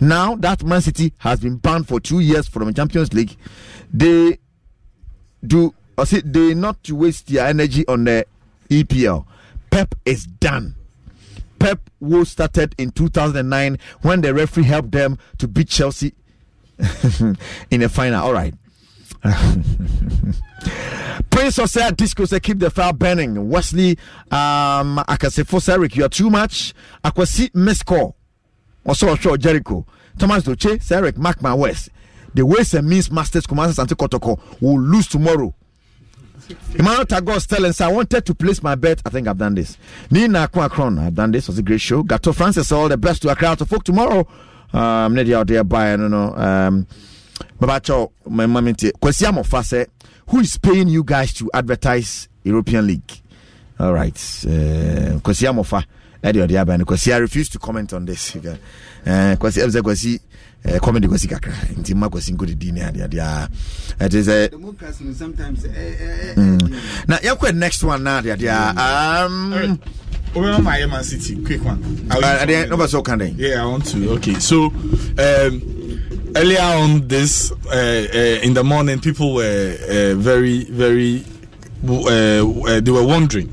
now that Man City has been banned for two years from the Champions League, they do or see they not waste their energy on the EPL. Pep is done. Pep was started in 2009 when the referee helped them to beat Chelsea in the final. All right. Prince of said Disco said keep the fire burning. Wesley um Akasefo Eric, you are too much. I see Miss Call. Also saw Jericho. Thomas Doche, Eric, Mark my West the Ways and Means Masters commanders Asante Kotoko will lose tomorrow. Emmanuel Tagos telling, I wanted to place my bet. I think I've done this. Nina Kwakron, I've done this. It was a great show. Gato Francis, all the best to a crowd of folk tomorrow. Um, Neddy out there by, I don't know. Um, Babacho, my mom, Kwesiamo Fase, who is paying you guys to advertise European League? All right. Kwesiamo uh, Fa, Eddie Odiaba, and Kwesi, I refuse to comment on this. Kwesi, uh, Kwesi, uh, comedy kwasi kakra nti mma kwasi nkɔdidi ne adeade ah. a ɛte sɛ na yɛkɔ next one na adeade a ah. um, Over my Man City, quick one. I, uh, I no, but so can they? Yeah, I want to. Okay, so um, earlier on this uh, uh, in the morning, people were uh, very, very. Uh, uh, they were wondering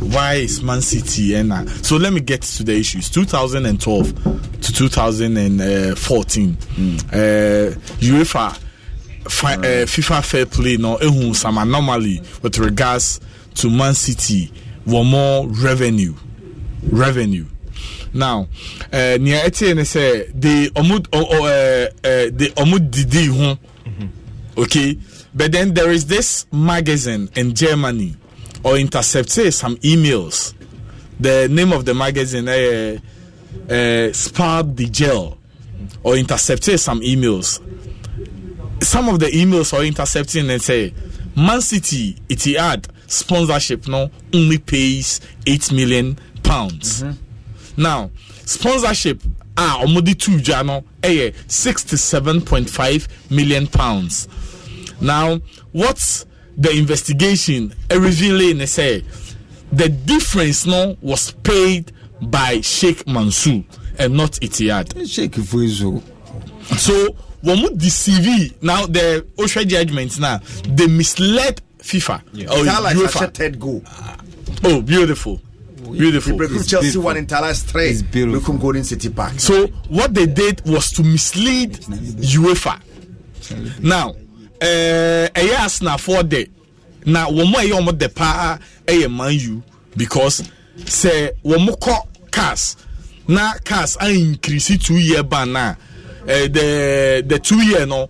why is Man City and uh, so let me get to the issues 2012 to 2014 mm. uh, UEFA fi- uh, FIFA fair play no ehun hmm, some anomaly with regards to Man City were more revenue revenue now near ɛte ne they the omud oh, oh, uh, uh, didi mm-hmm. okay but then there is this magazine in Germany or intercepted eh, some emails. The name of the magazine, uh, eh, uh, eh, Spab the Jail, or intercepted some emails. Some of the emails are intercepting and say, Man City, it had sponsorship now only pays 8 million pounds. Mm-hmm. Now, sponsorship ah wɔn de tu dwa no yɛ sixty seven point five million pounds now what's the investigation revealing say the difference no was paid by Sheikh Mansour and not Etihad. Sheikh Fuizu. So when we deceive now the OSHA judgments now they misled FIFA. Yeah. Or oh, like third goal. Oh, beautiful. Beautiful. He Chelsea beautiful. one in Talas three. It's beautiful. Golden City Park. So what they did was to mislead UEFA. Now Eh, ɛyɛ asenafoɔ de na wɔn a ɛyɛ wɔn de paa ɛyɛ man u because sɛ wɔn kɔ cars na cars increase two year ban na ɛɛ eh, the the two year no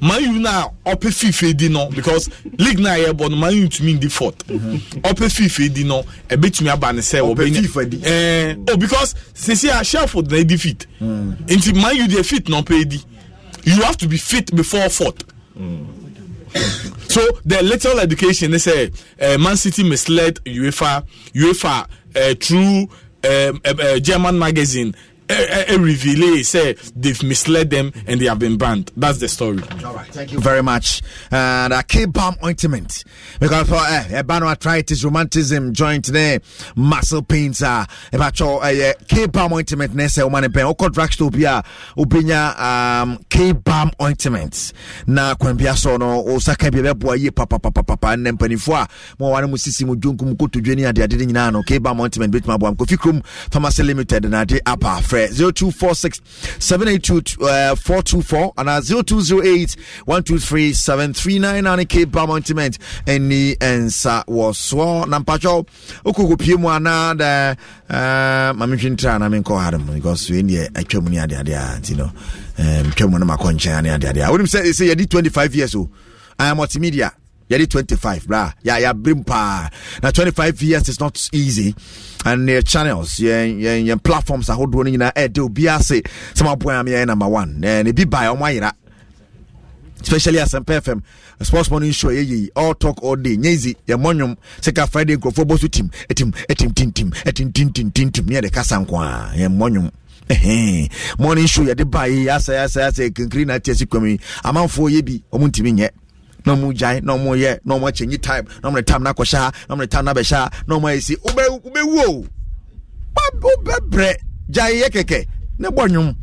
man u na ɔpɛ fiifi di no because league na yɛ bɔ no man u tumi di fourth mhm. ɔpɛ fiifi di no ɛbɛtumi aba ne sɛ ɔpɛ fiifi di ɛɛ oh because sisi a shelford na edi fit mm. nti man u de fit na ɔpɛ edi you have to be fit before fourth so the little education they say uh, Man City misled UEFA UEFA uh, through uh, uh, German magazine Eh, eh, reveal say they've misled them and they have been banned. That's the story. All right, thank you very much. And uh, K palm ointment because for uh, eh, ebano arthritis, rheumatism, joint there, muscle pains. Uh, about your a K palm ointment, nurse, woman, and pen. Oko drugstore, be a ubinya um K palm ointment. Na kwambia so no osaka bi be boy papa papa papa ne mpanifo a mo wane mu sisi mu dwonku mu koto dwani ade ade nyina K palm ointment bit ma boam kofi krom pharmacy limited na de apa friend frɛ 0246 782 uh, 424 anaa 0208 123 7399 Cape Bar Mountainment ɛni nsa wɔ soɔ na mpatwɛ wokɔkɔpie mu anaa dɛ uh, mametwe ntra na menkɔ hare because wei deɛ atwa mu ne adeadeɛ you know no um, twa mu no makɔ nkyɛn ne adeadeɛ a wonim sɛ ɛsɛ yɛde 25 years o oh, I am multimedia yɛde 25 bra yɛ yɛabrem paa na 25 years is not easy and their eh, channels yɛn yɛn yɛn platforms ahodoɔ no nyinaa ɛɛde obiara se sɛ maboa me yɛyɛ number one ɛɛ ne bi baa ɔmo ayera especially asɛmpa fm sports morning show yɛ yɛyi all talk all day nyɛ easy yɛ mmɔ nwom sika friday nkurɔfoɔ bɔ so tim ɛtim ɛtim tintim ɛtim tintim tintim ne yɛ de kasa nko a yɛ mmɔ nwom morning show yɛde baa yi asɛ asɛ asɛ kinkiri na ati asi kɔmi amanfoɔ yɛ bi ɔmo ntumi nyɛ na ɔmo gyae na ɔmo yɛ na ɔmo akyɛnyi time na ɔmo ne time na akɔhyɛ ha na ɔmo ne time na abɛhyɛ ha na ɔmo ayɛ si wobɛ wobɛwu o wobɛbrɛ gyae yɛ kɛkɛ ne bɔ nwom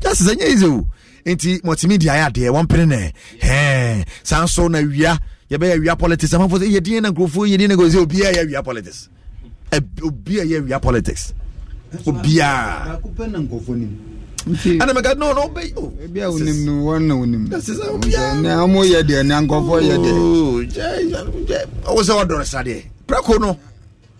just sɛ nyɛ easy o nti multimedia yɛ adeɛ wɔn pene nɛ hɛn saa nso na wia yɛbɛyɛ wia politics amanfo sɛ yɛ diɛ na nkurɔfoɔ yɛ diɛ na nkurɔfoɔ sɛ yɛ wia politics obiara yɛ wia politics obiara ana mɛ ka no na ɔbɛ yi o. ebi a wonim no wɔn na sisan o biya na ɔmo yɛ deɛ na nkɔfɔ yɛ deɛ. ɔwɔ sɛ ɔdɔrɔ sadeɛ prako no.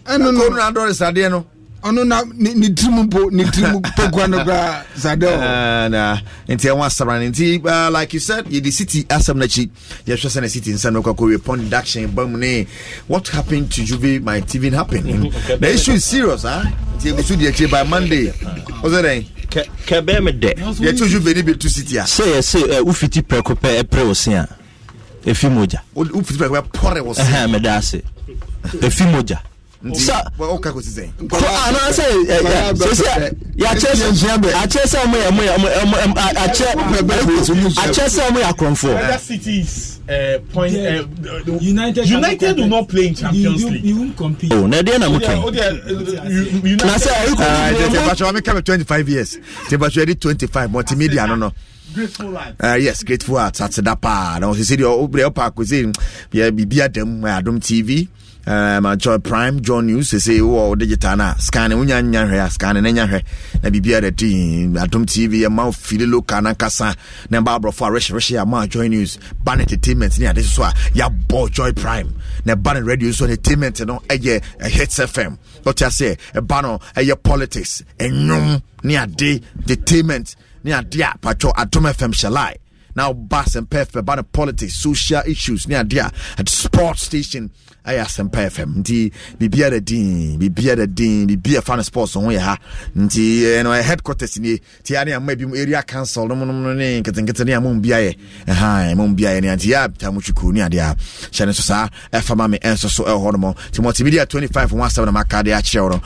ɛnu no prako no adɔrɔ sadeɛ no ɔno na ne tirim po ne tirim pokua no koraa sade ɔ nti ɛho asɛm no nti ah, like you said yɛde city asɛm no akyi yɛhwɛ sɛ ne city nsɛm no kɔkɔ repond daction ba mu ne what happened to juve My TV happen mm-hmm. the issue is serious ah nti ɛgu so deɛ akyire by monday wo sɛ dɛn kɛbɛɛ me dɛ yɛkyɛ juve ne bɛtu city a ah. se. yɛ sɛ wofiti eh, prɛko pɛ ɛprɛ eh, wo se a ah? ɛfi mogya wofiti prɛko pɛ pɔre wo se meda ase ɛfi mogya anaasɛ akyerɛ sɛ ɔmo yɛ akyerɛ sɛ ɔmo yɛ akorɔmfoɔ. United, United do not play in Champions you, you, Compete. Oh, na deɛ na mo kɛn. Na sɛ ɛyɛ kɔn mu. Tebatwa mi years. Tebatwa yɛ di twenty multimedia no no. Grateful heart. Uh, yes, grateful heart. That's the paa. Na ɔsisi deɛ ɔbɛrɛ ɔpa akosi yɛ bibi adamu adum TV. um, Joy prime Joy news sese wɔ oh, oh, digital no a scan wonya nya hwɛ a scan no nya hwɛ na biribia da di adom tv ɛma fili local no ankasa na ɛba aborɔfo a rehyerehye a ma joy news ba no entertainment ne ade so a yɛabɔ joy prime na ɛba no radio so entertainment no ɛyɛ eh, eh, hits fm ɔte aseɛ ɛba no ɛyɛ politics ɛnwom ne ade entertainment ne ade a patwɔ adom fm hyɛlae now bass and pep about politics social issues near there at sports station ɛyɛ asɛmpa fm nti biribia da din biribia da din biribia fan sports ho yɛ ha nti ɛno eh, ɛ eh, headquarters nie ti a ne ama bi mu area council No nom no ne nketenkete ne amom bia yɛ ɛhan amom eh, bia yɛ ne nti ya abita mu twikuo ne adeɛ a hyɛ ne so saa ɛfa ma me ɛnso so ɛwɔ hɔ nom nti mɔte bi de a 25 one seven na maka de akyerɛ wo no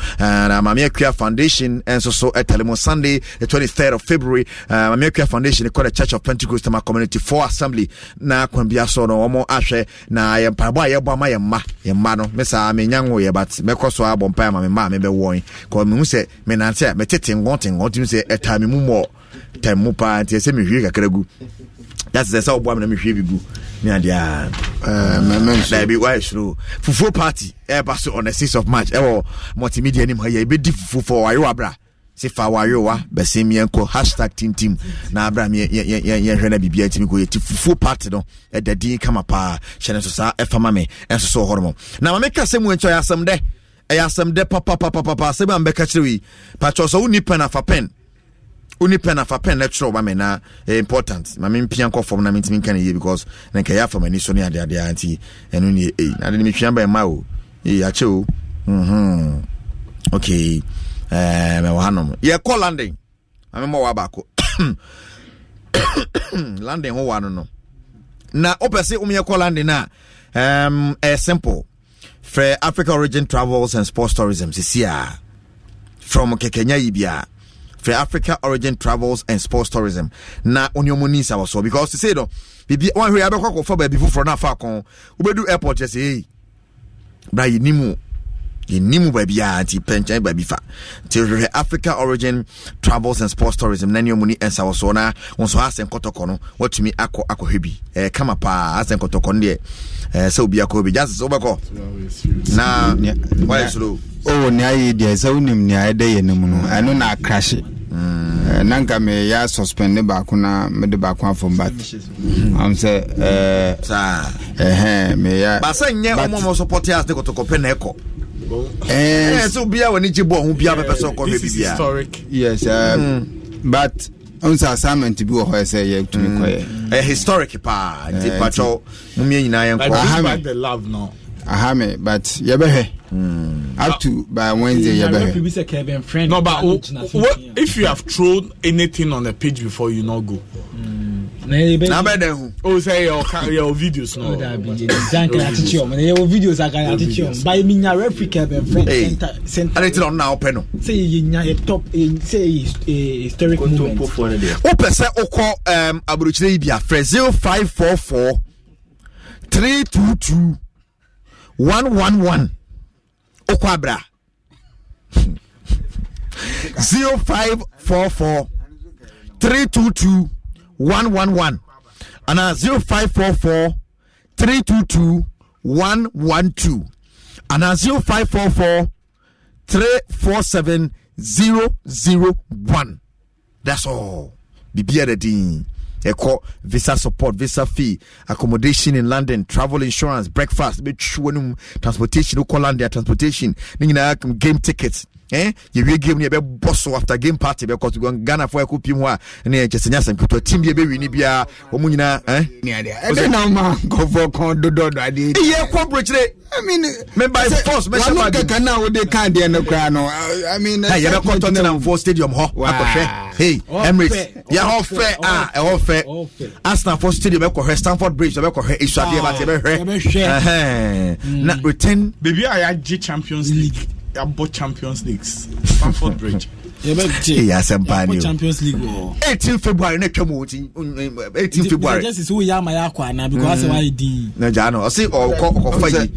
na maame akua foundation ɛnso so ɛtɛle mu sunday the 23rd of february maame akua foundation kɔ the church of pentecost ma community four assembly na kwan bia so no wɔn ahwɛ na yɛ mpaebɔ a yɛbɔ ama yɛ mma mma no me saa menya nwoyɛ but mɛkɔ so abɔ mpa ma me mma a mebɛwɔn kɔ mehu sɛ menante a metete nkɔntenkɔ ntimi sɛ ɛtaa me mu mɔ tam mu paa nti ɛsɛ mehwie kakra gu that's sɛ sɛ woboa me na mehwie bi gu ne adeɛ daabi ah. eh, woayɛsuro fufuo party ɛba so on the 6 of march ɛwɔ multimedia nim ha yɛ ɛbɛdi fufuo fɔ ayewabra sɛ fa wa bɛsɛm yɛnkɔ hashtag tintim na abra m yɛhwɛ no biribia tumi kɔ yɛti fufuo part no ɛda din kama paa hyɛ no so saa ɛfama me ɛnso so ɔhɔ nom na ma meka sɛ mu ɛnkyɛ ɔyɛ asɛm dɛ ɛyɛ asɛm dɛ papapapapa asɛm a mbɛka kyerɛ yi pakyɛ sɛ wonni pɛn afa pɛn wonni pɛn afa pɛn na kyerɛ ɔba me na ɛyɛ important ma mempia nkɔ fam na mentumi nka no yie because na nka ɛyɛ afa m'ani so ne adeadeɛ nti ɛno ne ɛyi na de ne metwea bɛn ma o ɛyi akyɛ o okay ɛɛ eh, hanom yɛkɔ london amemɔ wa baako london ho wa no no na wopɛ sɛ womyɛkɔ london a um, ɛyɛ simple frɛ africa origin travels and sports tourism sisi a from kekenya yi bia frɛ africa origin travels and sports tourism na oniomu ni nsa wɔ so because sisi no bibi wɔn ahwɛ yɛ abɛkɔ akɔfa baabi foforɔ na afa akɔn wobɛdu airport yɛ sɛ ɛyi bra yɛ nimu yɛnim baabiaa nti pɛnkyɛn baabi fa nti hwehwɛ africa origin travels and sports tourism na nneɛ mu ni ɛnsa wɔ soɔ na wo nso asɛn kɔtɔkɔ no woatumi akɔ akɔhwɛ bi ɛɛ kama paa asɛn kɔtɔkɔ no deɛ ɛɛ sɛ obi akɔ bi gyase sɛ wobɛkɔ na wayɛ soro o ne ayɛ deɛ sɛ wonim nea ɛdɛ yɛ no no ɛno na akrahye mm. na nka meyɛ suspend baako na mede baako afom but am mm. sɛ ɛhɛ meyɛ basɛ nyɛ ɔmɔmɔ sɔpɔte ase kɔtɔkɔpɛ na ɛkɔ ɛɛ eh, so, obiara wɔ ne gye bɔ ɔho biara bɛpɛ sɛ ɔkɔ hwɛ bibia yes um, mm. but nsa assignment bi wɔ hɔ sɛ yɛ tumi kɔyɛ ɛyɛ historic paa eh, nti patwɔ momiɛ nyinaa yɛnkɔ ahame but yɛbɛhwɛ mm. up to by wednesday yɛbɛhwɛ no but if you have thrown anything on the page before you no go mm n'abẹ́dẹ̀ hù. o sẹ yẹ ọka yẹ videos náà. ọ̀dà abidjan nìkan kan àtìkí ọmọ yẹ videos akan àtìkí ọmọ báyìí mi nya referee kẹbẹ center. ale ti na ọ̀nà ọ̀pẹ nù. top sẹ historic moment. o pẹ sẹ o kọ aburukyire yi bi a fẹ zero five four four three two two one one one o kọ zero five four four three two two. 111 and uh, 0544 322 112 uh, anaa 0544 347 001 that's all biribiara din ɛkɔ visa support visa fee accommodation in london travel insurance breakfast transportation wokɔ london transportation game tickets eh yɛwie game no yɛbɛbɔ so after game party bɛkɔ ghanafoɔ ɛkɔ pim hɔ a ne yɛnkyɛ sɛ nya asɛm ketewa tim bi yɛbɛwi ne biaa ɔmu nyinaa eh? yɛkɔ mprɛkyire I mean, men by force, men shall not get now. They can't be in the crown. I mean, hey, you're not Tottenham for stadium, huh? Wow. Hey, Emirates, you're all fair. Ah, all fair. Arsenal for stadium, you're Stanford Bridge, you're correct. It's a dear, but you're correct. Now, return, baby, I had G Champions League yabɔ champions League. stamford bridge. yabɛ yeah, jɛ yabɔ champions league wɔ. eighteen february ne twɛ mu o ti um, um, eighteen february. jɛsi si o yà ama yà kɔ àná bí kò wá sɛ wà yé dín. na jà nù ɔsi ɔkɔ ɔkɔfɔ yi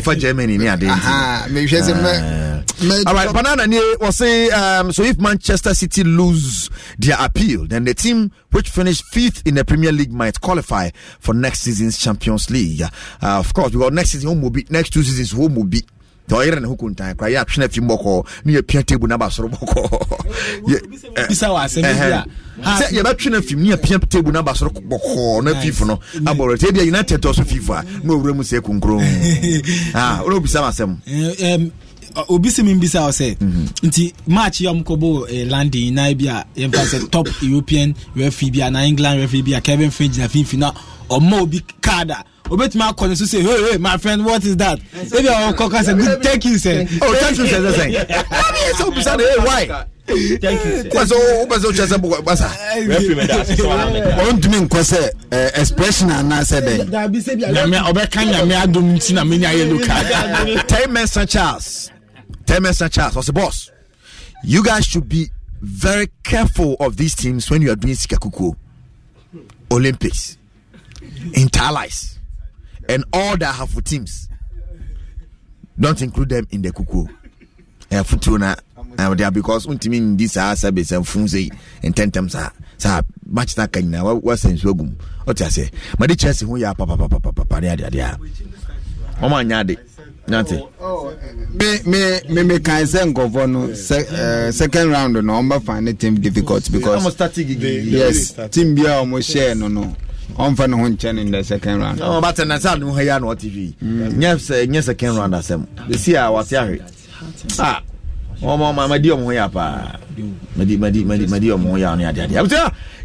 ɔfɔ germany ni adi. mɛ ife sɛ mɛ. all right banana ni wɔsi um, so if manchester city lose their appeal then the team which finished fifth in the premier league might qualify for next season's champions league uh, of course because next season won't be next two seasons won't be nti ɔyere ne ho kontan kora yɛ atwene afim bɔkɔɔ ne yɛpia table no aba soro bɔkɔɔ sɛ yɛbɛtwene afim ne yɛpia table no aba soro bɔkɔɔ na fifo no abɔrɔ nti ebia united tɔ so fifo a na ɔwura mu sɛ kunkuro wone obisa m asɛm obi si mi bisa ɔsɛ nti match yi a wɔn landing na bi a yɛn sɛ top european referee bi a na england referee bi a kevin finch na finfin na ɔmo obi kaada obetumi akɔ ne so say hey hey my friend what is that ebi awon kɔkɔ sɛ good thank you sɛ. oh thank you sɛ sɛ sɛ wọ́n yẹ sọ bisa de hey why. kɔsɛ o pɛ sɛ o kyerɛ sɛ bɔgɔ basa. wɔn ntumi nkɔ sɛ ɛ expression ana sɛ dɛ. nyamia ɔbɛ ka nyamia adum ti na mi ni ayɛ luka. tell me sir charles tell me sir charles ɔsɛ boss you guys should be very careful of these teams when you are doing sikakuku olympics interlice and all that have teams. Don't include them in the cuckoo. Uh, futuna uh, are because untimi ndi saa service mfun sei ntentam saa saa match na kan na wasan so agum ɔte ase ma de chelsea ho yɛ papa papa papa papa ne ade ade a ɔmo anya ade nante. me me me me kan sɛ nkɔfɔ no eh, second round no ɔmo fa ne team difficult because yes team bi a ɔmo share no no ɔmfa ne ho nkyɛ no ndɛ second round ɔbatɛ na sɛ ade ho yɛ na ɔte hwii mm. nyɛ second round asɛm ɛsi a wate ahwe a ɔmamadi ɔmo ho yɛ paa madi ɔmo ho yɛ no adeadeɛ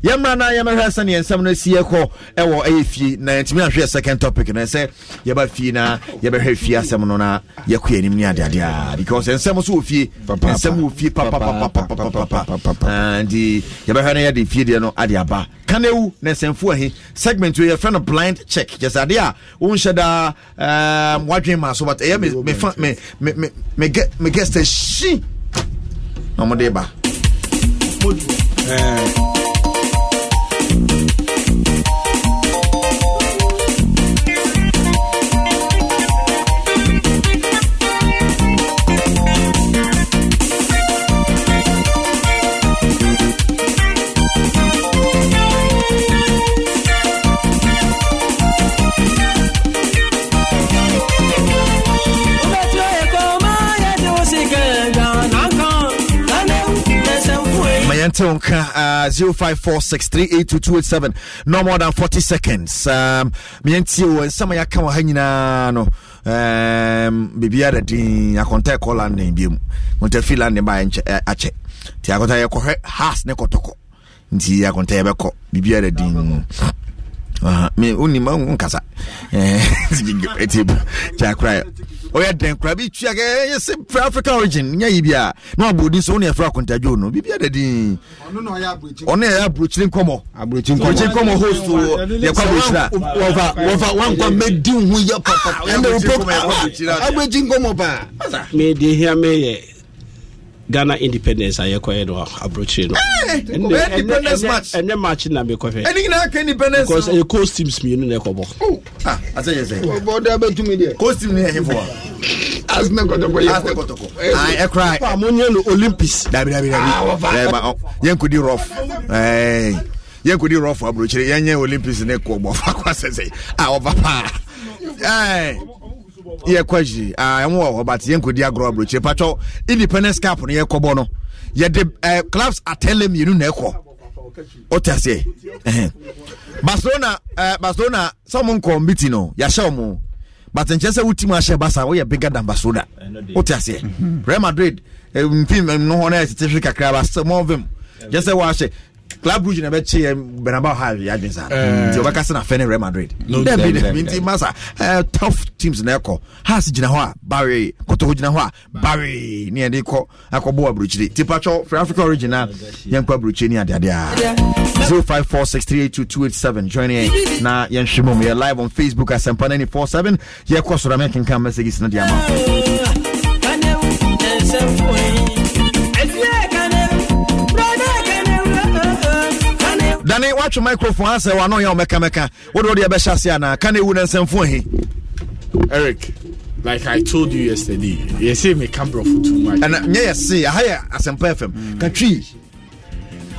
yɛmmra na yɛmɛhwɛ sɛne yɛnsɛm no si yɛkɔ ɛwɔ ɛyɛ fie na yɛntumi ahwɛ second topic na sɛ yɛba fie na yɛbɛhwɛ fie asɛm no na yɛkɔ yɛnim ne adeadea because ɛnsɛm so wɔ fie ɛnsɛm wɔ fie papapapapapapa nti yɛbɛhwɛ no yɛde fie deɛ no ade aba kanewu na nsɛmfo ahe segment wei yɛfrɛ no blind check kyɛ sɛ adeɛ a wonhyɛ daa wadwen ma so but ɛyɛ me guest ahyi na ɔmode ba Thank you. ɛtew nka 0546382287 no more than 40 seconds um, me wɔ nsɛm a yɛaka wɔ ha nyinaa no um, biribia da din akɔnta ɛkɔ london biom kɔnta fi london ba Ti eh, nti akɔnta yɛkɔhwɛ has ne kɔtɔkɔ nti akɔnta yɛbɛkɔ biribia da din wonima nkasa kyakora ɔyɛ dɛn kora bi tua ɛyɛ sɛ fra african origin nyɛ yi bia na wabɔdi so wo ne ɛfra akontadwo no biribia da din ɔno ɛyɛ aburokyire nkɔmmɔ aburokyire nkɔmmɔ host yɛkɔ aburokyira wankwa mɛdi ho yɛ papaɛndɛ aburokyire nkɔmmɔ paa mede hia mɛyɛ ghana independence a yɛkɔyɛ no aburokyire no eh, ɛnɛ match na mekɔhwɛ ɛyɛ coast teams mmienu na ɛkɔbɔ monyɛ no olympics ah, yɛnkɔdi rof yɛnkɔdi rof aburokyire yɛnyɛ olympics ne kɔbɔ fa kɔ asɛ sɛ a ah, ɔba paa yɛkɔ akyiri ah, ɛmo wɔ hɔ but yɛnkɔdi agorɔ aburokyi patwɔ independence cup no yɛkɔ bɔ no yɛde eh, clubs atɛlɛ mmienu na ɛkɔ ɔte aseɛ barcelona eh, barcelona sɛ ɔmo nkɔ mbiti no yɛahyɛ ɔmo but nkyɛn sɛ wotim ahyɛ basa woyɛ bigger than barcelona wote aseɛ real madrid eh, mpim no hɔ no yɛ tete kakra ba sɛ mɔvim kyɛ sɛ wɔahyɛ club rouge na bɛkye yɛ bernabeu ha yɛ adwene saa eh. nti ɔbɛka sɛ na fɛ ne real madrid dɛbi dɛbi nti masa eh, tough teams na ɛkɔ haas gyina hɔ a barre kotoho gyina hɔ a barre ne yɛde kɔ akɔbɔ aburokyire nti patwɔ frɛ africa origin a yɛnkɔ aburokyire ne adeadeɛ a 0546382287 join yɛn na yɛnhwɛ mu yɛ live on facebook four asɛmpa 947 yɛkɔ sora mɛkenka messages no de ama kane watwe microphone asɛ wano yɛ ɔmɛkamɛka wode wode yɛbɛhyɛ ase anaa kane wu no nsɛmfo he eric like i told you yesterday yɛse meka brɔfo too much ɛna nyɛ yɛse aha yɛ asɛmpa fm mm. katwii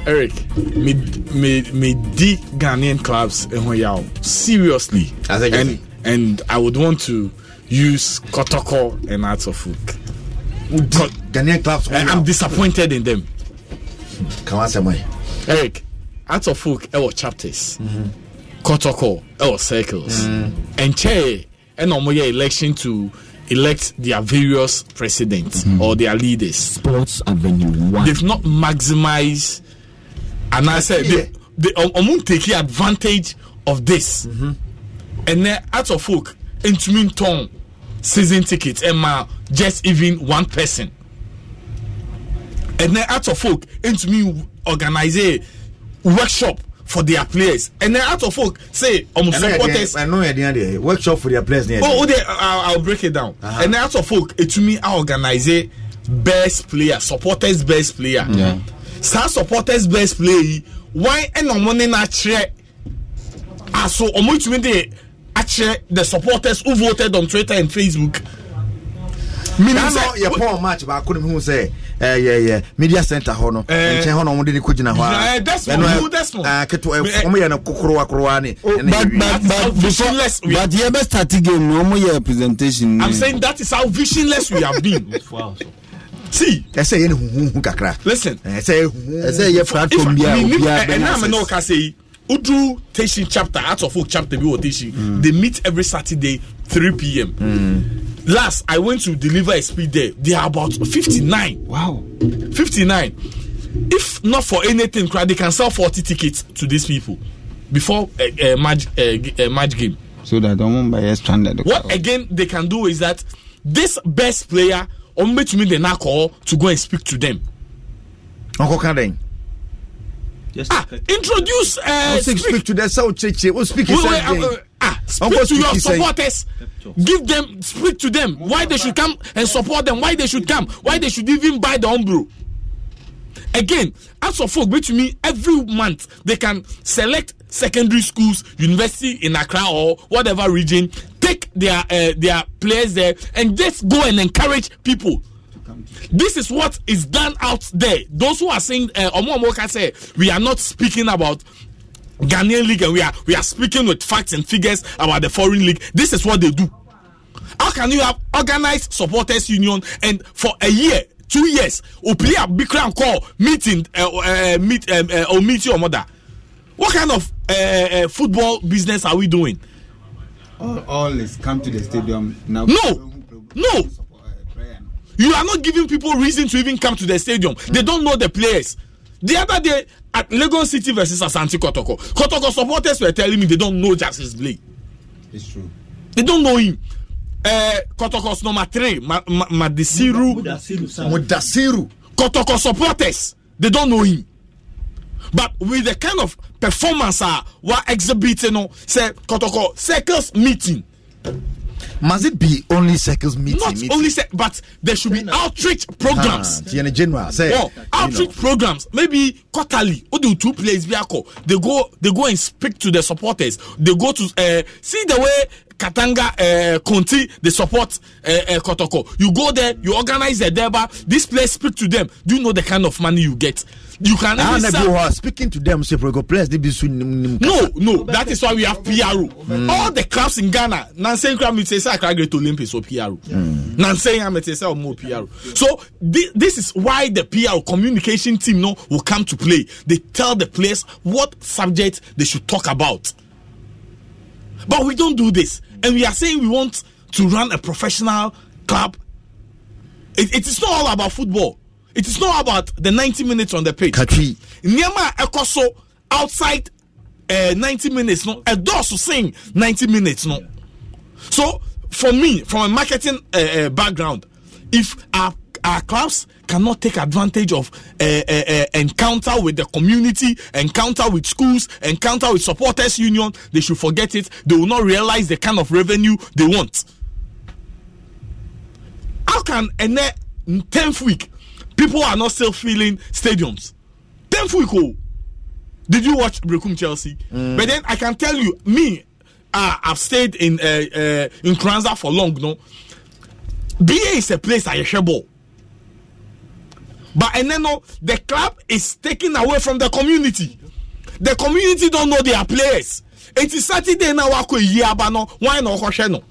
eric me me me di ghanaian clubs ɛho eh, yaw oh, seriously and and i would want to use kotoko and arts of food ghanaian clubs oh, i'm disappointed in them come on somewhere eric Acts of Folk ɛwɔ eh, chapters Kotoko ɛwɔ eh, circles ɛnkyɛn ɛna wɔn yɛ election to elect their various presidents mm-hmm. or their leaders. Sports Avenue One. They've not maximized, and I said they, they um, take advantage of this. Mm-hmm. And then out of folk into eh, town season tickets and just even one person. And then out of folk into me organize workshop for their players and then out of folk say um, supporters. I know you're the workshop for their players. Oh, oh there, oh, I'll, I'll break it down. Uh-huh. And then out of folk, it to me, I organize best player, supporters best player. Yeah. supporters best player yi, why ɛna ɔmo ne n'akyerɛ aso ɔmo etumi de akyerɛ the supporters who voted on Twitter and Facebook minisɛ yɛ pɔn match baako ne mi hu sɛ ɛɛ yɛ media center hɔ no nkyɛn hɔ na wɔn de ne ko gyina hɔ a ɛnu ɛ ketewa ɛ wɔn yɛ no kokorowa korowa ne. Oh, but yɛ bɛ start game na wɔn yɛ presentation. i'm saying that is how visionless we have been. see ɛsɛ yɛ ne huhuhu kakra. listen ɛsɛ yɛ huhuhu ɛsɛ yɛ platform bi a obi a bɛ na access. ɛnna mi n'o ka se yi. Udu Teishin chapter, Art of Folk chapter, we mm. they meet every Saturday, 3 p.m. Mm. Last, I went to deliver a speed there. They are about 59. Wow. 59. If not for anything, they can sell 40 tickets to these people before a, eh, a eh, match, a, eh, a match game. So that they won't buy a standard. What again they can do is that this best player, on me to me, they now call to go and speak to them. Uncle Kaden. Just ah, introduce. Uh, speak. speak to the South Church. We speak wait, wait, uh, uh, ah, speak to speak your supporters. Give them. Speak to them. Why they should come and support them. Why they should come. Why they should even buy the umbro? Again, as for folk, which me every month they can select secondary schools, university in Accra or whatever region, take their uh, their players there and just go and encourage people This is what is done out there. Those who are saying, uh, Omo Omoka say, we are not speaking about Ghanaian league and we are we are speaking with facts and figures about the foreign league. This is what they do. How can you have organized supporters union and for a year, two years, Opili big and call meeting, uh, uh, meet, um, uh, or meet your mother? What kind of uh, uh, football business are we doing? All, all is come to the stadium now. No, no. You are not giving people reason to even come to the stadium. Mm. They don't know the players. The other day at Lagos City versus Asante Kotoko, Kotoko supporters were telling me they don't know Justice Blake. It's true. They don't know him. Uh, Kotoko's number three, Ma- Ma- Madisiru, Kotoko supporters, they don't know him. But with the kind of performance uh, ah, we're exhibiting, you know, say Kotoko circles meeting. Must it be only circles meeting? Not meeting? only, se- but there should be outreach programs. Ah, general, say, well, outreach know. programs. Maybe quarterly. Or do two players. They go. They go and speak to the supporters. They go to uh, see the way Katanga uh, eh, Conti, they support uh, uh, Kotoko. You go there, you organize a deba. This place, speak to them. Do you know the kind of money you get? You can ah, never speaking to them. Say, go players, they be soon. No, no, that is why we have PRO. Mm. All the clubs in Ghana, Nansen Kram, it's a great Olympics or PRO. Mm. Nansen, I'm a more PRO. So, this, this is why the PRO communication team no will come to play. They tell the players what subject they should talk about. But we don't do this. and we are saying we want to run a professional club. it, it is not all about football. It is not about the 90 minutes on the pitch. Kachi. Nyama Ekoso outside uh, eh, 90 minutes, no. A does saying 90 minutes, no. So for me, from a marketing uh, background, if our, our clubs cannot take advantage of uh, uh, uh, encounter with the community, encounter with schools, encounter with supporters union, they should forget it. They will not realize the kind of revenue they want. How can in a 10th week people are not still filling stadiums? 10th week, oh. Did you watch Brekum Chelsea? Mm. But then I can tell you, me, uh, I've stayed in uh, uh, in Kranza for long, no. BA is a place I hear ball. But and then no, the club is taken away from the community. The community don't know their players. It is Saturday now. Wako but no. Why no koshe no?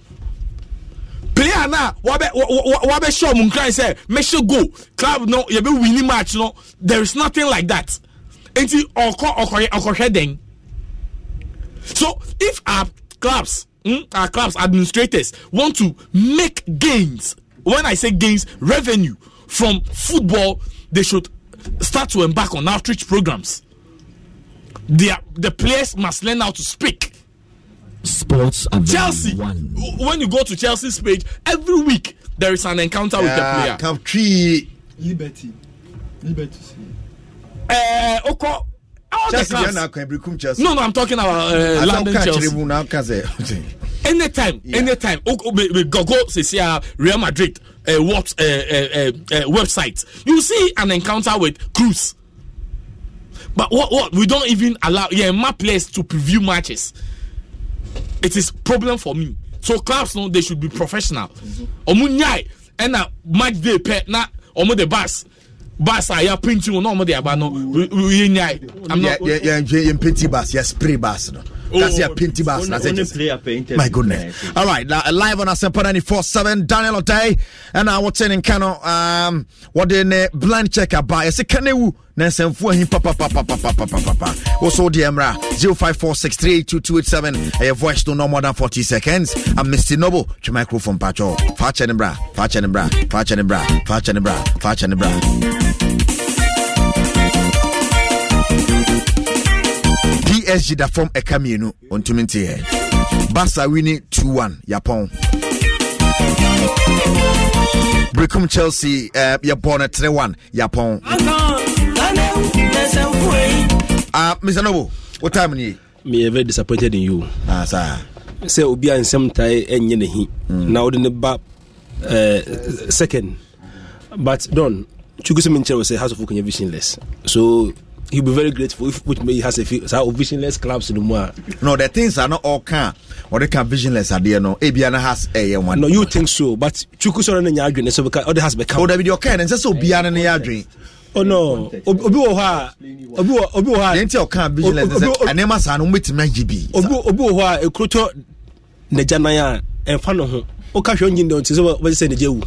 Player na what wabe show munkran say make sure go club no you yabe winning match no. There is nothing like that. Enti oko oko okoshe den. So if our clubs, hmm, our clubs administrators want to make gains. When I say gains, revenue from football, they should start to embark on outreach programs. They are, the players must learn how to speak. Sports Chelsea. One. When you go to Chelsea's page, every week there is an encounter yeah, with the player. Country. Liberty. Liberty. Uh, eh, okay. Chelsea, No, no, I'm talking about uh, London Chelsea. anytime, yeah. anytime. Oh, go, go, go, Real Madrid uh, what, uh, uh, website, you see an encounter with Cruz. But what, what? We don't even allow yeah, my players to preview matches. It is problem for me. So clubs know they should be professional. Omunyai and a match day pet na omo the bus. Bus I ya pinching no omo the abano. We nyai. I'm not. Yeah, yeah, yeah, yeah, yeah, yeah, yeah, yeah, yeah, That's your pinty bass. That's it. My goodness. All right. Live on Asempa 94.7. Daniel O'Day. And I was in Kano, um, what the blind checker about. I said, Kanewu. nansamfoɔ ahi papapapapapapapa wo so wode mmra 0546382287 ɛyɛ voice no no more than 40 seconds amnesty noble to microphone patwɔ faakyɛ ne bra faakyɛ ne bra faakyɛ ne bra faakyɛ ne bra faakyɛ ne bra PSG da camino on to ɔntumi nteɛ Barca wini 2-1 Japan Brickham Chelsea uh, born at 3-1 Japan uh, Mr. Noble what time ni me very disappointed in you ah sir sɛ obi a nsɛm tae eh, ɛnyɛ ne hi hmm. na wode eh, second but don chukwusemenkyerɛ will say, house of kenya visionless so he'll be very grateful if which may has a few so visionless clubs in more. No, the things are not all can or they can visionless are there no. Abiana has eh, a one. No, you think so, but Chuku Soran and Yadrin so because other has become. Oh, David, you can and just so Biana and Yadrin. Oh no, Obi wɔ hɔ a Obi wɔ Obi wɔ hɔ a. Yɛn ti a ɔka visionless sɛ ɛnɛɛma saa no mo bɛ tumi ayi bi. Obi wɔ hɔ a ekuroto nagyanan a ɛnfa no ho woka hwɛ ngyin dɔn te sɛ wɔbɛsɛ sɛ ne gya wu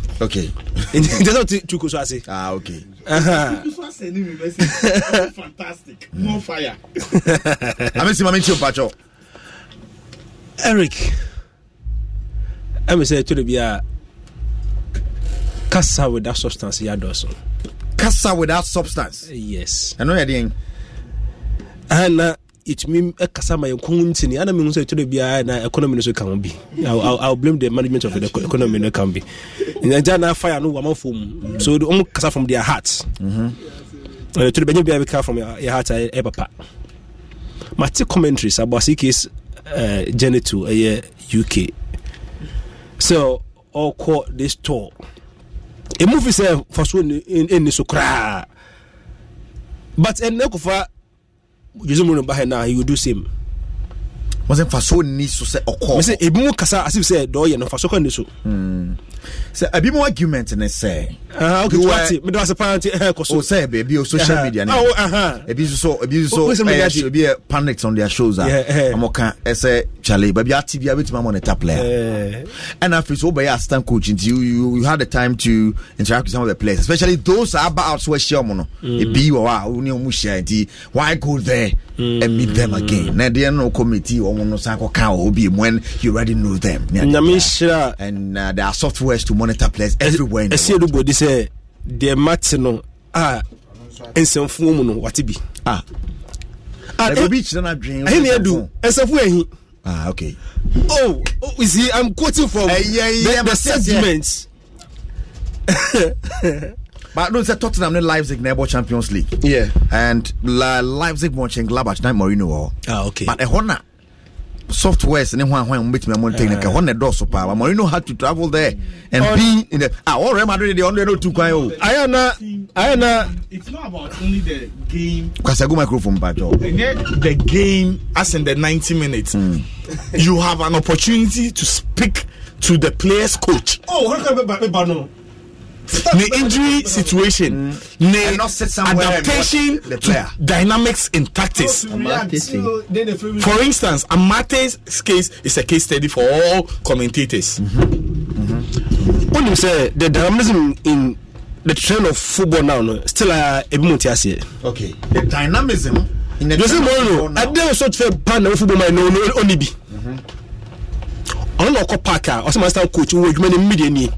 nti sɛ wote tuko so ase ah, eric ɛme sɛ ɛtore bi a kasa with that substance yɛadɔɔso kasa with that substance yes ɛno yɛ deɛn ana yɛtumi eh, kasa ma yɛnko ntini ana mehu sɛ ɛtɔdɛ biara na economy no so ka ho bi blame the management of the economy no ka ho bi ɛgya na fire no wamanfoɔ mu so ɔm kasa from their heart ɛtɔdɛ bɛnya biara bɛka from your heart ɛyɛ eh, eh, papa mate commentaries about ck's uh, journey ɛyɛ uk so ɔkɔ this tour ɛmu fi sɛ fa so ɛnni so koraa but ɛnɛ kɔfa Yuzumun now. he will do same. wọ́n sẹ́ faso ni so sẹ́ ọkọ. mẹ sẹ ebi mu kasa asi sẹ dɔw yɛ no faso kɔ ni so. Hmm. sɛ ebi mu argument ni sɛ. ok tí wàá ti mi dɔw ase pan ti eh, ɛ kɔ so. o sɛ ebi ebi o social media ni oh, ebi soso ebi soso eh, ebi yɛ panic on their shows ah. eh. a ɔmɔ kan ɛsɛ chale baabi ati bi a bɛ tuma mɔ ne ta player. ɛna afei so o bɛ yɛ assistant coach nti you you had the time to interact with some of the players especially those a ba out so ɛhyɛ ɔmo no ebi wɔ hɔ a o ni ɔmo hyɛ nti why go there and meet them again. Mm. Now they are no committee or no sako ka when you already know them. And uh, there are softwares to monitor players everywhere. I see everybody say the match no ah nsɛmfuo mu no wate bi ɛne adu ɛnsɛmfuo ahi Ah, okay. Oh, oh, you see, I'm quoting from uh, yeah, yeah, the, the segment. But no, it's a Tottenham and Leipzig never Champions League. Yeah. And La Leipzig won Gladbach na Mourinho. Ah okay. But a softwares ne ho a ho a mbetumi amon technical ho ne dɔɔso paa ma Mourinho had to travel there and oh. be in the ah all Real Madrid dey under no two kwan o. Aya na It's not about only the game. Cause I go microphone pa jọ. Oh. The game as in the ninety minutes. Mm. you have an opportunity to speak to the players coach. Oh, how can I be no? the injury situation the adaptation the to dynamics in tactics for instance amate's case is a case study for all commentators when you say the dynamism in the trend of football now still a ebi mo ti okay the dynamism. jose mourinho adewo sọ ti fẹ ban na football man na onibi ọ̀nà ọkọ̀ park a ọ̀sẹ̀ master coach wo edwuma ni mídìí ni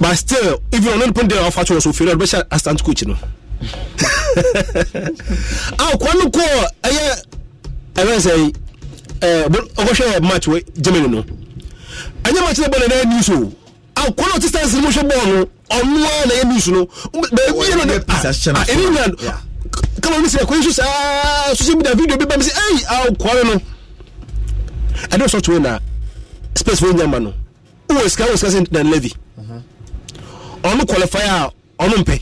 but still even ọ̀nà nípa ndé ọ̀fà tó wọ̀ so fèrè ọ̀dọ̀ bẹ́ sẹ́ assistant coach nù. a kọ́ ní kọ́ ẹ yẹ ẹ bẹ́ẹ̀ sẹ́ yìí ẹ ọkọ̀ṣẹ́ match wẹ Germany nù ẹ nyẹ́ match náà bọ́ọ̀lù náà news o a kọ́ náà tíṣà sí ní mo ṣe bọ́ọ̀lù No, náà yẹ news nù bẹ́ẹ̀ bí yẹn náà ẹ ní England kama mi sẹ ẹ kọ isu saa social media video bi ba mi sẹ ẹyì a kọ́ ẹ nù ẹ dẹ́ sọ́ọ̀tù wẹ̀ na space wẹ̀ ń yà má nù. No wɔ sika wɔ sika sɛ dan levy ɔno uh-huh. qualify a ɔno mpɛ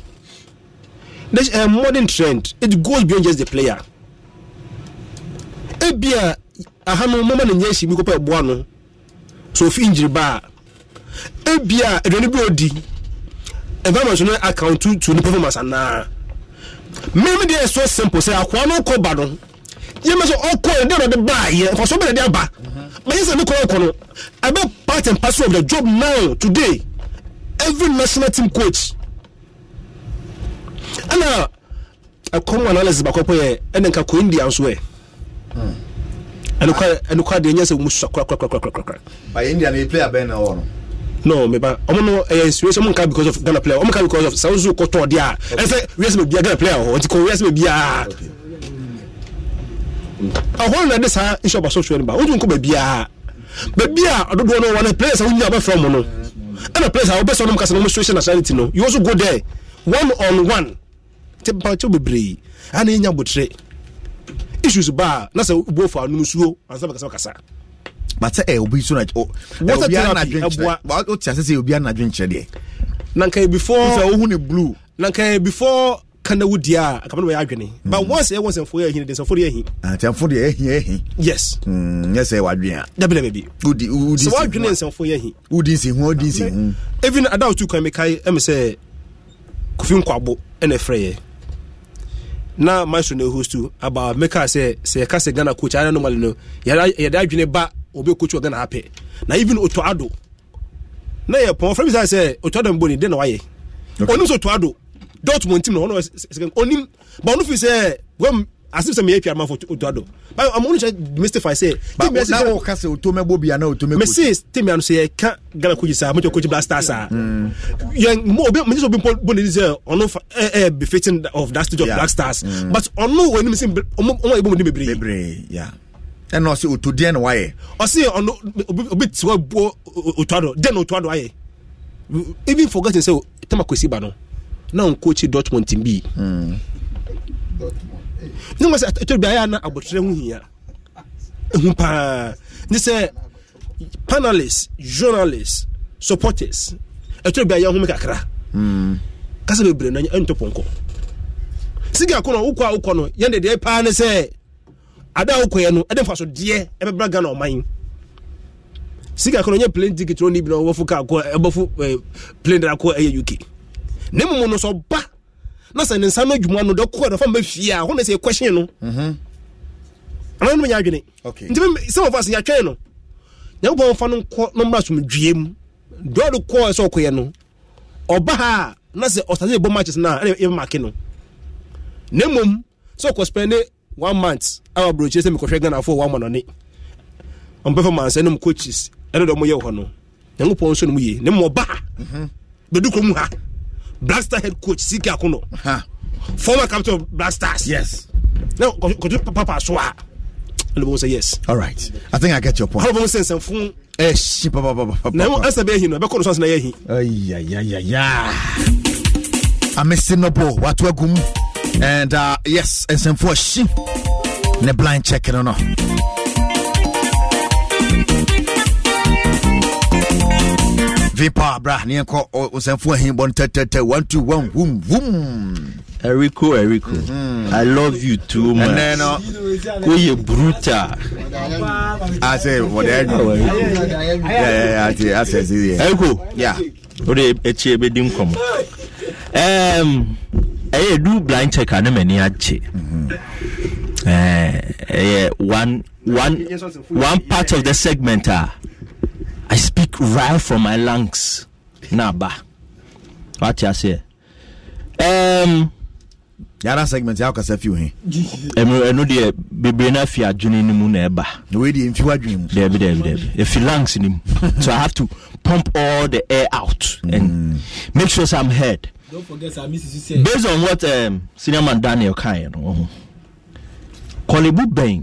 this is uh, a modern trend it goes beyond just the player ebia a no mama ne nya esi bi kɔpɛ ɛboa no so ofi injiri ba a ebia aduane bi odi environment no account to to ne performance anaa mmemme deɛ so simple say, akoa no kɔ ba no yẹmẹ sọ ọkọ yẹ dẹrẹ de ba yẹ nkọsọ bẹrẹ de aba mẹ yẹsẹ mi kọ ọkọ no abẹ part and parcel of the job now today every national team coach ɛna ɛkɔm analysis baako pɛ yɛ ɛna nka kɔ india nso yɛ ɛnokwa deɛ nyɛ sɛ wɔn sua korakorakorakorakora. ba india ni player bɛn na wɔn. no meba ɔmo no ɛyɛ inspiration ɔmo nka because of ghana player ɔmo nka because of sɛ ɔmo nso kɔ tɔɔ deɛ a ɛsɛ wiase bɛ bia ghana player wɔ nti kɔ wiase bɛ bia ɛhɔ na ɛde saa issue of asɔsɔ no ba wotu nkɔ baabiaa baabi a ɔdodoɔ no wɔ no players a wonya wobɛfrɛ mo no ɛna players a wobɛsɛ no mkasa no mo social nationality no you also go there one on one nti mpakyɛw bebree ana ɛnya botere issues baa na sɛ wobɔfa anom suo ansa bɛkasa wakasa bàtẹ ẹ eh, obi so na ọ obi anadwe nkyerɛ ọ ti ase obi anadwe nkyerɛ deɛ. nankan before. nfa ohun ni blue. nankan before kana wo deɛ a akama no wɔyɛ adwene but hmm. once ɛwɔ nsɛmfo yɛ ahin de ah, nsɛmfo de ahin nsɛmfo de ɛhin ɛhin yes hmm, nyɛ sɛ wadwene a dabila baabi wodi wodi sɛ wadwene nsɛmfo yɛ ahin wodi nsi ho wodi nsi ho even ada otu kwan mekae ɛmɛ sɛ kofi nkwabo ɛna ɛfrɛ yɛ na maestro na host aba meka sɛ sɛ ɛka sɛ ghana coach ara normally no yɛde adwene ba obi coach wɔ ghana apɛ na even otoado na yɛ pɔn fɛn mi sɛ otoado mbɔ ni den na wayɛ onim sɛ otoado dortmund team na ɔno second onim but ɔno fi sɛ wɛm asim sɛ meyɛ pr ma fo otua do but ɔmo no hyɛ mystify sɛ team yɛ sɛ ɔka sɛ otome bo bia na otome me se team yɛ no sɛ yɛka ghana coach saa mɛtɛ coach blaster saa mm. yɛn mo obi mɛ sɛ obi bɔ ne sɛ ɔno ɛɛ ɛɛ befitting of that stage of black stars mm. but ɔno wɔ anim sɛ ɔmo ɔmo ayɛ bɔ mu ni bebree bebree yeah ɛna ɔsɛ otodeɛ na wayɛ ɔsɛ ɔno obi ti hɔ bu otua do den na otua do ayɛ even forgetting sɛ tɛma ba no na nkochi dortmund bi ne ma sɛ atɔ bi ayɛ a na abɔtwerɛ ho hia ɛhu paa ne sɛ panelists journalists supporters ɛtɔ bi ayɛ ahome kakra kasa bebree na ɛntɔ pɔnkɔ siga ko no wokɔ a wokɔ no paa ne sɛ ada a wokɔɛ no ɛde mfa so deɛ ɛbɛbra ghana ɔman siga ko no nyɛ plane ticket no ni bi na wɔbɔfo kaa kɔ ɛbɔfo plane dara kɔ ɛyɛ eh, uk na mmom no sɛ ɔba na sɛ ne nsa no adwuma no dɛkɔ no fam bɛfie a hɔ na sɛ ɛkwɛhyen no ama no nyɛ adwene nti sɛ wɔfa sɛ yɛatwɛn no nyankopɔn fa no nkɔ no mmra somdwie mu dɔɔde kɔɔ sɛ ɔkɔyɛ no ɔba ha na sɛ ɔsase ɛbɔ matches no a ɛne yɛmake no na mmom sɛ ɔkɔspɛne one month a wabrɛkyire sɛ mekɔhwɛ ghanafoɔ wama nɔne ɔmpɛfa mansɛ nom coaches ɛne dɛ ɔmyɛ wɔ hɔ no nyankopɔn nso no mu yie na mmɔba mhm. bɛdu kurom ha blaster head coach sike akono uh-huh. former captain of blasters yes now kojú papa so a alubon say yes. all right i think i get your point. alubon sẹnsẹn fún. ẹ ṣi papapapa. na ẹ sẹ bẹ yẹn nù ẹ bẹ kọ ní sọsẹ náà yẹ yẹn. ayayaya. amesinabo watu egum and uh, yes nsẹmfo ọsi ne blind check no no. free power bra ne yɛnkɔ ɔsɛmfo ahin bɔ no tɛtɛtɛ one two one wum wum Eriko, Eriko, mm-hmm. I love you too much. Ẹnẹ nọ. Uh, Kò yẹ buruta. A Yeah. Yeah. Yeah. Ẹ ẹ àti àṣẹ sí yẹ. Yeah. Ya. Yeah. de ekyir ebe di nkɔmɔ. Ɛɛm ɛyɛ edu blind check anam ani agye. Mhm. Eh, e Ɛɛ ɛyɛ one one one part of the segment a. Uh, I speak right from my lungs. Naba. What you say? Um yàrá segment yà kasa fi wòye. ẹnu ẹnu deɛ bebree na fi adwene ni mu na ɛba. wòye deɛ nfi wadwene mu. dɛbi dɛbi dɛbi efi lungs ni mu so i have to pump all the air out and mm. make sure say i'm heard. don't forget sir mrs sise. based on what um, senior man daniel kan yɛ no ɔhun kɔlebu bɛn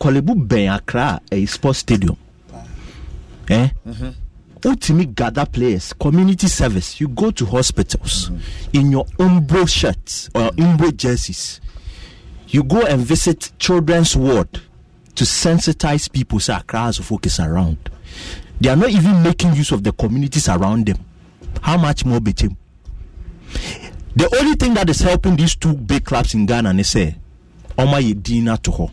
kɔlebu akra a sports stadium eh? Mm-hmm. Ultimate gather players, community service. You go to hospitals mm-hmm. in your Umbro shirts or Umbro jerseys. You go and visit children's ward to sensitize people. So across focus around. They are not even making use of the communities around them. How much more between? The only thing that is helping these two big clubs in Ghana, they say, Oma Yedina to her.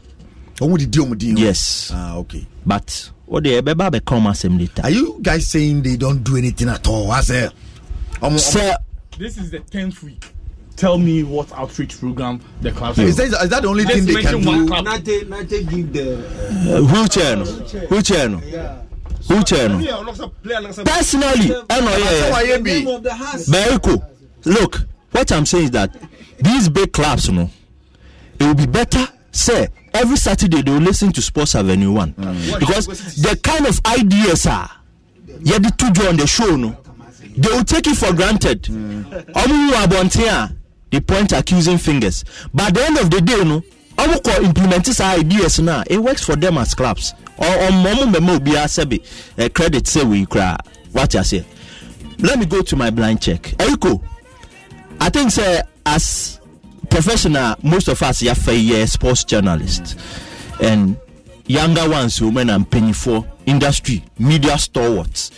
ɔmo didi ɔmo din yes ah okay but o de ɛbɛba abɛka ɔmo asɛm later. are you guys saying they don't do anything at all asɛ. Um, sir this is the tenth week. Tell me what outreach program the club is. That, is that the only thing they can do? Nate, Nate give the uh, wheelchair, no? wheelchair, no? Yeah. wheelchair no personally ɛna ɔyɛ yɛ bɛɛko look what i'm saying is that these big clubs you know, it will be better say every Saturday they will listen to Sports Avenue One mm. because the kind of ideas are yet the two join the show no, they will take it for granted. Mm. they point accusing fingers, but at the end of the day no, ọmụ kọ implement saa ideas now, it works for them as clubs ọmụ ọmụ mmemme obi a credit say we What I say. let me go to my blind check eriko i think say as professional, most of us are yeah, sports journalists. And younger ones, women and penny for industry, media stalwarts.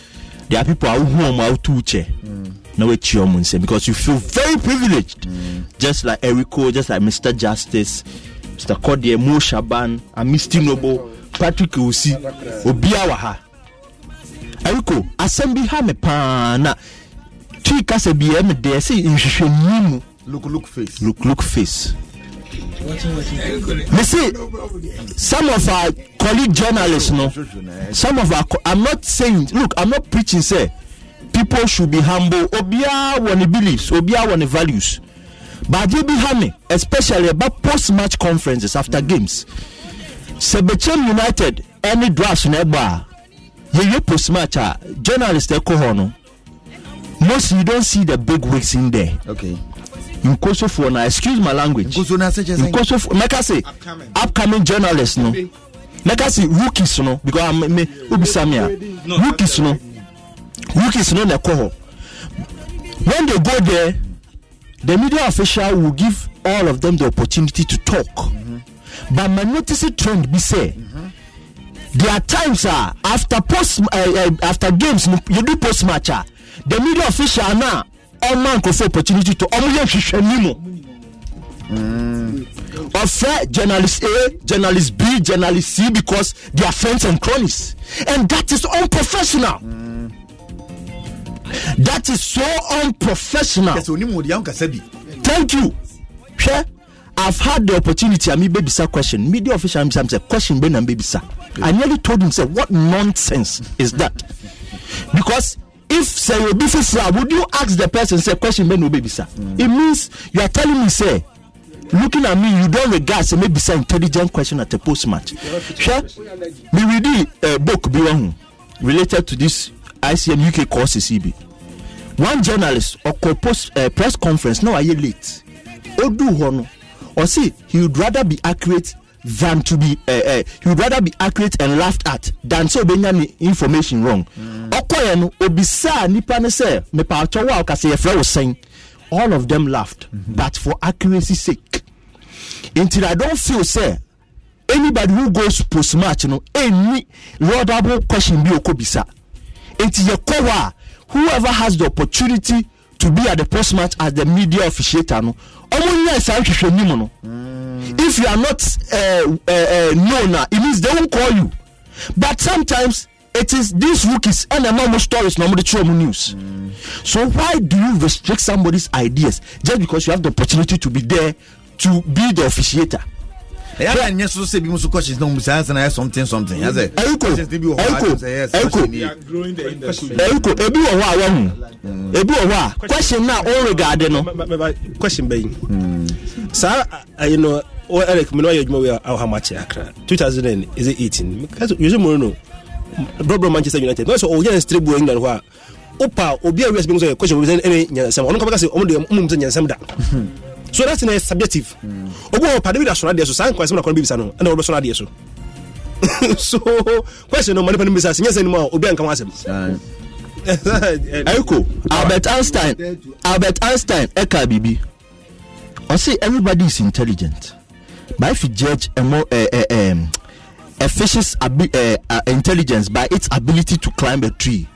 There are people who are out to chair. Mm. Now it's say because you feel very privileged. Mm. Just like Eriko, just like Mr. Justice, Mr. Kodie, Mo Shaban, Mr Noble, Patrick Usi, Obiawaha. Eriko, asɛm bi ha me paa na tui kasa bi look look face. look look face. me say some of our colleague journalists no some of our co- i'm not saying look i'm not preaching say people should be humble Obia wɔ ne beliefs obiara wɔ values but adeɛ bi ha especially about post match conferences after mm. games sebechem united any drafts na ɛbɔ a post match a ah, journalist ɛkɔ eh, hɔ no most you don see the big wigs in there. Okay nkosofoɔ na excuse my language nkosofoɔ mɛka se upcoming journalist no mɛka se rookies no because me me obisa mi a rookies no rookies no na ɛkɔ hɔ when they go there the media official will give all of them the opportunity to talk mm -hmm. but my notice trend be say. Mm -hmm. There are times uh, after post uh, uh, after games you do post match uh, the media official now ɔma nkɔfo opportunity to ɔmo yɛ nhwehwɛni mu ɔfɛ mm. journalist a journalist b journalist c because they are friends and cronies and that is unprofessional. Mm. that is so unprofessional. thank you. i've had the opportunity ami bebisa question media official am say question bɛ na bebisa i nearly told him say what nonsense is that because. if say obi foforɔ a would you ask the person say question bɛ na o bɛ bisa it means you are telling me say looking at me you don regard say maybe say intelligent question at a post match Sure, mi read uh, book bi wɔn ho related to this icm uk courses yi one journalist ɔkɔ post uh, press conference na wa late o du hɔ no ɔsi he would rather be accurate than to be uh, uh, he would rather be accurate and laughed at than sɛ obenya ne information wrong ɔkɔyɛ no obisaa nipa ni sɛ mepaatɔ wo a ɔkasɛ yɛfrɛ wo sɛn all of them laughed mm-hmm. but for accuracy sake until i don't feel sɛ anybody who goes post match no any laudable question bi okɔ bisa nti yɛkɔ hɔ a whoever has the opportunity to be at the post match as the media officiator no ɔmo nyɛ saa nhwehwɛ nim no. Mm. if you are not uh, uh, uh, known, it means they won't call you. But sometimes it is these rookies and among stories normally show news. Mm. So why do you restrict somebody's ideas just because you have the opportunity to be there to be the officiator? ɛyà bẹ́ẹ̀ ni yẹn soso sebi musu questions náà musa yansan ayẹ something something yasẹ. ẹyiko ẹyiko ẹyiko ebi wọ hɔ a wɔn mu ebi wɔ hɔ a question na o regard no. question bɛyi saa ɛyinɔ. o eric mi na ɔyɛ adwuma wei awo ha ma kyɛ akra 2018 yose mourinho brɔbrɔ manchester united n'o sɛ ɔyɛ ne stable wɔ england hɔ a opa obi a wiase bi nso yɛ question bi sɛ ɛne nyansɛm ɔno kaba kase ɔmo de ɔmo sɛ nyansɛm da so that's na yɛ subjective obi wɔ pade bi da sɔrɔ adeɛ so saa nkwan sɛm na kɔn bi bisa no ɛna wɔbɛ sɔrɔ adeɛ so so question no mɔnipa no bisa se nyɛ sɛ nimu a obi a nka ho asɛm. Aiko Albert Einstein Albert Einstein ɛka bibi ɔsi everybody is intelligent. by if you judge a more uh, uh, um, a fish's abi- uh, eh, uh, ah, intelligence by its ability to climb a tree,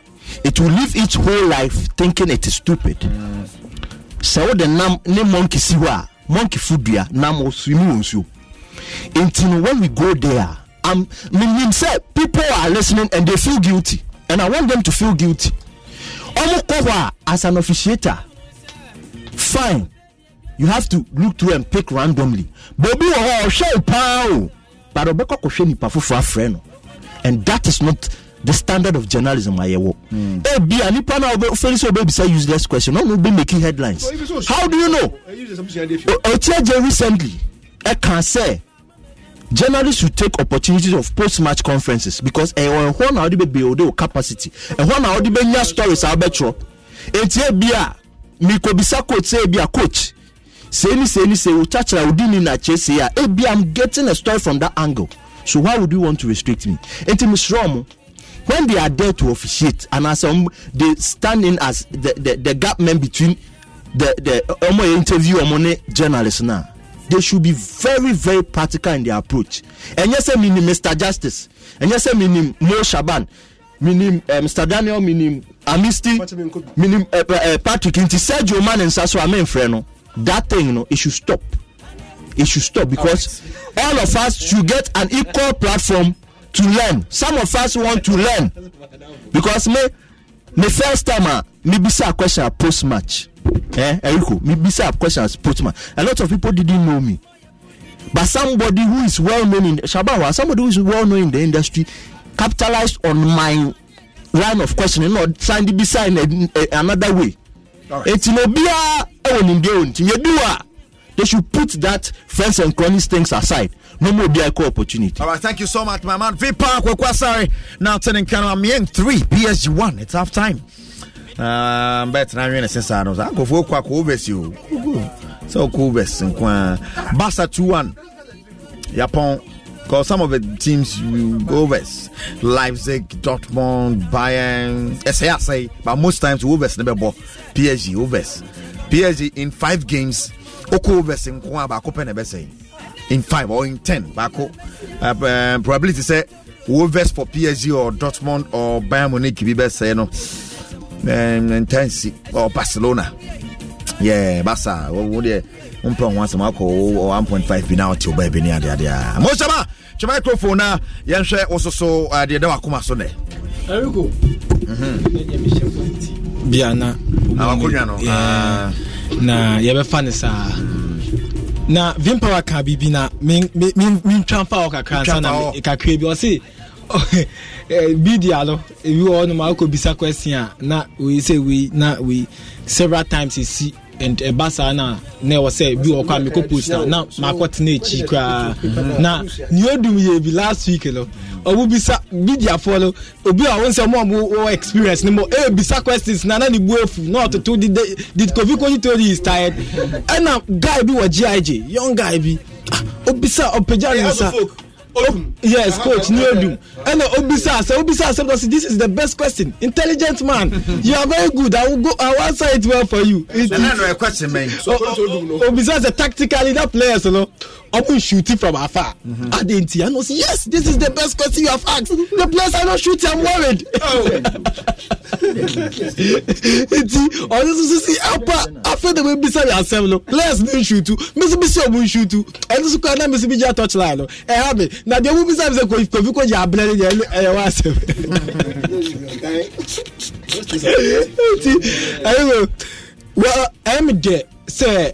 it will live its whole life thinking it is stupid. So wo nam ne monkey siwa monkey food dua swimming Until when we go there, um, mean, sɛ people are listening and they feel guilty and I want them to feel guilty. Ɔmo as an officiator fine. you have to look through and pick randomly bobi wɔ hɔ ɔhwɛ o paa o but ɔbɛkɔ kɔhwɛ nipa foforɔ afrɛ no and that is not the standard of journalism ayɛwɔ ebi a nipa na ofeli sɛ obebisa useless question ɔno bɛ making headlines how do you know otiagye recently ɛka sɛ journalists should take opportunities of post-match conferences because ɛwɔ ɛhɔ na ɔde bɛ build o capacity ɛhɔ na ɔde bɛ nya stories a ɔbɛtwerɛ etie bi a mikobisa coach sɛ ebi a coach say ni say ni say o touch o di ni na kye say a ebi i'm getting a story from that angle so why would you want to restrict me eti misiri ọmọ when they are there to officiate and as um, they stand in as the the, the gap man between the the ọmọ yẹn interview ọmọ ne journalist na they should be very very practical in their approach ẹ̀yẹ́ sẹ́ mi ni mr justice ẹ̀yẹ́ sẹ́ mi ni mo shaban mi ni mr daniel mi ni amisti mi ni uh, uh, patrick nti sergio man nsa so amen frẹ no. that thing, you know, it should stop. It should stop because all, right. all of us should get an equal platform to learn. Some of us want to learn because me, me first time, uh, me a question post match. Eh, Eriko, me a question post match. A lot of people didn't know me, but somebody who is well known in Shabawa, somebody who is well known in the industry, capitalized on my line of questioning or trying to be signed eh, eh, another way eti na obiara ɛwɔ nimdeɛ wɔ ntim yɛdu a they should put that friends and cronies things aside no more be equal opportunity. All right, thank you so much, my man. V Park Kwakwasari now turning Kano Amieng 3 PSG 1. It's half time. Um, but now you're in a sense, I Go for Kwakubes, you so Kubes and Kwa Basa 2 1. Yapon Because some of the teams you go West, Leipzig, Dortmund, Bayern, SASA, but most times you West never bought PSG, West. PSG in five games, Oko West in Kwa Bako In five or in ten, Bako. Uh, um, probability say Wolves for PSG or Dortmund or Bayern Munich, Bibese, you know, um, intense or Barcelona. Yeah, Barca. What, what, what, 1.1 sɛ makɔ 1.5 bi na wote wo baa bi ne adeadeɛ a mosɛma kye microphone na yɛnhwɛ wo so so uh, deɛ da wakoma so nɛ ɛriko mhm. biana ah, wakonnwa no ah. na yɛbɛfa ne saa na vimpower ka biribi oh, eh, na mentwa mfa wɔ kakra nsa na kakra bi ɔse bidia no ebi wɔ hɔ nom akɔbisa question a na wei sɛ wei na wei several times ɛsi ɛba eh, ah, saa na na ɛwɔ eh, sɛ bi wɔ kɔ a post ah, eh, na na maakɔ tena akyi koraa na nea odum yɛ bi last week no ɔmo bisa bidiafoɔ no obi a wɔn sɛ ɔmo a wɔwɔ experience no mo ɛyɛ bisa questions na na ne bu efu na ɔtoto did did kofi kofi di is tired ɛna guy bi wɔ gig young guy bi obisa ɔpagya ne nsa odum. yes coach ni odum ɛna obisa asɛ obisa asɛ because this is the best question intelligent man you are very good i will go i will say it well for you. sɛ n'a nɔ ye question mɛ. obisa asɛ tactically that players no ọmọ shooting from afar adi n ti i know say yes this is the best question you have asked the place i no shoot i'm worried oh. nti ọdún sísun sí apá afẹ́dẹ̀ wẹ́n bísí àlẹ́ asẹ́m no players ní nṣutu bísí bísí ọ̀bù nṣutu ẹni sọ kọ́ ẹ̀ náà bísí touch line no ẹ̀ hà mi na deẹ wọ́n bísí àbísẹ́ kòfi kò jẹ́ abẹ́rẹ́ ni ẹ̀ yẹ wọ́n asẹ́m. nti ẹ̀yin wo wọ́n ẹ̀ mi dẹ̀ sẹ́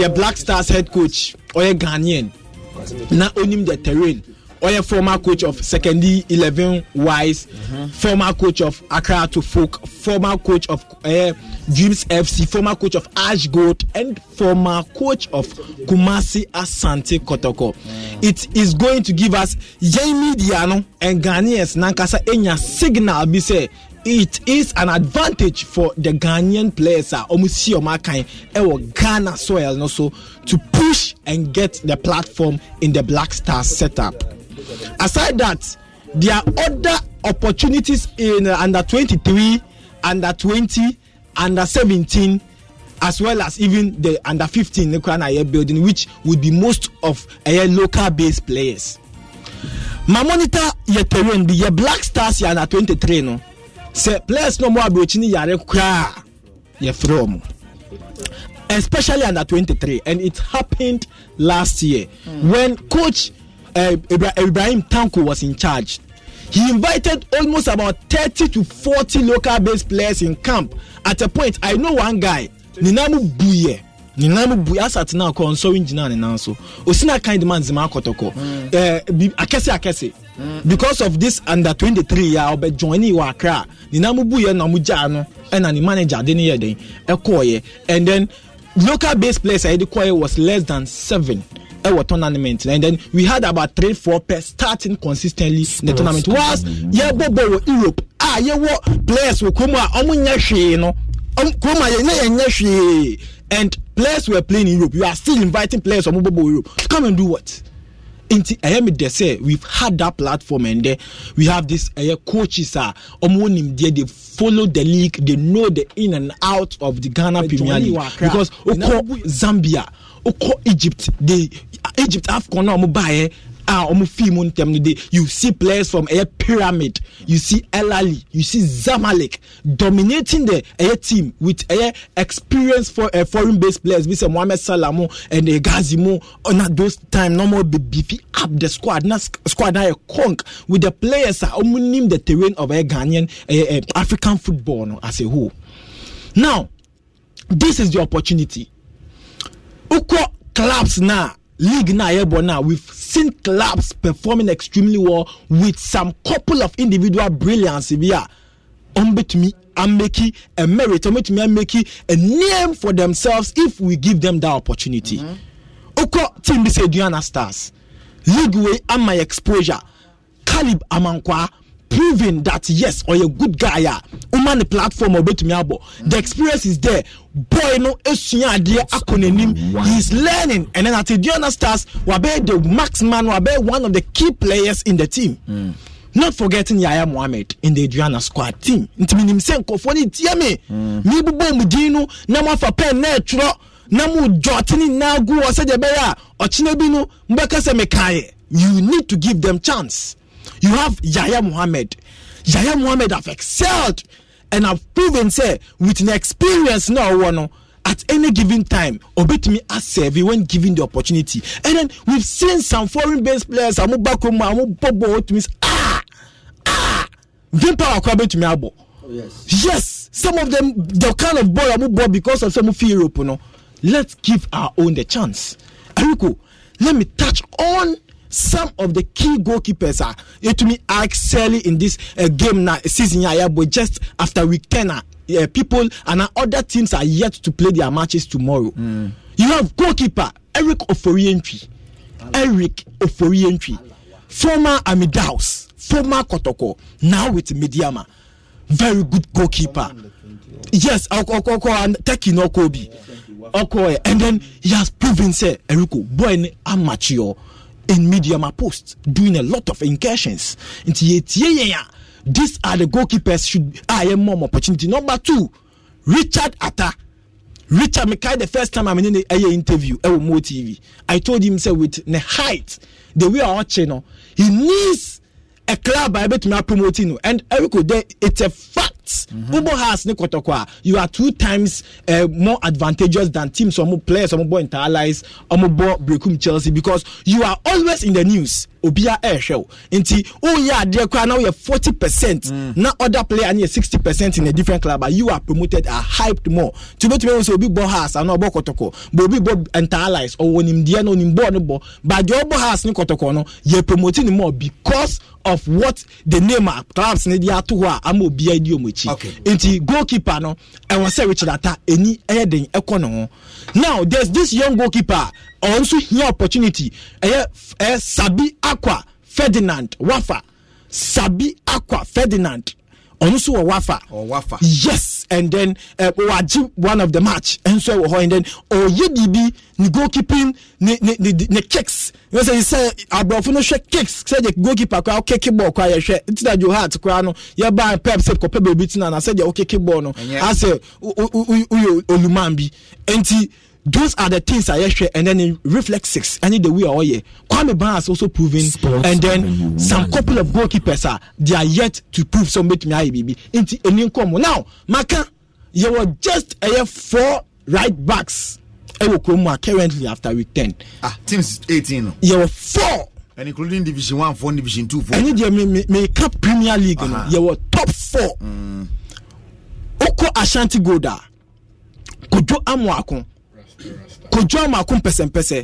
yẹ black stars head coach ɔyɛ ghanaian na onim the terrain ɔyɛ former coach of secondary eleven wise mm-hmm. former coach of accra to folk former coach of uh, dreams fc former coach of ash gold and former coach of kumasi asante kotoko mm it is going to give us yẹn media no and ghanaians nankasa enya signal bi sẹ it is an advantage for the Ghanaian players a wɔn si wɔn akan wɔ Ghana soil no so to push and get the platform in the Black Stars setup. Aside that, there are other opportunities in uh, under 23, under 20, under 17 as well as even the under 15 nekura na building which would be most of ɛyɛ uh, local based players. My monitor yɛ terrain bi yɛ Black Stars yɛ under 23 no sɛ players no mo aburokyi ni yare koraa yɛfrɛ wɔn especially under twenty three and it happened last year mm. when coach uh, ibrahim tanko was in charge he invited almost about thirty to forty local based players in camp at a point i know one guy ninamu buye ninamu buye asat na akɔ nsɔrin gyina ne nan so osina kind man zima akɔtɔkɔ ɛɛ hmm. eh, bi akɛse akɛse because of this under twenty three yà ọbẹ join ni wà Accra nínú àmú buyẹ nínú àmú jà ano ẹna ni manager de ni yẹ den ẹ yẹ and then local based players ẹ de kọ yẹ was less than seven ɛwɔ tournament and then we had about three four players starting consistently in the tournament whilst yɛbɔbɔ wɔ Europe a yɛwɔ players wɔ kurom a ɔmo nyɛ hwee no kurom a yɛnyɛ yɛnyɛ hwee and players were playing in Europe you are still inviting players ɔmo bɔbɔ wɔ Europe come and do what nti ɛyɛ mi dɛ we've had that platform and then we have this ɛyɛ coaches a ɔmo nim deɛ they follow the league they know the in and out of the ghana the premier league because okɔ zambia okɔ egypt they egypt afcon na ɔmo ba yɛ a ɔmo fii mu ntɛm no de you see players from ɛyɛ pyramid you see elali you see zamalek dominating the ɛyɛ team with ɛyɛ experience for uh, eh, foreign based players bi sɛ mohammed salah mo ɛnna eh, gazi mo ɔna those time na ɔmo bebi fi up the squad na squad na yɛ conk with the players a ɔmo nim the terrain of ɛyɛ eh, ghanaian ɛyɛ uh, african football no as a whole now this is the opportunity ukɔ clubs na league na ayẹbọ now we've seen clubs performing extremely well with some couple of individual brilliance bi a wọn bẹtumi ameki a merit wọn bẹtumi ameki a name for themselves if we give them that opportunity mm-hmm. okọ team bi sẹ aduana stars league wey my exposure calib amankwa proving that yes ọyẹ good guy a woman platform ọbẹtumi abọ the mm-hmm. experience is there boy no esua adeɛ akɔ n'anim he is learning and then at aduana stars wabɛyɛ the max man wabɛyɛ one of the key players in the team. Mm. Not forgetting Yaya Mohammed in the Adriana squad team. Ntumi nim sɛ nkɔfoɔ ne tie me. Hmm. Mi bubɔ mu din no na mo afa pɛn na ɛtwerɛ na mo jɔte ne nyinaa gu wɔ sɛdeɛ ɛbɛyɛ a ɔkyena bi no mbɛka sɛ mekaeɛ. You need to give them chance. You have Yaya Mohammed. Yaya Mohammed have excelled and I've proven say with an experience Now, ɔwɔ no at any given time obetumi every when given the opportunity and then we've seen some foreign based players amu bakumu amu bobo means ah ah vimpa akwa betumi abo yes yes some of them the kind of boy, amu ball because of some fear europe no let's give our own the chance eriko let me touch on some of the key goalkeepers are to etumi actually in this uh, game now season yẹn ayabo just after weekend. ten na uh, people and uh, other teams are yet to play their matches tomorrow. Mm. You have goalkeeper Eric Oforientwi, Eric Oforientwi, former Amidaus, former Kotoko, now with Mediama, very good goalkeeper. Yes, Okoko and Teki no Kobi. Okay, and then he has proven say Eriko boy amateur in media ma post doing a lot of incursions nti yɛtie yɛn a these are the goalkeepers should a ah, yɛ mɔ opportunity number two richard ata richard mekai the first time i'm in a ɛyɛ interview ɛwɔ mo tv i told him say with ne height the way a ɔkye no he needs a club a ɛbɛtumi apromote no and eric ode it's a fact hearts mm-hmm. bobɔ hearts a you are two times uh, more advantageous than teams ɔmo players ɔmo bɔ inter allies ɔmo bɔ brekum chelsea because you are always in the news obia ɛrehwɛ o nti woyɛ adeɛ koraa na woyɛ forty percent mm. na other player ne yɛ sixty percent in a different club but you are promoted are hyped more tubetube wo sɛ obi bɔ house ana ɔbɔ kɔtɔkɔ but obi bɔ interallies ɔwɔ nimdeɛ no onim bɔɔl no bɔ but deɛ ɔbɔ house ne kɔtɔkɔ no yɛ promoting more because of what the name of clubs ne de ato hɔ a ama obia di ɔmo akyi akyi okay. nti goalkeeper no ɛwɔ sɛ richard ata ɛni ɛyɛ den ɛkɔ ne ho now there's this young goalkeeper ɔnso hia opportunity ɛyɛ ɛyɛ sabi akwa ferdinand wafa sabi akwa ferdinand ɔno nso wɔ wafa oh, yes and then uh, wagye one of the match nso wɔ hɔ and then ɔyɛ biribi ne goalkeeping ne ne ne ne kicks ne sɛ sɛ aborɔfo no hwɛ kicks sɛdeɛ goalkeeper koraa ɔkeke ball koraa yɛhwɛ nti na joe hart koraa no yɛba pep sɛ kɔpɛ baabi tena na sɛdeɛ ɔkeke ball no asɛ woyɛ oluman bi nti those are the things I share, and then in reflex six, the way all year. Kwame Ban has also proven, Sports and then some couple of goalkeepers are they are yet to prove some bit me IBB into a new combo. Now, Maka, you were just a four right backs. Ewo Kromo currently after week 10. Ah, teams 18. You were four. And including division one, four, division two, four. And you may make up Premier League, uh-huh. you, were top four. Mm. Oko Ashanti Goda. Kojo Amwako kojú àmọ àkó mpẹsẹmpẹsẹ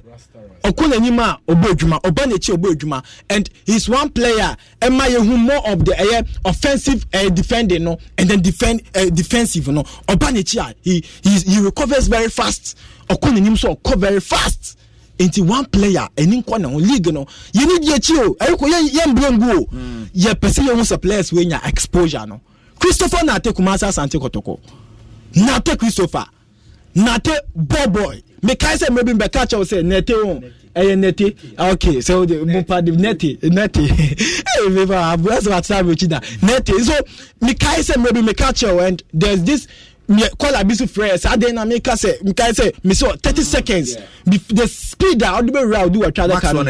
ọkọ n'anim a ọbọ edwuma ọba n'ekyi ọbọ edwuma and his one player ẹ ma yẹ hu more of the ẹ eh, yẹ offensive ẹ eh, defending no and then defend ẹ eh, defensive no ọba n'ekyi a ah, he he he recovers very fast ọkọ n'anim so ọkọ very fast nti one player ɛni nkɔ na ho league no yɛn ni di ekyi o oh. ɛyikɔ yɛn yɛn mbrengu o oh. hmm. yɛ pɛsɛ yɛn ho sɛ players wei exposure no christopher nate kumasa asante kɔtɔkɔ nate christopher nate bɔbɔi mekae sɛ mmerɛ bi mbɛka kyɛw sɛ nɛte o ɛyɛ nɛte ah, ok so mopade nɛte nɛte meba aboa sɛ watena mekyi da nɛte so mekae sɛ mebi bi meka kyɛw and there's this mɛ kɔla bi so frɛ saa den na mi ka sɛ nka mi sɛ thirty mm, seconds the speed a ɔde bɛ wura ɔde wɔ twa de ka no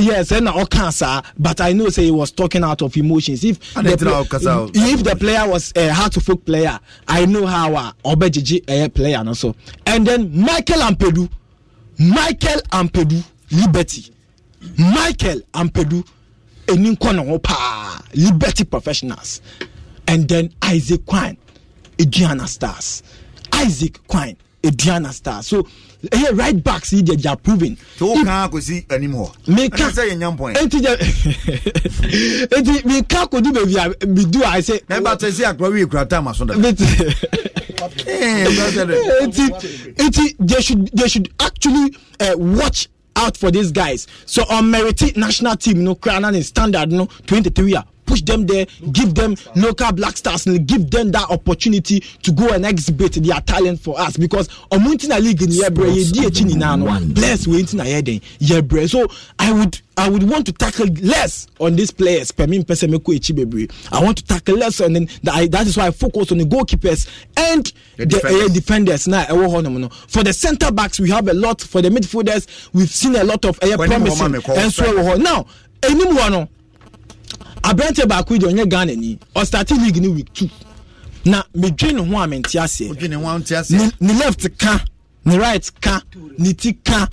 yes ɛna eh, ɔka saa but i know say he was talking out of emotions if the play if the player was a uh, hard to folk player i know how a ɔbɛ gyegye player no so and then michael ampedu michael ampedu liberty michael ampedu eni nkɔ ne ho paa liberty professionals and then isaac kwan. Eduana Stars. Isaac Quine, Eduana Stars. So hey, right back see they are proving. So if, can't go see anymore. Me can't say any point. Enti je enti me can't go do be me do I say. Remember to say akwawi ekrata masonda. Enti enti they should they should actually uh, watch out for these guys. So on um, Meriti national team no Ghana standard no 23 year push them there, give them local black stars, and give them that opportunity to go and exhibit their talent for us because Omuntina League in Yebre, Yediachin in Anwa, bless Wintina Yeden, Yebre. So I would I would want to tackle less on these players. I want to tackle less, and then that is why I focus on the goalkeepers and the, eh, defenders. the defenders. Now, for the centre backs, we have a lot. For the midfielders, we've seen a lot of uh, promising. And so Now, aberante baako yi deɛ ɔnyɛ ghana ni ɔstarti league ni week two na medwe ne ho a mente aseɛ ne left ka ne right ka ne ti ka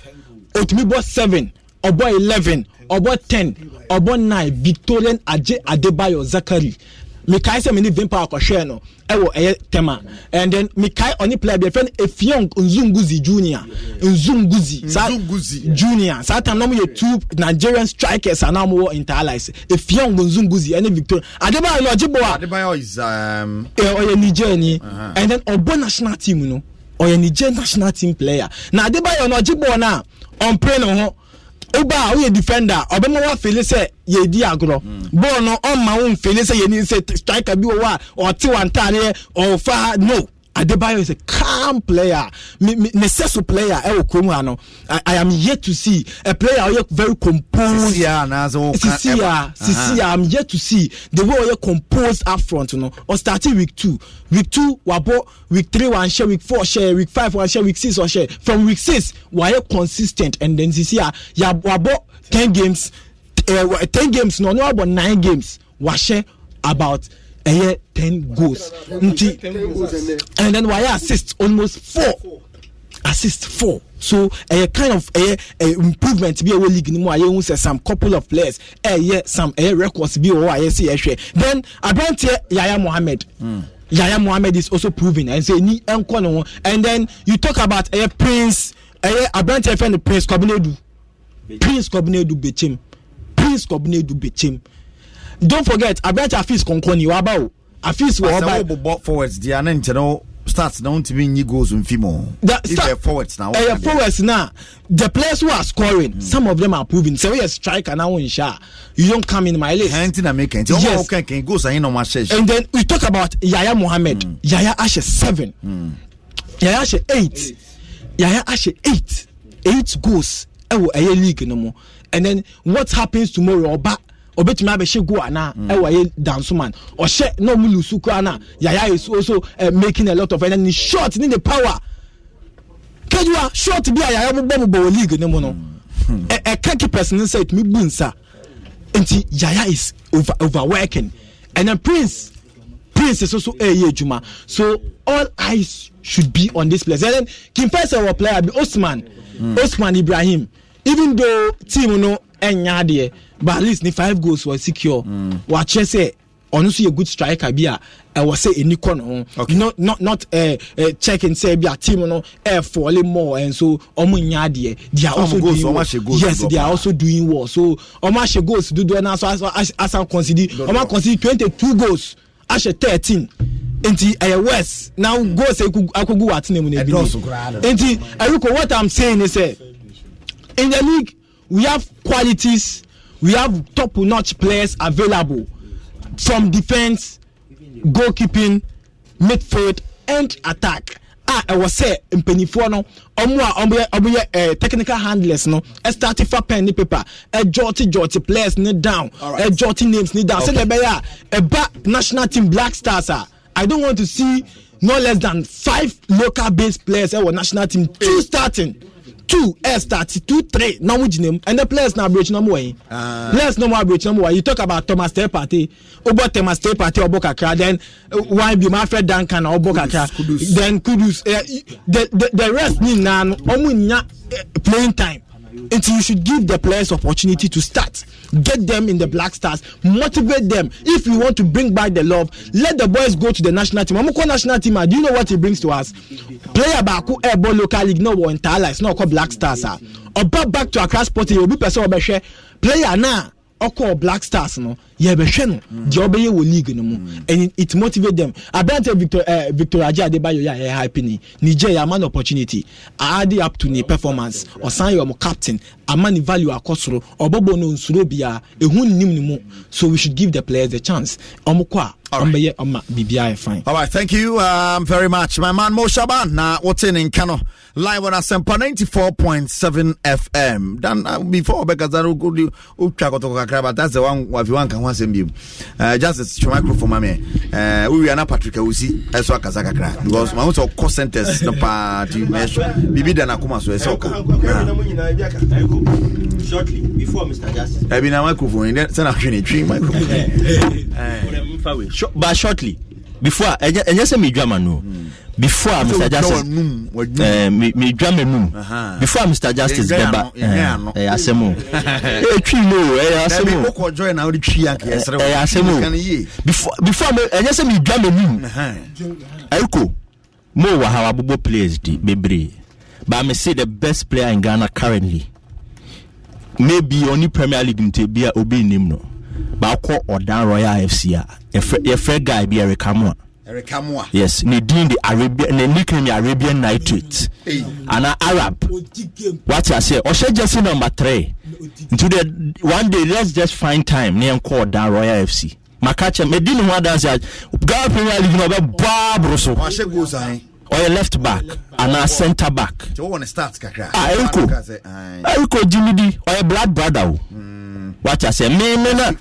otumi bɔ seven ɔbɔ eleven ɔbɔ ten ɔbɔ nine victorian aje adebayo zakari mikae sɛ mene vimpa akɔhwɛɛ no ɛwɔ ɛyɛ tɛma and then mikae ɔne player bi ɛfrɛ no efiong nzunguzi junior nzunguzi saa junior saa time, na mo yɛ two nigerian strikers a na mo wɔ interlice efiong nzunguzi ɛne Victor? adebayo na ɔgye bo a adebayo is um... ɔyɛ niger ni uh-huh. and then ɔbɔ national team no ɔyɛ niger national team player na adebayo na ɔgye bo na ɔmpere ne ho ugba a woyɛ defender ɔbɛma wa fele sɛ yɛdi agorɔ bɔɔl no ɔma wo mfele sɛ yɛni sɛ striker bi wɔ hɔ a ɔte wa ntaareɛ ɔfa no Adebayo is a calm player, necessary player. Eh, I, I am yet to see a player who is very composed. Sisia, Sisia, I'm yet to see the way he composed up front. You know, or starting week two, week two, wabo, week three, one share, week four share, week five one share, week six one share. From week six, why consistent and then Sisia, yeah, wabo ten games, uh, ten games. No, no, about nine games. Washe about ɛyɛ ten goals nti and then wayɛ assist almost four assist four so ɛyɛ kind of ɛyɛ improvement bi a ɛwɔ league ni mu a yɛn sɛ some couple of players ɛyɛ some ɛyɛ records bi wɔ hɔ a yɛsi ɛhwɛ then aberanteɛ yaya mohammed. Mm. Yaya Mohammed is also proving and say ni nkɔ and then you talk about ɛyɛ prince ɛyɛ uh, friend prince kɔbinedu prince kɔbinedu bechim. prince kɔbinedu bechim don't forget abirakye afis kɔnkɔn ni waba o afis wɔ ɔba. asawo bobɔ forwards di ana nkyɛn start na wọn ti mi nyi goals nfi mu. the start ɛyɛ forwards na wọn. ɛyɛ forwards na the players who are scoring mm. some of them are proving sɛ oyɛ striker na wọn nhyɛ you don come in my list. hɛn ti na mi kɛntɛ ɔmɔ yes. ɔkɛ goals ayin na ɔmɔ ahyɛ. and then we talk about yaya mohammed mm. yaya ahyɛ seven mm. yaya ahyɛ eight. eight yaya ahyɛ eight eight goals ɛwɔ ɛyɛ league no mu and then what happens tomorrow ɔba obetumi abɛhyɛ goal ana ɛwɔ ye dansoman ɔhyɛ na ɔmu lusu koraa na yaya is also uh, making a lot of energy short ne the power kejuwa short bi a yaya bɔ mu bɔ wɔ league ne mu no hmm. ɛka keepers ne nsa etumi bu nsa nti yaya is over overworking ɛna prince prince nso so ɛyɛ adwuma so all eyes should be on this place and then kimfɛsɛ wɔ player bi osman hmm. osman ibrahim even though team no ɛnya adeɛ but at least ne five goals were secure mm. wakyɛ sɛ ɔno nso yɛ good striker bi a ɛwɔ sɛ ɛni kɔ ne ho not not not uh, uh, checking sɛ bi a team no ɛfɔle more ɛnso ɔmo nya adeɛ they are also goals, doing well yes they are also doing well so ɔmo ahyɛ goals dodoɔ naa so as as concede ɔmo concede twenty two goals ahyɛ thirteen nti ɛyɛ west now goals akogu wa atena mu na ebi ne nti eriko what i'm saying is say in the league we have qualities we have top notch players available from defence goalkeeping midfield and attack ah, a ɛwɔ sɛ mpanyinfoɔ no ɔmo a ɔmo yɛ ɔmo yɛ ɛɛ technical handlers no ɛstati eh, fa pen ne paper ɛjɔɔti eh, jɔɔti players ne down ɛjɔɔti eh, names ne down sɛdeɛ ɛbɛyɛ a ɛba national team black stars a i don want to see no less than five local based players ɛwɔ national team two starting two S thirty two three na wɔn gyina mu ɛnɛ players na abirakyi na wɔn players na wɔn abirakyi na wɔn you talk about thomas tepate ɔbɔ oh, thomas tepate ɔbɔ kakra then one uh, bi ma fɛ dankan na ɔbɔ kakra then kudus eh, the the the rest nyinaa no wɔn nya eh, playing time until you should give the players opportunity to start get them in the black stars motivate them if you want to bring back the love let the boys go to the national team amukọ national team ah do you know what he brings to us player baako eh, ẹbọ local league náà wọ ntaala it's not called black stars ah ọba back to accra sporting obi pẹ sẹ player náà ọkọ black stars no yɛbɛhwɛ no mm. deɛ ɔbɛyɛ wɔ league no mu mm. and it motivate them aberante victor uh, victor ajay adebayo yɛ a yɛ hype ni niger yɛ ama no opportunity aade up to ne oh, performance ɔsan yɛ ɔmo captain ama ne value akɔ soro ɔbɔbɔ no nsuro biara ehu nnim ne mu so we should give the players a chance ɔmo kɔ a All right. All right, thank you um, very much. My man Mo Shaban, now what's in in Kano? Live on Asempa 94.7 FM. Dan, uh, before, because I don't go to Uchakotoka, but that's the one, if you want, ho asɛm biom eh, justice hwɛ microphone ma me eh, eh, wowia na patrick awosi ɛso akasa kakra because mahu sɛ ɔkɔ centers no paa nti mɛhwɛ biribi da nakoma so ɛsɛ ɔka ah. ɛbi na microphone sɛna hwɛ ne twi microphone but shortly before ɛnyɛ sɛ medwa ma no hmm before mr justice eh, eh, medwa eh, menum before mr justice bɛba ɛyɛ asɛm o ɛtwi mu o ɛyɛ asɛm o ɛyɛ asɛm o before ɛnyɛ sɛ medwa menum ɛko mo wɔ ha wabobɔ players di bebree but me say the best player in ghana currently maybe only premier league nte bi a obi nnim no baakɔ ɔdan royal fc a yɛfrɛ guy bi ɛreka mo a yes ne the arabian ne nickname arabian nitrate ana arab wate say? ɔhyɛ jersey number three nti one day let's just find time ne yɛn kɔɔ royal fc maka kyɛ mɛ di ne ho adansi a ghana premier league na back. bɔ aboro so eh? ɔyɛ left back anaa centre back ah, a eh? eriko eriko Or a black brother Mm. wate aseɛ meme na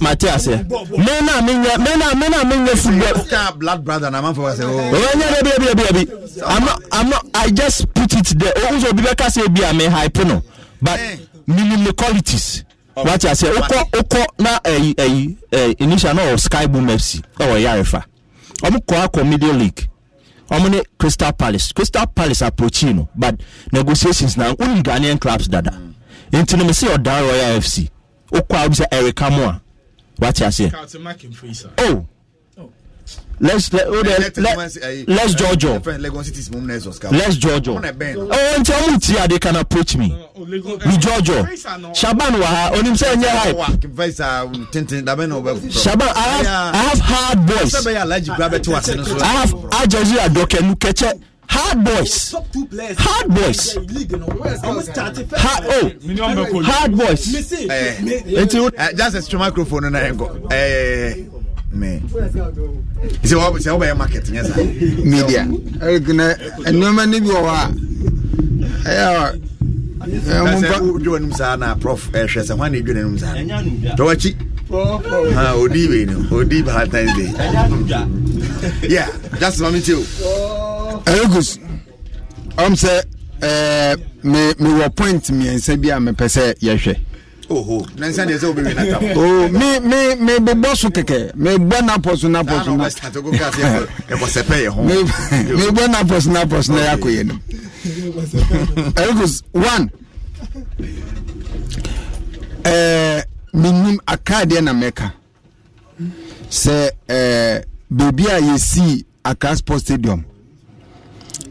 mate aseɛ me na menyɛ me na me na menyɛ footballɔnyɛ da bia bia bia bi ama ama i just put it there owó oh, sɛ obi bɛka sɛ ebi a me hype no but minim the qualities wate aseɛ wokɔ wokɔ na ɛyi ɛyi ɛyi initial na ɔwɔ sky boom fc ɛwɔ yarefa ɔmo kɔ akɔ middle league ɔmo ne crystal palace crystal palace approach yi no but negotiations na wɔn ghanaian clubs dada. Mm nti no mesi ɔdan royal fc wokɔ a wobisa erika mu a wate aseɛ let's let's jɔjɔ let's jɔjɔ Oh, nti ɔmu tia they can approach me mi oh, oh, jɔjɔ shaban wa ha onim sɛ n uh, shaban i have i have hard boys i have ajazi adɔkɛnu kɛkyɛ. hard boys hard boys hard oh hard boys eti eh. o. Eh, just a strong microphone na yẹn kọ mɛ sɛ sɛ wobɛyɛ market nyɛ sa media ɛnɛ eh, nnoɔma no bi wɔ hɔ a ɛyɛ dwanom saa na prof ɛhwɛ sɛ hwane dwanom saa tɔwakyi ɔdi wei no ɔdi valentines day yeah just ma me too. ɛyɛgus ɔm sɛ eh, mewɔ point mmiɛnsa bi a mepɛ sɛ yɛhwɛ mebobɔ so kɛkɛ mebɔ napɔso napɔso mebɔ napɔso napɔso na oh, yɛakɔyɛ no ɛyɛgus one eh, menim akadeɛ na mɛka sɛ baabi a yɛsii aka sport stadium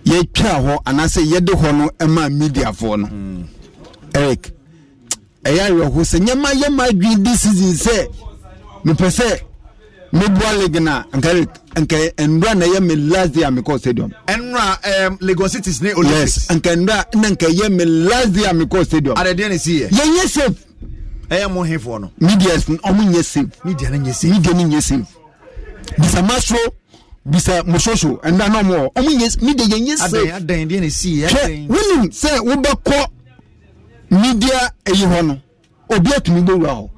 yɛtwa hɔ anaasɛ yɛde hɔ no ɛma mediafoɔ no mm. eric ɛyɛ awerɛho sɛ nyɛma yɛma adwene de season sɛ mepɛ sɛ meboa league no a nka eric na ɛyɛ me last day a mekɔɔ stadium ɛnra um, lagos cities ne olympics yes nka nnura na nka ɛyɛ me last day stadium adedeɛ ne siyɛ yɛnyɛ safe ɛyɛ mo hefoɔ no media ɔmo nyɛ safe media no nyɛ safe media no nyɛ safe bisamasoro bisa musoso ɛnda na ɔmo ɔmo yɛ media yɛn yɛ sɛ adan deɛ na si hwɛ wonim sɛ media ɛyi hɔ no obi atumi bɛwura hɔ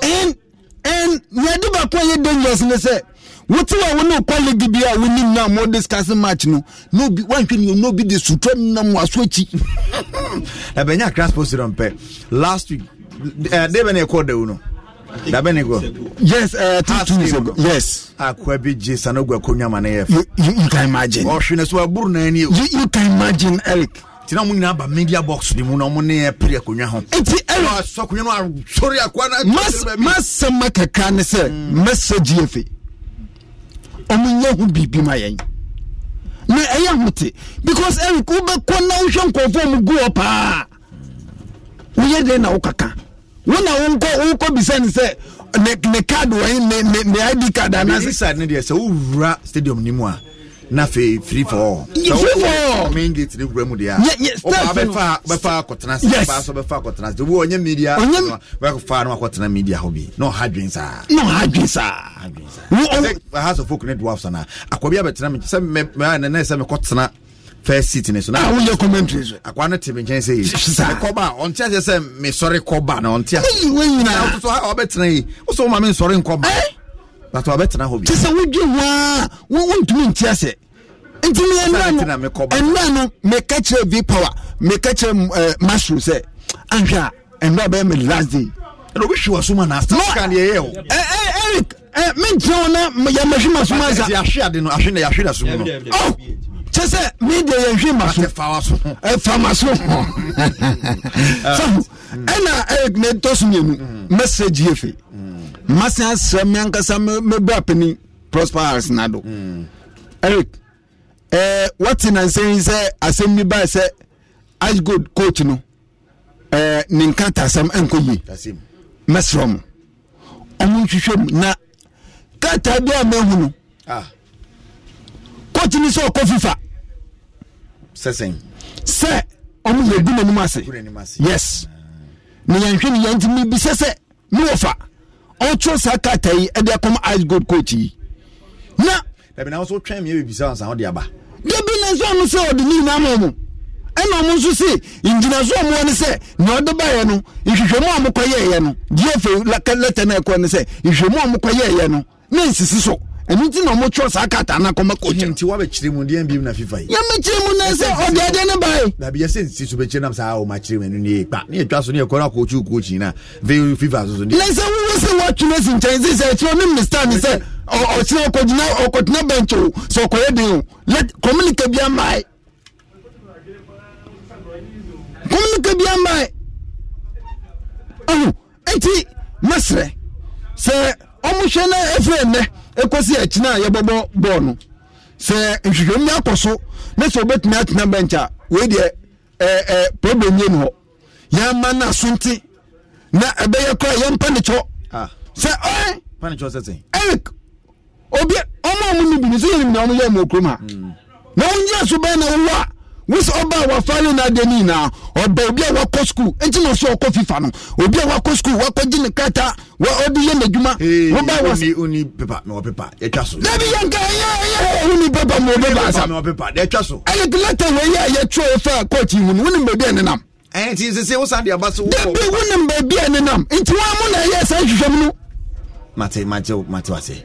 ɛn ɛn yɛde baako a yɛ dangerous ne sɛ wote wa wo ne wo kɔlege bi a wonim no a mo discuss match no na obi woanhwɛ ne na obi de sutura nam waso akyi ɛbɛnya craspostrom pɛ last week uh, eh, debɛ ne ɛkɔɔ da wo no Dabeniko. Yes, uh, two, two years ago. Yes. Akwebi J Sanogwa Konyama na yef. You, you, you can imagine. Ɔhwene so aburu na ni. You you can imagine Eric. Tina mo nyinaa ba media box ni mu na mo ne pere akonya ho. Enti Eric. Sɔ akonya no asɔre akwa na. Mas masɛma kaka ne sɛ message yefe. Ɔmo nyɛ ho biribi ma yɛn. Na ɛyɛ ahote because Eric wobɛkɔ na wohwɛ nkɔɔfoɔ mu gu hɔ paa. Woyɛ dɛn na wokaka. wona wonkɔ wokɔ bisa ne sɛ ne, ne card wɔ ne, ne, ne id card anasesad no deɛ sɛ wowura stadium no mu a na afei free for allmain gate media no akɔtena media hɔ bi na ɔha dwen saa na ɔha dwen saa house ne dwarfs anaa abɛtena me sɛ sɛ mekɔtena first seat ne so na ah, woyɛ commentary so akwa no te me nkyɛn sɛ yɛkɔba a ɔnte aseɛ sɛ mesɔre kɔba na ɔnte aseɛ so wobɛtena yi wo sɛ woma me nsɔre nkɔba eh? but wabɛtena hɔ bi te sɛ wodwe ho a wontumi nte aseɛ nti meɛnra no meka kyerɛ v power meka kyerɛ eh, masro sɛ anhwɛ a ɛnra bɛyɛ me last day ɛna obi hwi wasom ana asaka ne yɛyɛ wo eh, eric mentena wo na yɛmahwe masom asa yɛahwe ade no ahwe na yɛahwe da som kyɛ sɛ media yɛhwe ma so ɛfa ma so sɛ ah. ɛna ne tɔ so mmienu mɛsɛgye mm. yɛ fei mm. mase asrɛ me ankasa mɛbra pani prosper harris mm. na do eric eh, wate nansɛ yi sɛ asɛm bi bae sɛ ashgold coach no eh, ne nka ta asɛm ɛnkɔ yie mɛserɛ mo ɔmo nhwehwɛ mu na kata bi a mahu no ah kɔɔkye ne sɛ ɔkɔ fifa sɛ ɔmo yɛ gu n'anim ase yes na yɛnhwɛ ne yɛn ti mi bi sɛ sɛ mi wɔ fa ɔtwerɛ saa kata yi ɛde akɔm ice gold coach yi na. dabi na ɔso twɛn mi ebi bisa ɔsan ɔde aba. dabi na nso ɔmo sɛ ɔde ne nyinaa ma ɔmo ɛna ɔmo nso se ngyinaso ɔmo wɔ ne sɛ nea ɔde ba no nhwehwɛmu a ɔmo kɔ yɛ yɛ no gfa lɛtɛ na ɛkɔ ne sɛ nhwehwɛmu a ɔmo kɔ yɛ ɛno nti na ɔmotwerɛ saa kata no kɔma kɔnti wabɛkyerɛ mu deɛ bim na fifa yi yɛmɛkyerɛ mu na sɛ ɔde adeɛ no bae dabi yɛsɛ nsi so bɛkyerɛ nam saa wɔmakyerɛ mu ɛno ne yɛkpa ne yɛtwa so ne yɛkɔ no akɔɔkyi wokɔɔkyi no a fifa so so na sɛ wowɔ sɛ woatwene asi nkyɛn se sɛ akyerɛ ne mista ne sɛ ɔkyerɛ ɔkɔgyina ɔkɔtena bɛnkye o sɛ ɔkɔyɛ den o let kɔmunika bia mmae kɔmunika bia mmae ɛho ɛnti mɛserɛ sɛ ɔmohwɛ no ɛfiri nnɛ ɛkɔsi akyina a yɛbɛbɔ bɔɔl no sɛ nhwehwɛmu yɛ akɔ so ne sɛ obɛtumi atena bɛnkye a wei deɛ ɛɛ ɛɛ problem yɛ no hɔ yɛama na asonte na ɛbɛyɛ kora yɛmpa ne kyɔ ah. sɛ ɔɛ eric obi ɔmo a mo no bi ne sɛ yɛnim na ɔmo yɛ mo kurom ha mm. na wɔn nyɛ so bɛyɛ na wɔwɔ a wosi ɔba a wafare na ade ne nyinaa ɔba obi a wakɔ sukuu nti na ɔsɛ ɔkɔ fifa no obi a wakɔ sukuu wakɔ gye ne kata wa ɔde yɛ n'adwuma wɔba wasa. oni pepa na ɔpepa yɛtwa so. dabi yɛn ka ɛyɛ ɛyɛ oni pepa na ɔpepa asa. na ɔpepa na yɛtwa so. ɛyɛ kilata wɔ yɛ a yɛtwa efa kɔɔti mu no wɔnim baabi a nenam. ɛn ti sise wosan de aba so. dabi wɔnim baabi a nenam nti wɔn mu na ɛyɛ ɛsɛ e hwehwɛ mu mate mate mate wase.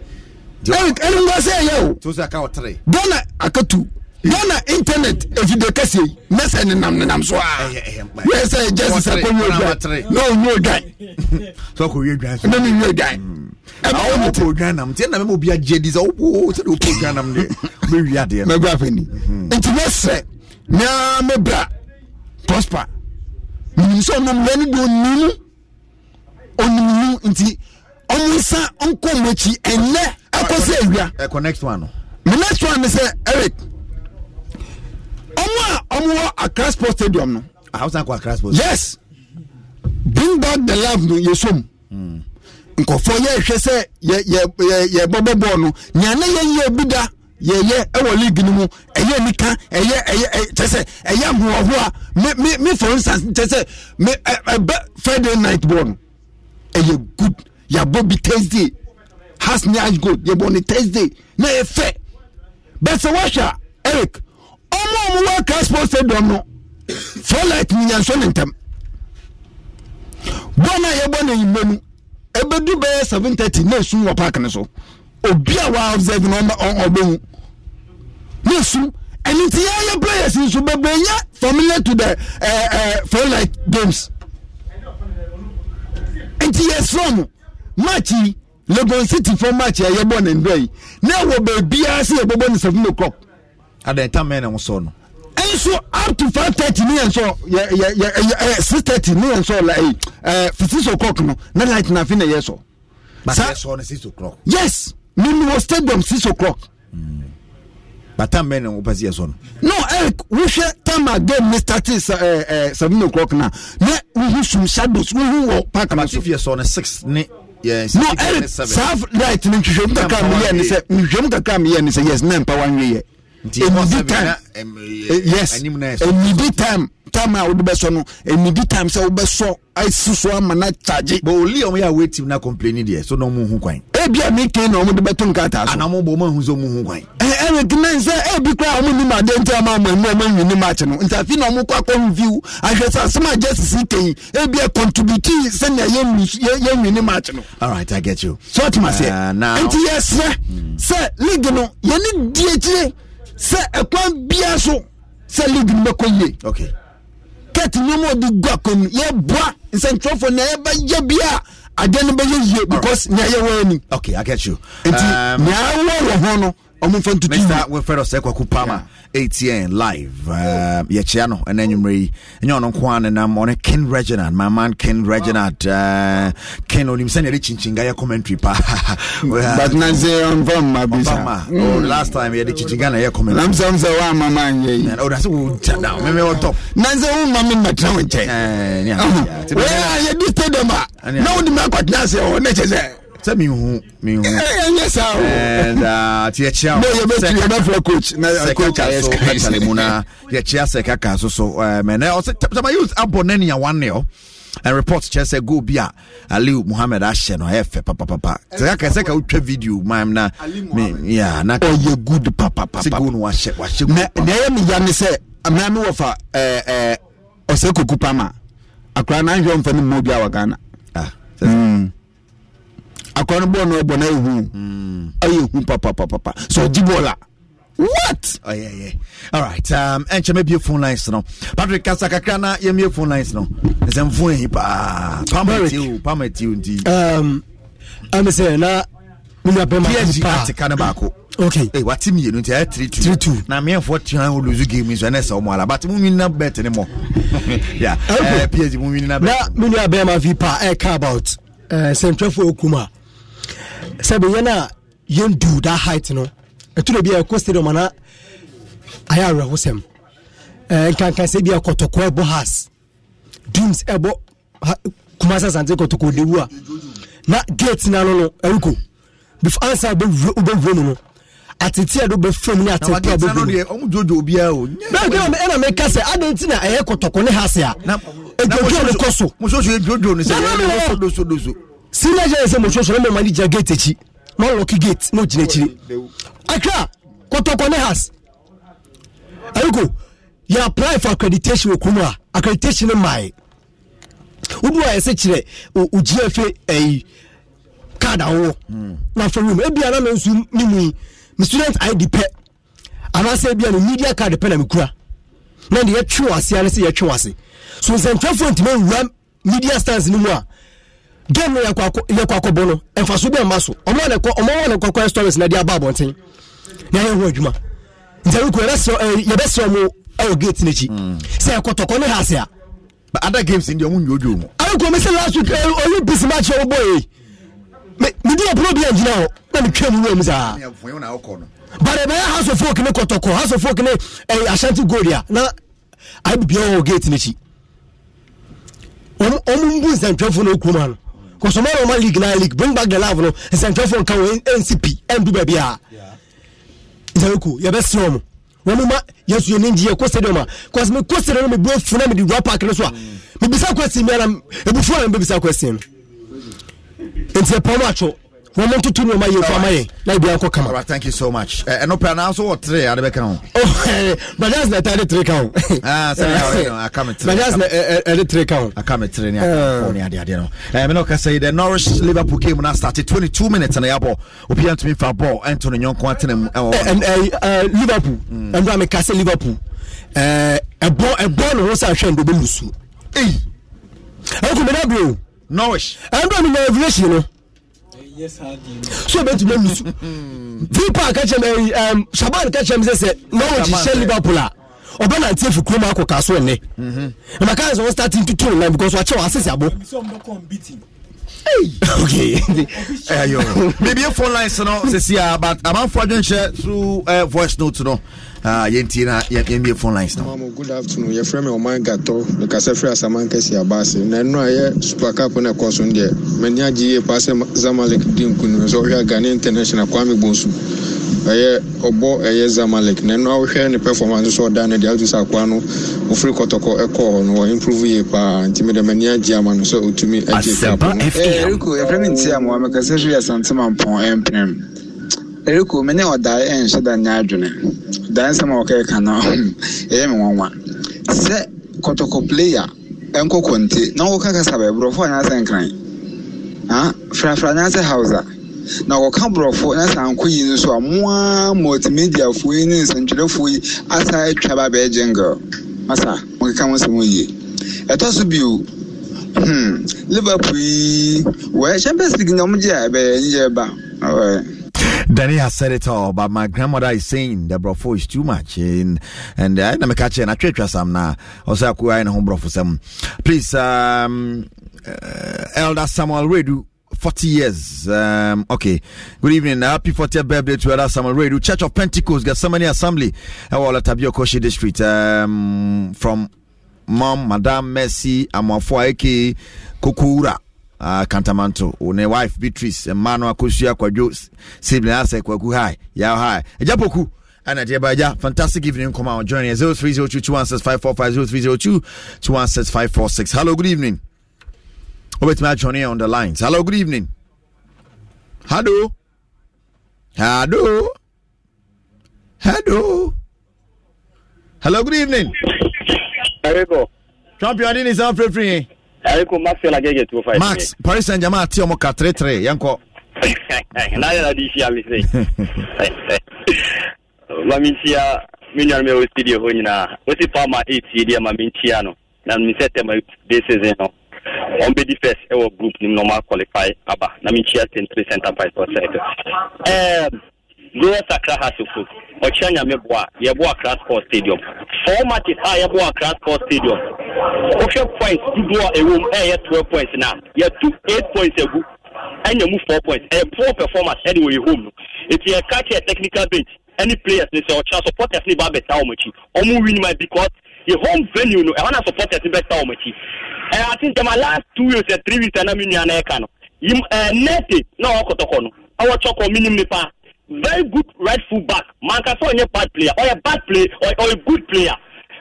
eric e, ɛnu ngɔ sɛ ɛyɛ o. tosi aka ɔtere. akatu ghana internet efide kese mẹsẹ nenam nenam so a yẹsẹ jẹsi sẹ ko wiye dwan no o wiye sọ ko wiye dwan so ne mi wiye dwan ẹbi awo mi ti awo dwan nam tiẹ na mẹ mo bi ajẹ di sẹ o po sẹ de o po dwan nam de mi wi adiẹ. mẹ bá fẹ ni nti mẹ sẹ mẹ mẹ bra prosper mìnísọ ọmọ mi lẹni di oninu oninu nti ọmọ nsa nkọ ọmọ ekyi ẹnẹ akọsẹ ewia. ẹ next one. mi next one mi sẹ eric ọmọ a ọmọ wọ Accra Sports Stadium no. ahosuo akọ Accra Sports. yes bring back the love no yẹ som. Hmm. nkɔfoɔ yɛrehwɛ sɛ yɛbɔbɔ bɔɔl no nea ne yɛyɛ bi da yɛyɛ ɛwɔ league no mu ɛyɛ nika ɛyɛ ɛyɛ kyɛ sɛ ɛyɛ ahoɔho a me me me for instance kyɛ sɛ me ɛbɛ Friday night bɔɔl no ɛyɛ good yɛabɔ bi Thursday Hasni Ashgold yɛbɔ ne Thursday na yɛ fɛ bɛsɛ wɔhwɛ Eric ɔmo ɔmo wɔ kaspo stadium no fɔlɛt nyanso ne ntɛm bɔɔl a yɛbɔ ne yimma mu ebedu bɛyɛ seven thirty na esu wɔ paaki ne so obi a waa observe na ɔbɛhu na esu ɛni ti yɛayɛ players nso bebree nye familiar to the ɛɛ fɔlɛt games nti yɛ srɔm match yi city fɔ match a yɛbɔ ne ndɔ yi na wɔ beebi a sɛ yɛbɛbɔ ne seven o'clock adan tam mɛn na mo sɔ no. so up to five thirty ni yɛn sɔ yɛ yɛ yɛ yɛ eh, six thirty ni yɛn sɔ la ɛɛ eh, ɛɛ eh, six o'clock no na light na fi na yɛ sɔ. bàtà yɛ ni six o'clock. yes mi mi wɔ stadium six o'clock. bàtà mɛn na mo pɛsi yɛ sɔ no. no eric wohwɛ time a game ni start seven o'clock na ne wohu sum shadows wohu wɔ park na so. bàtà fi yɛ sɔ ni six ni. Yes, no eric saa light ni nhwehwɛmu kakra mi yɛ ni sɛ nhwehwɛmu kakra mi yɛ ni sɛ yes name power wa ɛnidi time eh, eh, yes ɛnidi time time a wode bɛsɔ no ɛnidi time sɛ wobɛsɔ asi so ama na kyagye bɔɔli ɔmo yɛ a wɔatim na complain deɛ so na ɔmo ho kwan ebia meke na ɔmo de bɛto nkrataa so anamɔ bɔ ɔmo ahu sɛ ɔmo ho kwan ɛnɛ eh, tena sɛ ɛbi kora ɔmo nim adeɛ nti ama ɔmo ɛmu ɔmo nwini maakye no nti afei na ɔmo kɔ akɔ review ahwɛ sɛ asɛm a gye sisi kɛyi ebia contribute sɛnea yɛ nwini maakye no alright i get you so ɔtema seɛ uh, nti yɛsrɛ hmm. sɛ league no yɛne die kyire sɛ ɛkwan biara so sɛ league no bɛkɔ yie kɛt nneɛma ɔde gu akɔnu yɛboa nsɛntwerɛfoɔ na yɛbɛyɛ bi adeɛ no bɛyɛ yie because nea yɛwɔ ani nti um, nea ɛwɔ wɔ ho no ɔmomfa ntutumr wilfred ɔsɛ kwaku pama atn live um, uh, yɛkyea no ɛna anwummerɛ yi ɛnyɛ ɔno nko a ne nam ɔne ken reginald my man ken reginald uh, ken onim sɛnea de kyinkyinkayɛ commentary pa oh, mm. last time yɛde kyinkyinkay na yɛ commentarymeme me wo eh, stadium na me sɛ mehu mehuɛnyɛ saatiɛkyia uh, yɛbɛfrɛ coach natale mu no yɛkyia sɛ kaka so so uh, mɛnɛ ɔsɛ tabayos abɔ no nea wanne ɔ and report kyerɛ sɛ go bi a aliu muhammed ahyɛ no ɛyɛ fɛ papapapa sɛ kaka sɛ ka wotwa video mam na ɔyɛ good papapapsɛ go no wahyɛ wahyɛ na ɛyɛ meya ne sɛ mea me wɔfa ɔsɛ koku pam a akora na nhwɛ mfa no mmɔ bi a wɔ ghana ah, mm. akɔrɔ no bɔɔl na ɔbɔ na ehu hmm. ayɛ ehu papapapa so ɔgye bɔɔl What? Oh yeah, yeah. All right. Um, and chame be phone lines now. Patrick kasa kakra na ye me phone lines now. It's a phone Pamet you, pamet you ndi. Um, I'm saying na munya pe ma pa. Yes, na baako. Okay. Hey, what team you no tie 3-2. Na me for try we lose game so na say omo ala, but mu win na bet ne mo. Yeah. Eh, PSG mu win na bet. Na munya be ma vi pa about eh Central for Okuma. sɛbi yɛn a yɛn du that height no ɛtuna bi a ɛkɔ stadium ana ayɛ awerɛhosɛm ɛɛ nkankansɛ bi a kɔtɔkɔ ɛbɔ has dreams ɛbɔ kumasa sante kɔtɔkɔ lewu a na gate na no no ɛnko before ansa bɛ wura mu no atete a do bɛ atete a bɛ jojo o. ɛna mɛ adi nti na ɛyɛ kɔtɔkɔ ne a ejojo ne kɔ so. ye jojo ne sɛ ɛyɛ ne senior jẹ ẹsẹ mọṣọ sọrọ mẹma ni jẹ gate ekyi na ọlọki gate na ogyina ekyiri akra kọtọkọ ne house ayiko yẹ apply for accreditation wọ kurom a accreditation eh, ne maa yi wodu a yɛsɛ kyerɛ ogye afe ɛyi card awoɔ na afɛ room ebi anam nso ne mu yi me student id pɛ anaasɛ ebi anam media card pɛ na mekura na deɛ yɛtwe wɔ ase ane sɛ yɛtwe wɔ ase so nsɛntwerɛfoɔ ntoma nwura media stands no mu a game no yɛkɔ akɔbɔ no ɛmfaso bi ɛmma so ɔmɔwɔ ne kɔkɔ stories na de aba abɔnten na yɛn ho adwuma nti ɛkɔ yɛbɛsɛ ɔmo ɛwɔ gate n'akyi mm. sɛ ɛkɔtɔkɔ ne haase a. other games in the ɔmo nyɛ odwo mu. mi sɛ last week eh, olu bisi match ɔmo bɔ yi mi di ɛpuro bi ɛgyina hɔ na mi twɛ mu wɔ mu saa. but ɛbɛyɛ eh, house of folk ne kɔtɔkɔ house of folk ne ɛyɛ eh, ashanti gold ya na ayi bibi ɛwɔ gate n'akyi ɔmo ɔmo mbu nsɛntwɛfo na okuoma no kɔsɔmɔ roma league na league bring back the love no nsɛntwɛfoɔ nka wɔ ncp ɛndu baabi a nsɛnku yɛbɛsrɛ mo wɔn mu ma yɛsu yɛ ne ngye yɛ kɔ stadium a kɔsi mi kɔ stadium mi bu efu na mi di gua park ne so a mi bisa kwesi mi ara ebufu a mi bɛ bisa kwesi no nti ɛpɔn atwo wọn mọ tutu nneɛma yɛ fama yɛ na ibi akɔ kama. alright thank you so much ɛ eh, ɛnɔ pɛrɛn n'aso wɔ tiri ade bɛ kan o. bajas na ɛtaade tiri kan o. sani awo yɛ aka mi tiri. bajas na ɛde tiri kan o. aka mi tiri ni aka ni ade ade no ɛɛ eh, minnu kasa yi dɛ norwich liverpool game na start twenty two minutes na yabɔ obi yɛn tumi fa ball ɛntoni nyɔnko atena mu ɛwɔ. ɛ eh, ɛ liverpool mm. ɛnura mi kasa liverpool ɛɛ ɛbɔ ɛbɔ ne ho sa ahwɛ ndobe lusu. ɛyi ɛkò mi na bi o. norwich. ɛnura mi na evolution no so bɛtumi alusu fipa ka kyerɛ m shaban ka kyerɛ m sɛ sɛ na wɔhyehyɛ liverpool a ɔbɛnante afi kurom akɔ kaa so ɛnɛ ɛmaka sɛ wɔstarte ntutu no na because wakyɛ wɔasese abɔ okay. Eh, Maybe a phone line, you know, ah, but I'm on for through eh, voice note, you know. Ah, yɛntie na yɛmmie phone lines no good afternoon yɛfrɛ me ɔman gatɔ mekasɛ frɛ asamankɛsi abase na ɛno a ɛyɛ supercap no ɛkɔ so no deɛ m'ani agye yie zamalek di nkunim sɛ wohwɛ ghana international kwame bonsu ɛyɛ ɔbɔ ɛyɛ zamalek na ɛno awohwɛ ne performance sɛ ɔda no deɛ wotu sɛ akoa no ɔfiri kɔtɔkɔ ɛkɔɔ hɔ no wɔ improve yie paa nti mede m'ani agye ama no sɛ ɔtumi agye kapɛriko eh, yɛfrɛ ne ntia mmoa mekasɛ hwɛ yɛ santema mpɔn ɛmprɛm eriko mene ɔdae ɛnhyɛ da nyɛ adwene dae nsɛm a wɔkɛka e no ɛyɛ e me nwanwa sɛ kɔtɔkɔ player ɛnkɔ kɔnte na wɔka kasa bɛ borɔfo anaasɛ nkran frafra anaasɛ hausa na wɔka borɔfo na saa nkɔ yi nso a mmoa multimediafoɔ e yi ne nsɛntwerɛfoɔ yi asa atwa ba bɛɛ jingle masa mokeka mo nsɛm yie ɛtɔ so bio hmm, liverpool yi wɔyɛ champions league na ɔmogye a ɛbɛyɛ nyɛ ba Danny has said it all, but my grandmother is saying the brofo is too much. In, and I never catch and I treat some now. Also, I could I home brofo some. Please, um, uh, Elder Samuel Redu. 40 years. Um, okay. Good evening. Uh, happy 40th birthday to Elder Samuel Redu. Church of Pentecost, Gethsemane Assembly, Awala uh, Tabio Koshi District. Um, from Mom, Madame Mercy, Amafua, aka Kokura. uh, kantamanto ne wife beatrice mmaa no akosua kwadwo sibling asɛ kwaku hi yaw hi agya poku ɛna deɛ ba agya fantastic evening nkɔm a ɔjoin yɛ 0302 216545 0302 216546 hello good evening wobɛtumi atwɔne yɛ on the lines hello good evening hello hello hello hello good evening Hello. champion is on free free ɛrekɔ ma fɛla gɛgɛ two five. max paris saint germain ati ɔmo ka tre, three yɛn n'a yɛrɛ di si a mi se. mami nkyia mi nua mi wɔ studio hɔ nyinaa o si paama eight yi deɛ mami nkyia no na mi sɛ tɛma de season no wɔn bɛ di first ɛwɔ group ni normal qualify aba na mi nkyia ten three centre back for second. Glorious Accra has to cook. Ọ̀kyẹ́ nyàmé bọ̀ a Accra Sports Stadium. Four matches a yẹ̀bọ̀ Accra Sports Stadium. Ọ̀hwẹ́ points dúdú a ẹ̀wọ̀m ẹ̀ yẹ twelve points na Yẹ two eight points ẹ̀gu ẹ̀nyẹ̀ mu four points. Ẹ̀ poor performance ẹ̀ni wọ̀ yẹ home no. Èti yẹ ká technical bench ẹni players ni sẹ ọ̀kyẹ́ supporters ni bá bẹ̀ ta ọmọ ẹ̀kí. Ọmọ win my because yẹ home venue no ẹ̀họ́n na supporters ni bẹ̀ ta ọmọ ẹ̀kí. ati àti ntẹ̀mà last two years ẹ̀ three weeks ẹ̀ náà mi nua náà ẹ̀ka no. Yim ẹ̀ nẹ́ẹ̀tì náà ọkọ̀tọ̀kọ̀ no. Ọwọ́ chọ́kọ̀ mi ni mi pa very good right full back mankasa ɔnyɛ bad player or a bad player or or a good player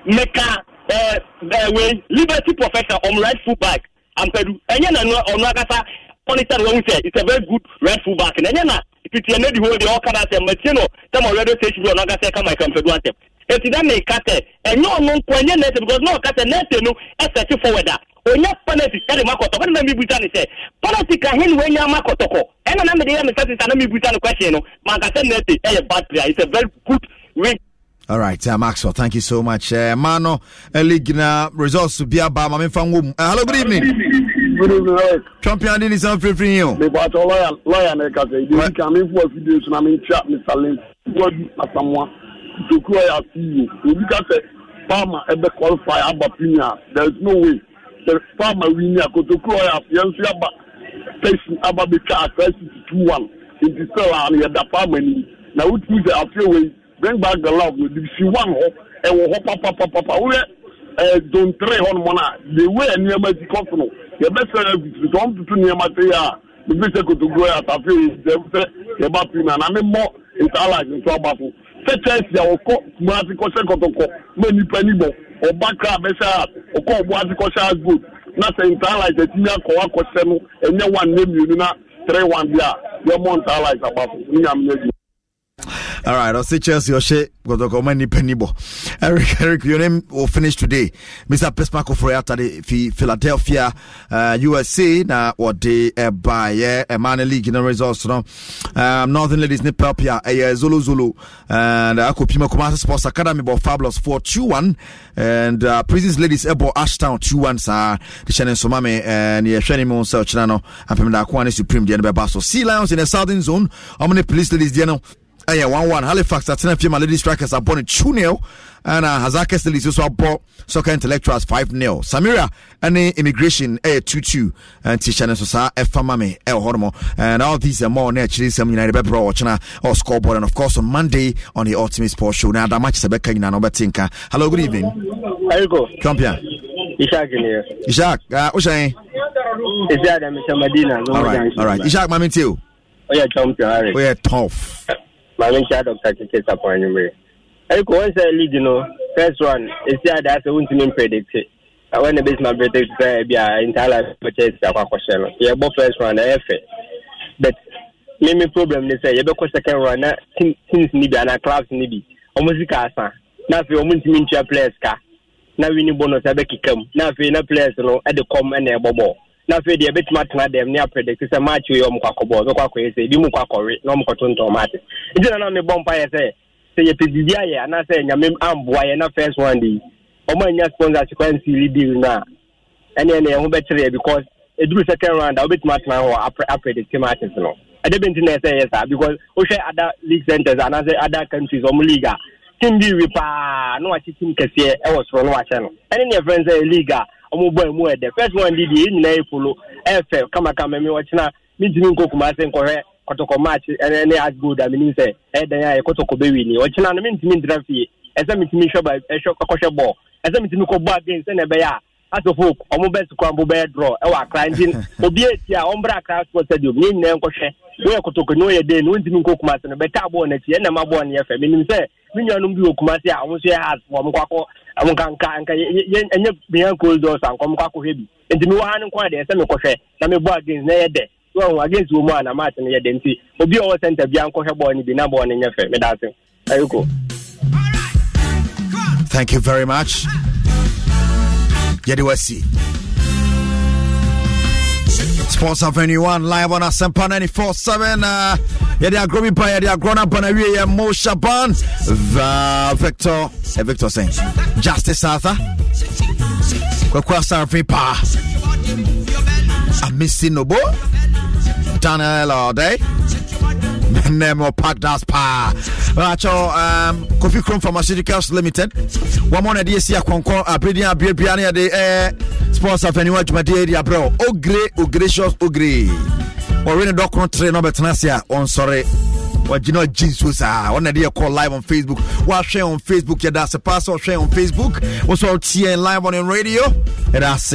meka ɛɛ ɛɛ wei liberty professor ɔmo right full back ampadu ɛnyɛ na ɔno akasa monitor wɔn sɛ it's a very good right full back na ɛnyɛ na titi ɛnɛ di hɔ deɛ ɔka na asɛm mɛtie no sɛm radio station bi ɔno akasa ɛka mike ampadu asɛm eti na meka sɛ ɛnyɛ ɔno nko ɛnyɛ nɛɛsɛ because na ɔka sɛ nɛɛsɛ no ɛsɛ ti forward a onya penalty ɛde ma kɔtɔkɔ ɛna mi buta ne sɛ penalty ka hen wɔ enya ma kɔtɔkɔ na mi de yɛ mi sɛ sisan na mi buta ne question no mankasa nɛte ɛyɛ bad player it's a very good win. All right, uh, Maxwell, thank you so much. Uh, Mano, Eligna, uh, results to be about my fan womb. Uh, hello, good evening. Good evening, Eric. Champion in his own free free. The battle of lawyer, lawyer, and Kate, you come in for a video, and I mean, chat, Mr. Lynn, what someone to cry at you. You look at the farmer and the qualifier, Abba Pina. There's no way sɛ farmer wi ni akotokuro yɛ afeɛ aba pɛsi aba betwa akra sixty two one nti sɛ a no yɛda farmer ni na wotumi sɛ afeɛ wei bring back the love no divisi hɔ ɛwɔ hɔ papapapapa woyɛ ɛɛ dontere hɔ nom na the way a nneɛma si kɔso no yɛbɛsɛ ɛfisiri sɛ wɔn tutu nneɛma te yɛ a bibi sɛ kotokuro yɛ atafeɛ yɛ sɛ yɛba pii na na ne mmɔ ntaala nso aba so sẹtẹsì a ọkọ buhari kọsẹ kọtọkọ mẹ nípa níbọ ọba kra abẹsẹ a ọkọ buhari kọsẹ asgold na sẹ ntaalaisi ẹtì ní akọ akọsẹ no ẹnyẹ wa nne mmienu na three one bi a yẹ mọ ntaalaisi abafo níyàmú ẹgbẹ. All right, I'll say Chelsea or Shea because the command penny Eric, Eric, your name will finish today. Mr. Pesmako for after the Philadelphia, uh, USA, Now, what they uh, yeah, a man league in the results, no. Um, Northern Ladies Nipapia, eh, a Zulu Zulu, and uh, Akupima Kumasa Sports Academy, but Fabulous 4 2 1, and uh, Prisons Ladies Ebo Ashtown 2 1, sir. The Shannon Somame, and yeah, Shannon Monsa Chinano, and Pemda Kwani Supreme, the Basso. Sea Lions in the Southern Zone, how many police ladies, you know? ɛyɛ one one halifax atena fie ma lady strikers abɔ no two nil ɛna hazaka stillies nso abɔ soccer intellectuals five nil samira ɛne immigration ɛyɛ eh, two two nti hyɛ ne so saa ɛfa ma me ɛwɔ hɔ nomɔ and all these and more ne akyiri nsɛm nyinaa de bɛbrɛ ɔkyena ɔ scoreboard and of course on monday on the ultimate sports show na adama kyesɛ bɛka nyinaa na ɔbɛte nka hello good evening Ergo. champion ishak here ishak uh, wohyɛn ɛsɛ adam hyɛ madina all right all right ishak ma me ntie o woyɛ champion are woyɛ tough maame nkyɛn dɔkta keke sakwan anwummerɛ ɛkɔ wɔn sɛ league no first one esi ada sɛ wontumi mpredicte wɔn na bɛsi ma predict sɛ ebi a ntala bɛkyɛ esi akɔ akɔhyɛ no yɛbɔ first one ɛyɛ fɛ but mímí problem ni sɛ yɛbɛkɔ second one na teams ni bi anaa clubs ni bi wɔn sika asa na afei wɔn ntumi ntua players ka na winning bonus ɛbɛkeka mu na afei na players no ɛde kɔm ɛna ɛbɔ bɔɔl na afei deɛ ɛbɛtumi atena dɛm ne apredicte sɛ match wei ɔmo kɔakɔbɔ ɔbɛkɔ akɔyɛ sɛ ebi mu kɔakɔwe na ɔmo kɔtontɔn mate nti na na mebɔ mpa yɛ sɛ sɛ yɛpɛ biribi ayɛ anaasɛ nyame amboa yɛ na first one de yi ɔmo anya sponsorship and silly deal no a ɛne ɛne ɛho bɛkyerɛ because ɛduru e second round a wobɛtumi atena hɔ apredicte matches no ɛdɛ bɛ nti na ɛsɛ yɛ saa because wohwɛ other league centers anaasɛ other countries ɔmo league a team bi wi paa na wakye team kɛseɛ ɛwɔ e soro no wakyɛ no ɛne ọmụ bọọ emu ẹdẹ first one dị dị ị nyina efolo ẹfẹ kamakama mi ọchịna mi ntumi nkọ kumasi nkọhwẹ kọtọkọ maachị ẹnẹ ne as gold a mi nim sẹ ẹdẹ ya kọtọkọ bewi ni ọchịna no mi ntumi ntira fie ẹsẹ mi ntumi nhwẹ ba ẹhwẹ kọhwẹ bọọ ẹsẹ mi ntumi kọ bọọ again sẹ na ẹbẹ ya asọfo ọmụ bẹ sikọ mbụ bẹ drọ ẹwọ akra nti obi eti a ọmbra akra sports stadium nye nyina nkọhwẹ wọ́n yẹ kotoko ní wọ́n yẹ den ní wọ́n ntumi nkọ kumasi no bẹ̀ka bọ́ọ̀ n'ekyi ẹ̀ nà ma bọ́ọ̀ n'yẹ fẹ́ nim sẹ́ mi nua bi wọ kumasi a wọ́n nso yẹ hard wọ́n kọ́ akọ nka nka nka ɛnyɛ bia close doors a nkɔm kɔ akɔhwɛ bi nti mewɔ ha no nkɔ adeɛ sɛ mekɔhwɛ na mebɔ against na ɛyɛ dɛ wɔhu against wɔ mu a na maate no yɛ dɛ nti obi ɔwɔ center bia nkɔhwɛ bɔɔ no bi na bɔɔ no nyɛ fɛ meda ase ayoko Thank you very much. si. Sports Avenue one live on a asempa uh, they are yɛde agorɔ bi they are grown up on a awie yɛ mo shaban the victor the eh, victor sɛn justice arthur kwakoa sarafin paa amesi nobo daniel Day. Nemo packed us pa. Acho um Kofi Chrome Pharmaceuticals Limited. One more idea see a conco a pretty a beer piano de eh sponsor of uh, bro. Ogre, Ogrecious Ogre. Or in a document train over Tenasia on oh, sorry. wɔgyina ɔgye nsuo saa ɔna de yɛkɔ live on facebook woahwɛ on facebook yɛda ase paa sɛ ɔhwɛ on facebook wo sɛ ɔteɛ live on radio yɛda ase